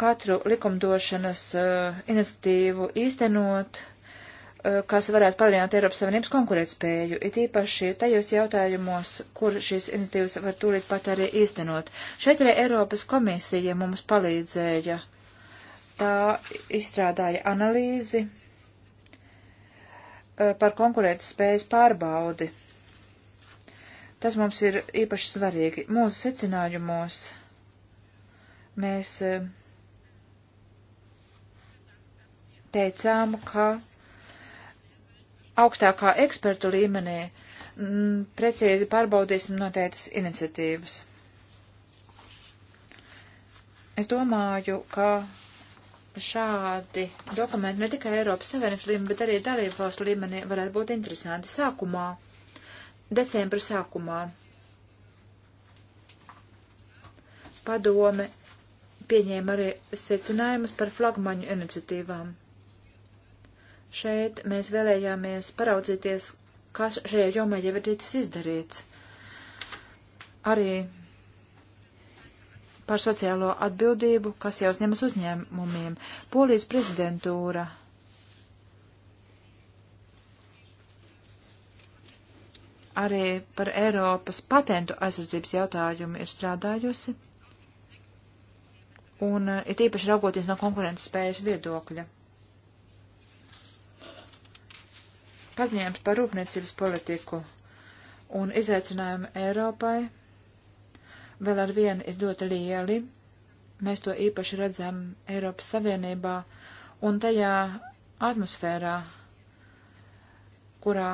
katru likumdošanas uh, iniciatīvu īstenot, kas varētu palielināt Eiropas Savienības konkurētspēju, it īpaši tajos jautājumos, kur šīs iniciatīvas var tūlīt pat arī īstenot. Šeit arī Eiropas komisija mums palīdzēja. Tā izstrādāja analīzi Eh, par konkurētas spējas pārbaudi. Tas mums ir īpaši svarīgi. Mūsu secinājumos mēs eh, teicām, ka augstākā ekspertu līmenī m, mm, precīzi pārbaudīsim noteiktas iniciatīvas. Es domāju, ka šādi dokumenti ne tikai Eiropas Savienības līmenī, bet arī dalību valstu līmenī varētu būt interesanti. Sākumā, decembra sākumā, padome pieņēma arī secinājumus par flagmaņu iniciatīvām. Šeit mēs vēlējāmies paraudzīties, kas šajā jomā jau ir ticis izdarīts. Arī par sociālo atbildību, kas jau uzņemas uzņēmumiem. Polijas prezidentūra arī par Eiropas patentu aizsardzības jautājumu ir strādājusi, un eh, ir īpaši raugoties no konkurences spējas viedokļa. Paziņojums par rūpniecības politiku un izaicinājumu Eiropai vēl ar vienu ir ļoti lieli. Mēs to īpaši redzam Eiropas Savienībā un tajā atmosfērā, kurā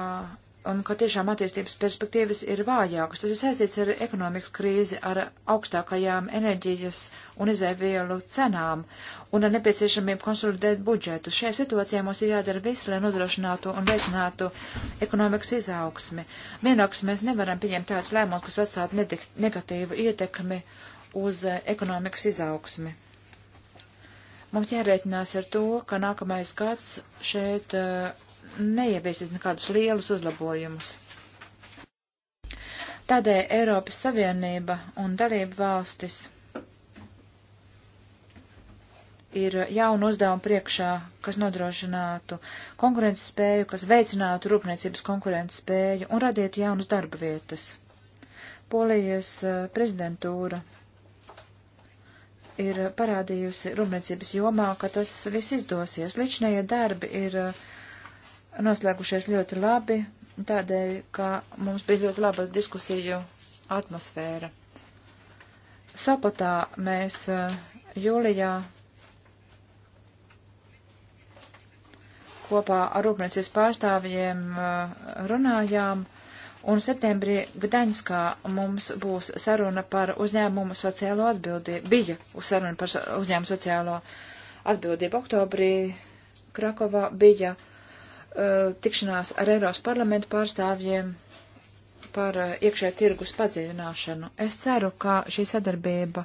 un ka tiešām attīstības perspektīvas ir vājākas. Tas ir saistīts ar ekonomikas krīzi, ar augstākajām enerģijas un izēvielu cenām un ar nepieciešamību konsolidēt budžetu. Šajā situācijā mums ir jādara viss, lai nodrošinātu un veicinātu ekonomikas izaugsmi. Vienlaikus mēs nevaram pieņemt tādus lēmumus, kas atstātu negatīvu ietekmi uz eh, ekonomikas izaugsmi. Mums jārēķinās ar to, ka nākamais gads šeit uh, neieviesīs nekādus lielus uzlabojumus. Tādēļ Eiropas Savienība un dalību valstis ir jauna uzdevuma priekšā, kas nodrošinātu konkurences spēju, kas veicinātu rūpniecības konkurences spēju un radītu jaunas darba vietas. Polijas eh, prezidentūra ir parādījusi rūpniecības jomā, ka tas viss izdosies. Ličnējie darbi ir uh, noslēgušies ļoti labi, tādēļ, ka mums bija ļoti laba diskusiju atmosfēra. Sapotā mēs eh, jūlijā kopā ar rūpniecības pārstāvjiem eh, runājām, un septembrī Gdaņskā mums būs saruna par uzņēmumu sociālo atbildību, bija saruna par uzņēmumu sociālo atbildību. Oktobrī Krakovā bija uh, Uh, tikšanās ar Eiropas parlamentu pārstāvjiem par uh, iekšē tirgus padziļināšanu. Es ceru, ka šī sadarbība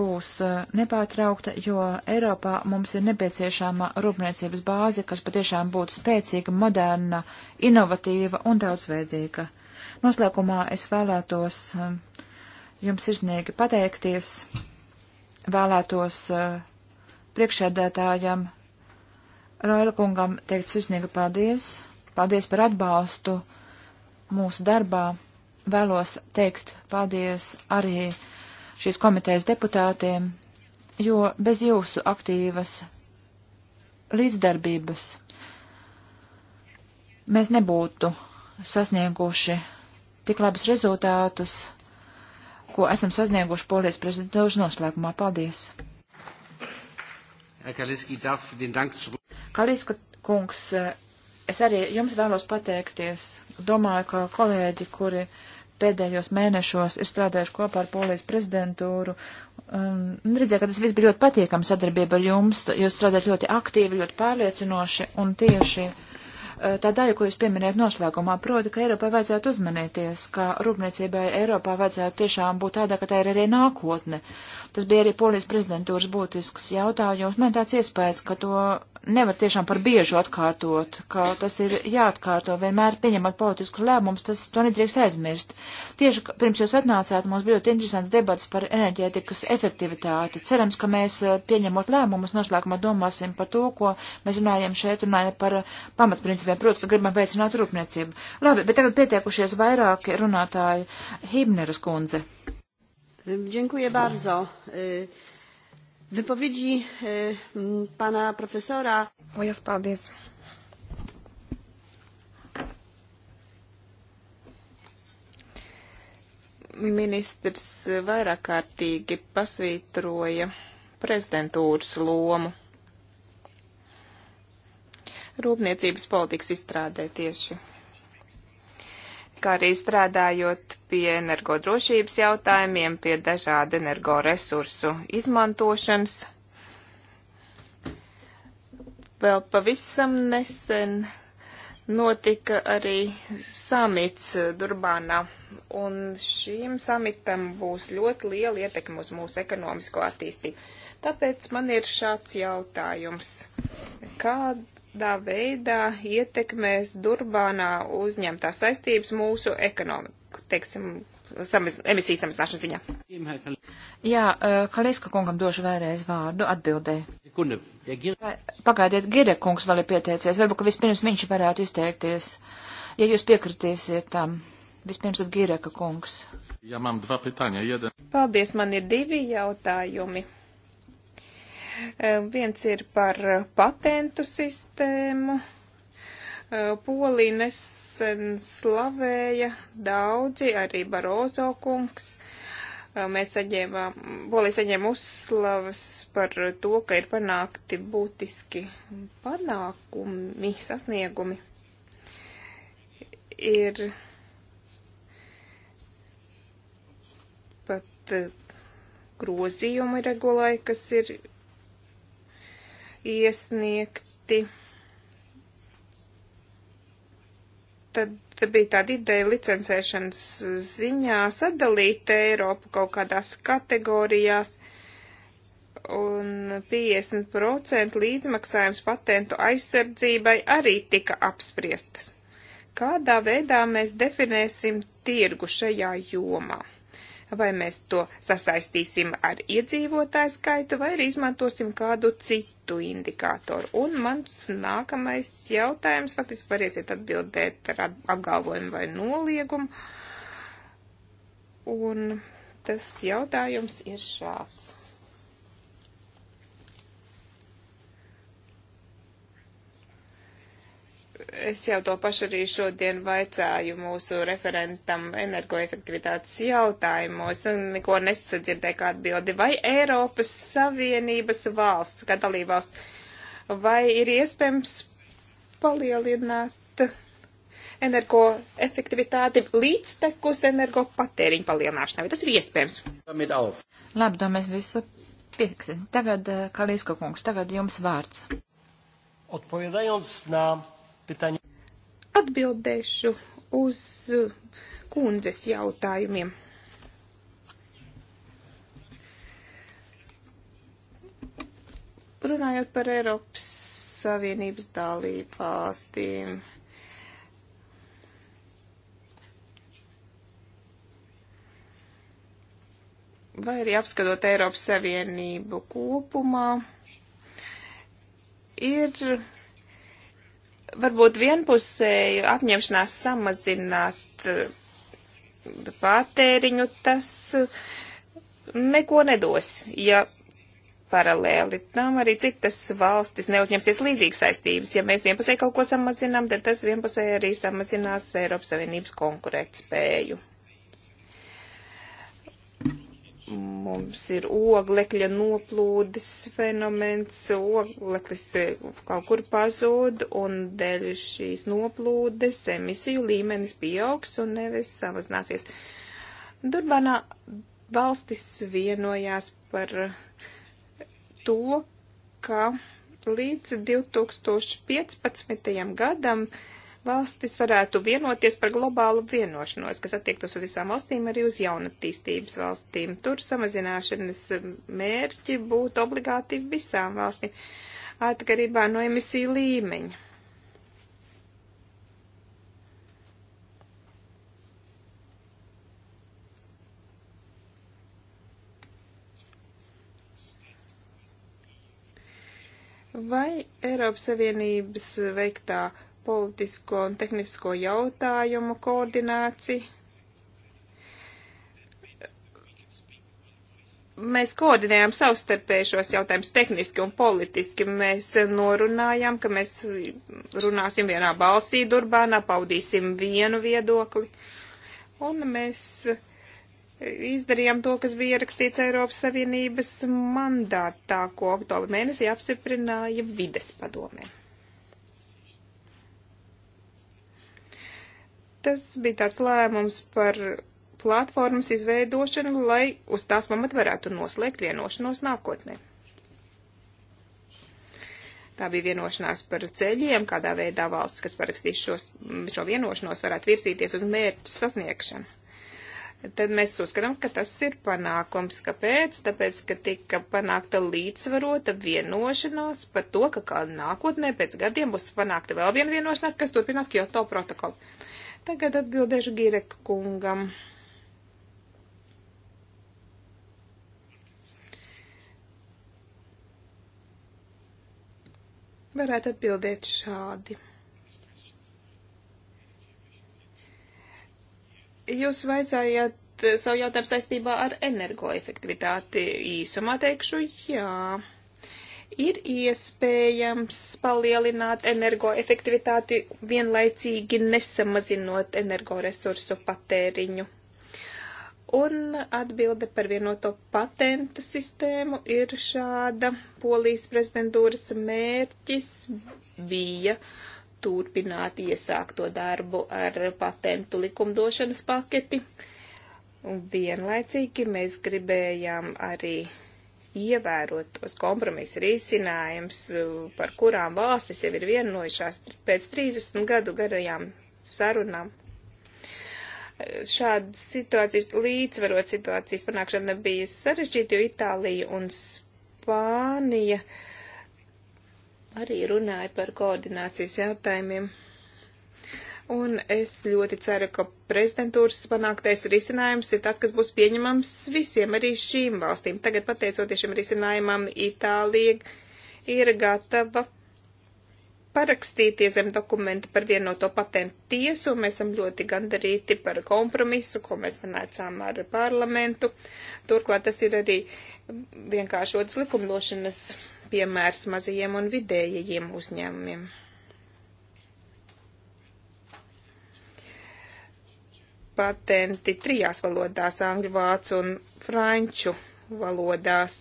būs uh, nepārtraukta, jo Eiropā mums ir nepieciešama rūpniecības bāze, kas patiešām būtu spēcīga, moderna, inovatīva un daudzveidīga. Noslēgumā es vēlētos um, jums izniegi pateikties, vēlētos priekšēdētājam Roila kungam teikt sirsnīgi paldies. Paldies par atbalstu mūsu darbā. Vēlos teikt paldies arī šīs komitejas deputātiem, jo bez jūsu aktīvas līdzdarbības mēs nebūtu sasnieguši tik labus rezultātus, ko esam sasnieguši polijas prezidentūras noslēgumā. Paldies! Herr Kaliski darf den Dank zurück. Kaliska kungs, eh, es arī jums vēlos pateikties. Domāju, ka kolēģi, kuri pēdējos mēnešos ir strādājuši kopā ar Polijas prezidentūru. Um, nu, redzēju, ka tas viss bija ļoti patīkami sadarbība ar jums. Jūs strādājat ļoti aktīvi, ļoti pārliecinoši un tieši uh, tā daļa, ko jūs pieminējat noslēgumā, proti, ka Eiropai vajadzētu uzmanīties, ka rūpniecībai Eiropā vajadzētu tiešām būt tādā, ka tā ir arī nākotne. Tas bija arī Polijas prezidentūras būtisks jautājums. Man tāds iespējas, ka to nevar tiešām par biežu atkārtot, ka tas ir jāatkārto vienmēr pieņemot politiskus lēmumus, tas to nedrīkst aizmirst. Tieši pirms jūs atnācāt, mums bija ļoti interesants debats par enerģētikas efektivitāti. Cerams, ka mēs eh, pieņemot lēmumus noslēgumā domāsim par to, ko mēs runājam šeit, runājam par eh, pamatprincipiem, proti, ka gribam veicināt rūpniecību. Labi, bet tagad pietiekušies vairāki runātāji Hibneras kundze. Dziękuję bardzo. Y Wypowiedzi e, pana profesora. Lielas paldies! Ministrs vairāk kārtīgi pasvītroja prezidentūras lomu rūpniecības politikas izstrādē tieši kā arī strādājot pie energodrošības jautājumiem, pie dažādu energoresursu izmantošanas. Vēl pavisam nesen notika arī samits Durbānā, un šīm samitam būs ļoti liela ietekme uz mūsu ekonomisko attīstību. Tāpēc man ir šāds jautājums. Kāda kādā veidā ietekmēs Durbānā uzņemtās saistības mūsu ekonomiku, teiksim, samiz, emisiju samazināšanas ziņā. Jā, eh, Kaliska kungam došu vēlreiz vārdu atbildē. Pagaidiet, Gire kungs vēl ir pieteicies, varbūt, ka vispirms viņš varētu izteikties, ja jūs piekritīsiet tam. Vispirms tad Gireka kungs. Ja mam dva pitāņa, jeden. Paldies, man ir divi jautājumi. Viens ir par eh, patentu sistēmu. Polija nesen slavēja daudzi, arī Barozo kungs. Mēs saņēmām, Polija saņēma uzslavas par to, ka ir panākti būtiski panākumi, sasniegumi. Ir pat eh, grozījumi regulai, kas ir iesniegti. Tad bija tāda ideja licencēšanas ziņā sadalīt Eiropu kaut kādās kategorijās, un 50% līdzmaksājums patentu aizsardzībai arī tika apspriestas. Kādā veidā mēs definēsim tirgu šajā jomā? vai mēs to sasaistīsim ar iedzīvotāju skaitu, vai arī izmantosim kādu citu indikātoru. Un mans nākamais jautājums, faktiski variesiet atbildēt ar apgalvojumu vai noliegumu. Un tas jautājums ir šāds. Es jau to pašu arī šodien vaicāju mūsu referentam energoefektivitātes jautājumos un neko nesadzirdēju kā atbildi. Vai Eiropas Savienības valsts, kā dalībvalsts, vai ir iespējams palielināt energoefektivitāti līdz tekus energopatēriņu palielināšanai? Vai tas ir iespējams? Labi, to mēs visu pieksim. Tagad, eh, Kalīsko kungs, tagad jums vārds. Odpowiadając na pytanie. Atbildēšu uz kundzes jautājumiem. Runājot par Eiropas Savienības dalību valstīm. vai arī apskatot Eiropas Savienību kopumā, ir varbūt vienpusēju apņemšanās samazināt eh, patēriņu, tas eh, neko nedos, ja paralēli tam arī citas valstis neuzņemsies līdzīgas saistības. Ja mēs vienpusē kaut ko samazinām, tad tas vienpusē arī samazinās Eiropas Savienības konkurētspēju. spēju. Mums ir oglekļa noplūdes fenomens, ogleklis e, kaut kur pazūd, un dēļ šīs noplūdes emisiju līmenis pieaugs un nevis samazināsies. Durbanā valstis vienojās par to, ka līdz 2015. gadam valstis varētu vienoties par globālu vienošanos, kas attiektos uz visām valstīm, arī uz jaunatīstības valstīm. Tur samazināšanas mērķi būtu obligāti visām valstīm, atkarībā no emisiju līmeņa. Vai Eiropas Savienības veiktā uh, politisko un tehnisko jautājumu koordināciju. Mēs koordinējam savstarpēji šos jautājumus tehniski un politiski. Mēs norunājam, ka mēs runāsim vienā balsī Durbānā, paudīsim vienu viedokli. Un mēs izdarījām to, kas bija ierakstīts Eiropas Savienības mandātā, ko oktobra mēnesī apstiprināja vides padomē. Tas bija tāds lēmums par platformas izveidošanu, lai uz tās pamat varētu noslēgt vienošanos nākotnē. Tā bija vienošanās par ceļiem, kādā veidā valsts, kas parakstīs šos, šo vienošanos, varētu virsīties uz mērķu sasniegšanu. Tad mēs uzskatām, ka tas ir panākums. Kāpēc? Tāpēc, ka tika panākta līdzsvarota vienošanās par to, ka kā nākotnē pēc gadiem būs panākta vēl viena vienošanās, kas turpinās Kyoto protokolu. Uh, Tagad atbildēšu Gireka kungam. Varētu atbildēt šādi. Jūs vaicājāt savu jautājumu saistībā ar energoefektivitāti. Īsumā teikšu jā ir iespējams palielināt energoefektivitāti vienlaicīgi nesamazinot energoresursu patēriņu. Un atbilde par vienoto patenta sistēmu ir šāda. Polijas prezidentūras mērķis bija turpināt iesākto darbu ar patentu likumdošanas paketi. Vienlaicīgi mēs gribējām arī ievērot tos kompromisu risinājums, par kurām valstis jau ir vienojušās pēc 30 gadu garajām sarunām. Šādas situācijas, līdzvarot situācijas panākšana bija sarežģīta, jo Itālija un Spānija arī runāja par koordinācijas jautājumiem. Un es ļoti ceru, ka prezidentūras panāktais risinājums ir tas, kas būs pieņemams visiem, arī šīm valstīm. Tagad, pateicoties šim risinājumam, Itālija ir gatava parakstīties zem dokumenta par vienoto patentu tiesu, un mēs esam ļoti gandarīti par kompromisu, ko mēs panācām ar parlamentu. Turklāt tas ir arī vienkāršots likumdošanas piemērs mazajiem un vidējajiem uzņēmumiem. patenti trijās valodās - angļu, vācu un franču valodās.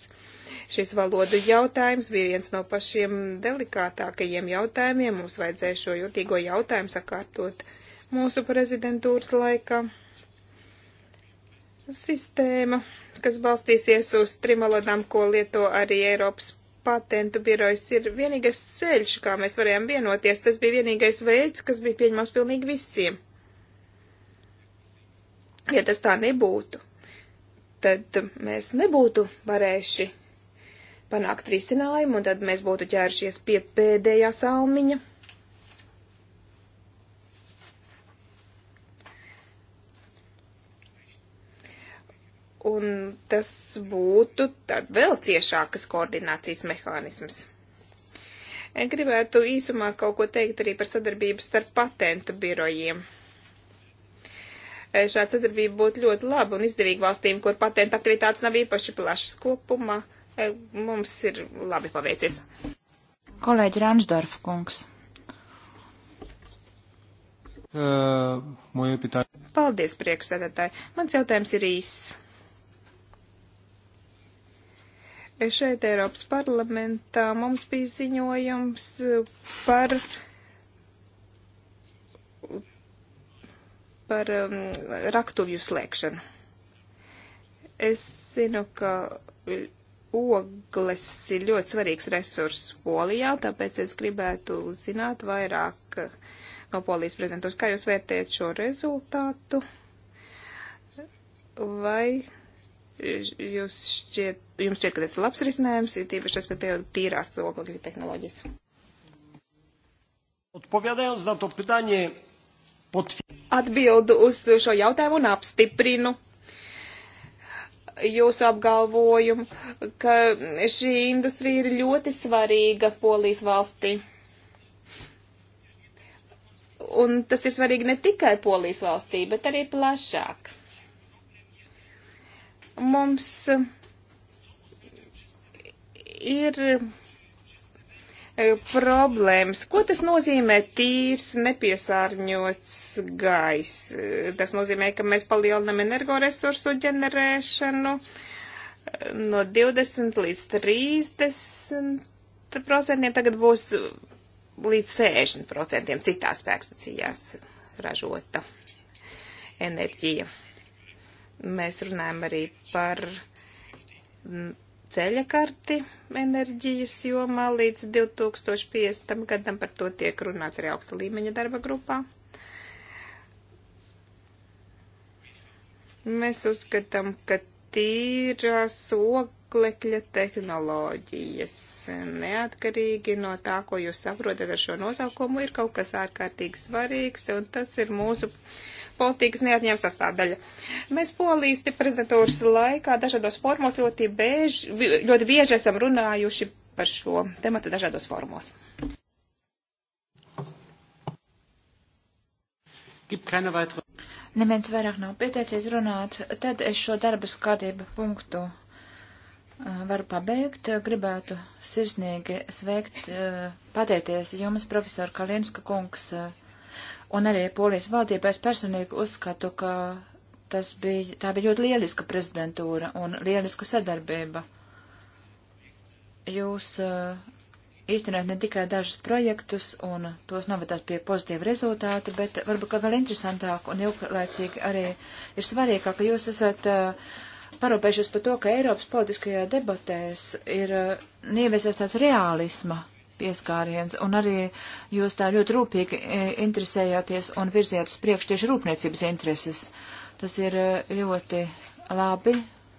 Šis valodu jautājums bija viens no pašiem delikātākajiem jautājumiem. Mums vajadzēja šo jutīgo jautājumu sakārtot mūsu prezidentūras laika. Sistēma, kas balstīsies uz trimalodām, ko lieto arī Eiropas patentu birojas, ir vienīgais ceļš, kā mēs varējām vienoties. Tas bija vienīgais veids, kas bija pieņemams pilnīgi visiem. Ja tas tā nebūtu, tad mēs nebūtu varējuši panākt risinājumu, un tad mēs būtu ķērušies pie pēdējā salmiņa. Un tas būtu tad vēl ciešākas koordinācijas mehānisms. Gribētu īsumā kaut ko teikt arī par sadarbību starp patentu birojiem šāda sadarbība būtu ļoti laba un izdevīga valstīm, kur patenta aktivitātes nav īpaši plašas kopumā. E, mums ir labi paveicies. Kolēģi Ransdorf kungs. Uh, Paldies, priekšsēdētāji. Mans jautājums ir īss. E, šeit Eiropas parlamentā mums bija ziņojums par par um, raktuvju slēgšanu. Es zinu, ka uh, ogles ir ļoti svarīgs resurs Polijā, tāpēc es gribētu zināt vairāk uh, no Polijas prezidentūras. Kā jūs vērtējat šo rezultātu? Vai uh, jūs šķiet, jums šķiet, ka tas ir labs risinājums, ir tīpaši respektējot tīrās ogļu tehnoloģijas? Odpowiadając na to pytanie, Atbildu uz šo jautājumu un apstiprinu jūsu apgalvojumu, ka šī industrija ir ļoti svarīga Polijas valstī. Un tas ir svarīgi ne tikai Polijas valstī, bet arī plašāk. Mums ir E, problēmas. Ko tas nozīmē tīrs, nepiesārņots gaiss? E, tas nozīmē, ka mēs palielinam energoresursu ģenerēšanu e, no 20 līdz 30 procentiem, tagad būs līdz 60 procentiem citās spēkstacijās ražota enerģija. Mēs runājam arī par ceļakarti enerģijas jomā līdz 2050. gadam. Par to tiek runāts arī augsta līmeņa darba grupā. Mēs uzskatām, ka tīras oglekļa tehnoloģijas, neatkarīgi no tā, ko jūs saprotat ar šo nosaukumu, ir kaut kas ārkārtīgi svarīgs, un tas ir mūsu uh, politikas neatņem sastāvdaļa. Mēs polijas prezidentūras laikā dažādos formos ļoti, bēž, ļoti bieži esam runājuši par šo tematu dažādos formos. Neviens vairāk nav pieteicies runāt, tad es šo darbas kārtību punktu varu pabeigt. Gribētu sirsnīgi sveikt, pateikties jums, profesor Kalinska kungs un arī polijas valdībā es personīgi uzskatu, ka tas bija, tā bija ļoti lieliska prezidentūra un lieliska sadarbība. Jūs uh, eh, īstenot ne tikai dažus projektus un tos novadāt pie pozitīva rezultāta, bet varbūt kā vēl interesantāk un ilglaicīgi arī ir svarīgāk, ka jūs esat uh, parūpējušies par to, ka Eiropas politiskajā debatēs ir uh, eh, nieviesies tās reālisma pieskāriens, un arī jūs tā ļoti rūpīgi e, interesējāties un virzījāt uz priekšu tieši rūpniecības intereses. Tas ir e, ļoti labi,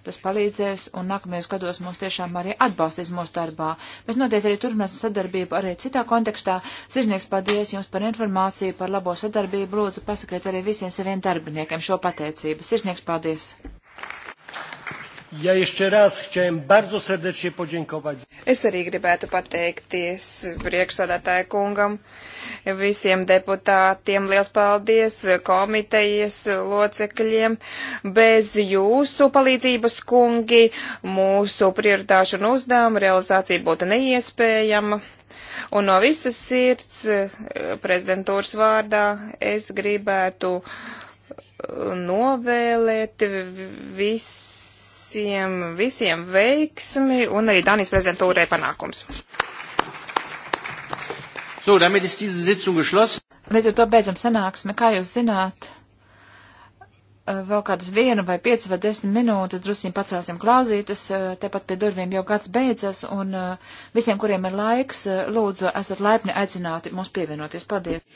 tas palīdzēs, un nākamajos gados mūs tiešām arī atbalstīs mūsu darbā. Mēs noteikti arī turpināsim sadarbību arī citā kontekstā. Sirdnieks, paldies jums par informāciju, par labo sadarbību. Lūdzu, pasakiet arī visiem saviem darbiniekiem šo pateicību. Sirdnieks, paldies! Ja jeszcze raz chciałem bardzo serdecznie podziękować. Es arī gribētu pateikties priekšsādātāja kungam, visiem deputātiem, liels paldies, komitejas locekļiem. Bez jūsu palīdzības, kungi, mūsu prioritāšu un uzdevumu realizācija būtu neiespējama. Un no visas sirds prezidentūras vārdā es gribētu novēlēt visu visiem, visiem veiksmi un arī Danijas prezidentūrai panākums. So, damit ist diese Sitzung geschlossen. Līdz ar to beidzam sanāksmi. Kā jūs zināt, eh, vēl kādas viena vai piecas vai desmit minūtes drusīm pacelsim klauzītas, eh, tepat pie durvīm jau gads beidzas, un eh, visiem, kuriem ir laiks, lūdzu, esat laipni aicināti mums pievienoties. Paldies!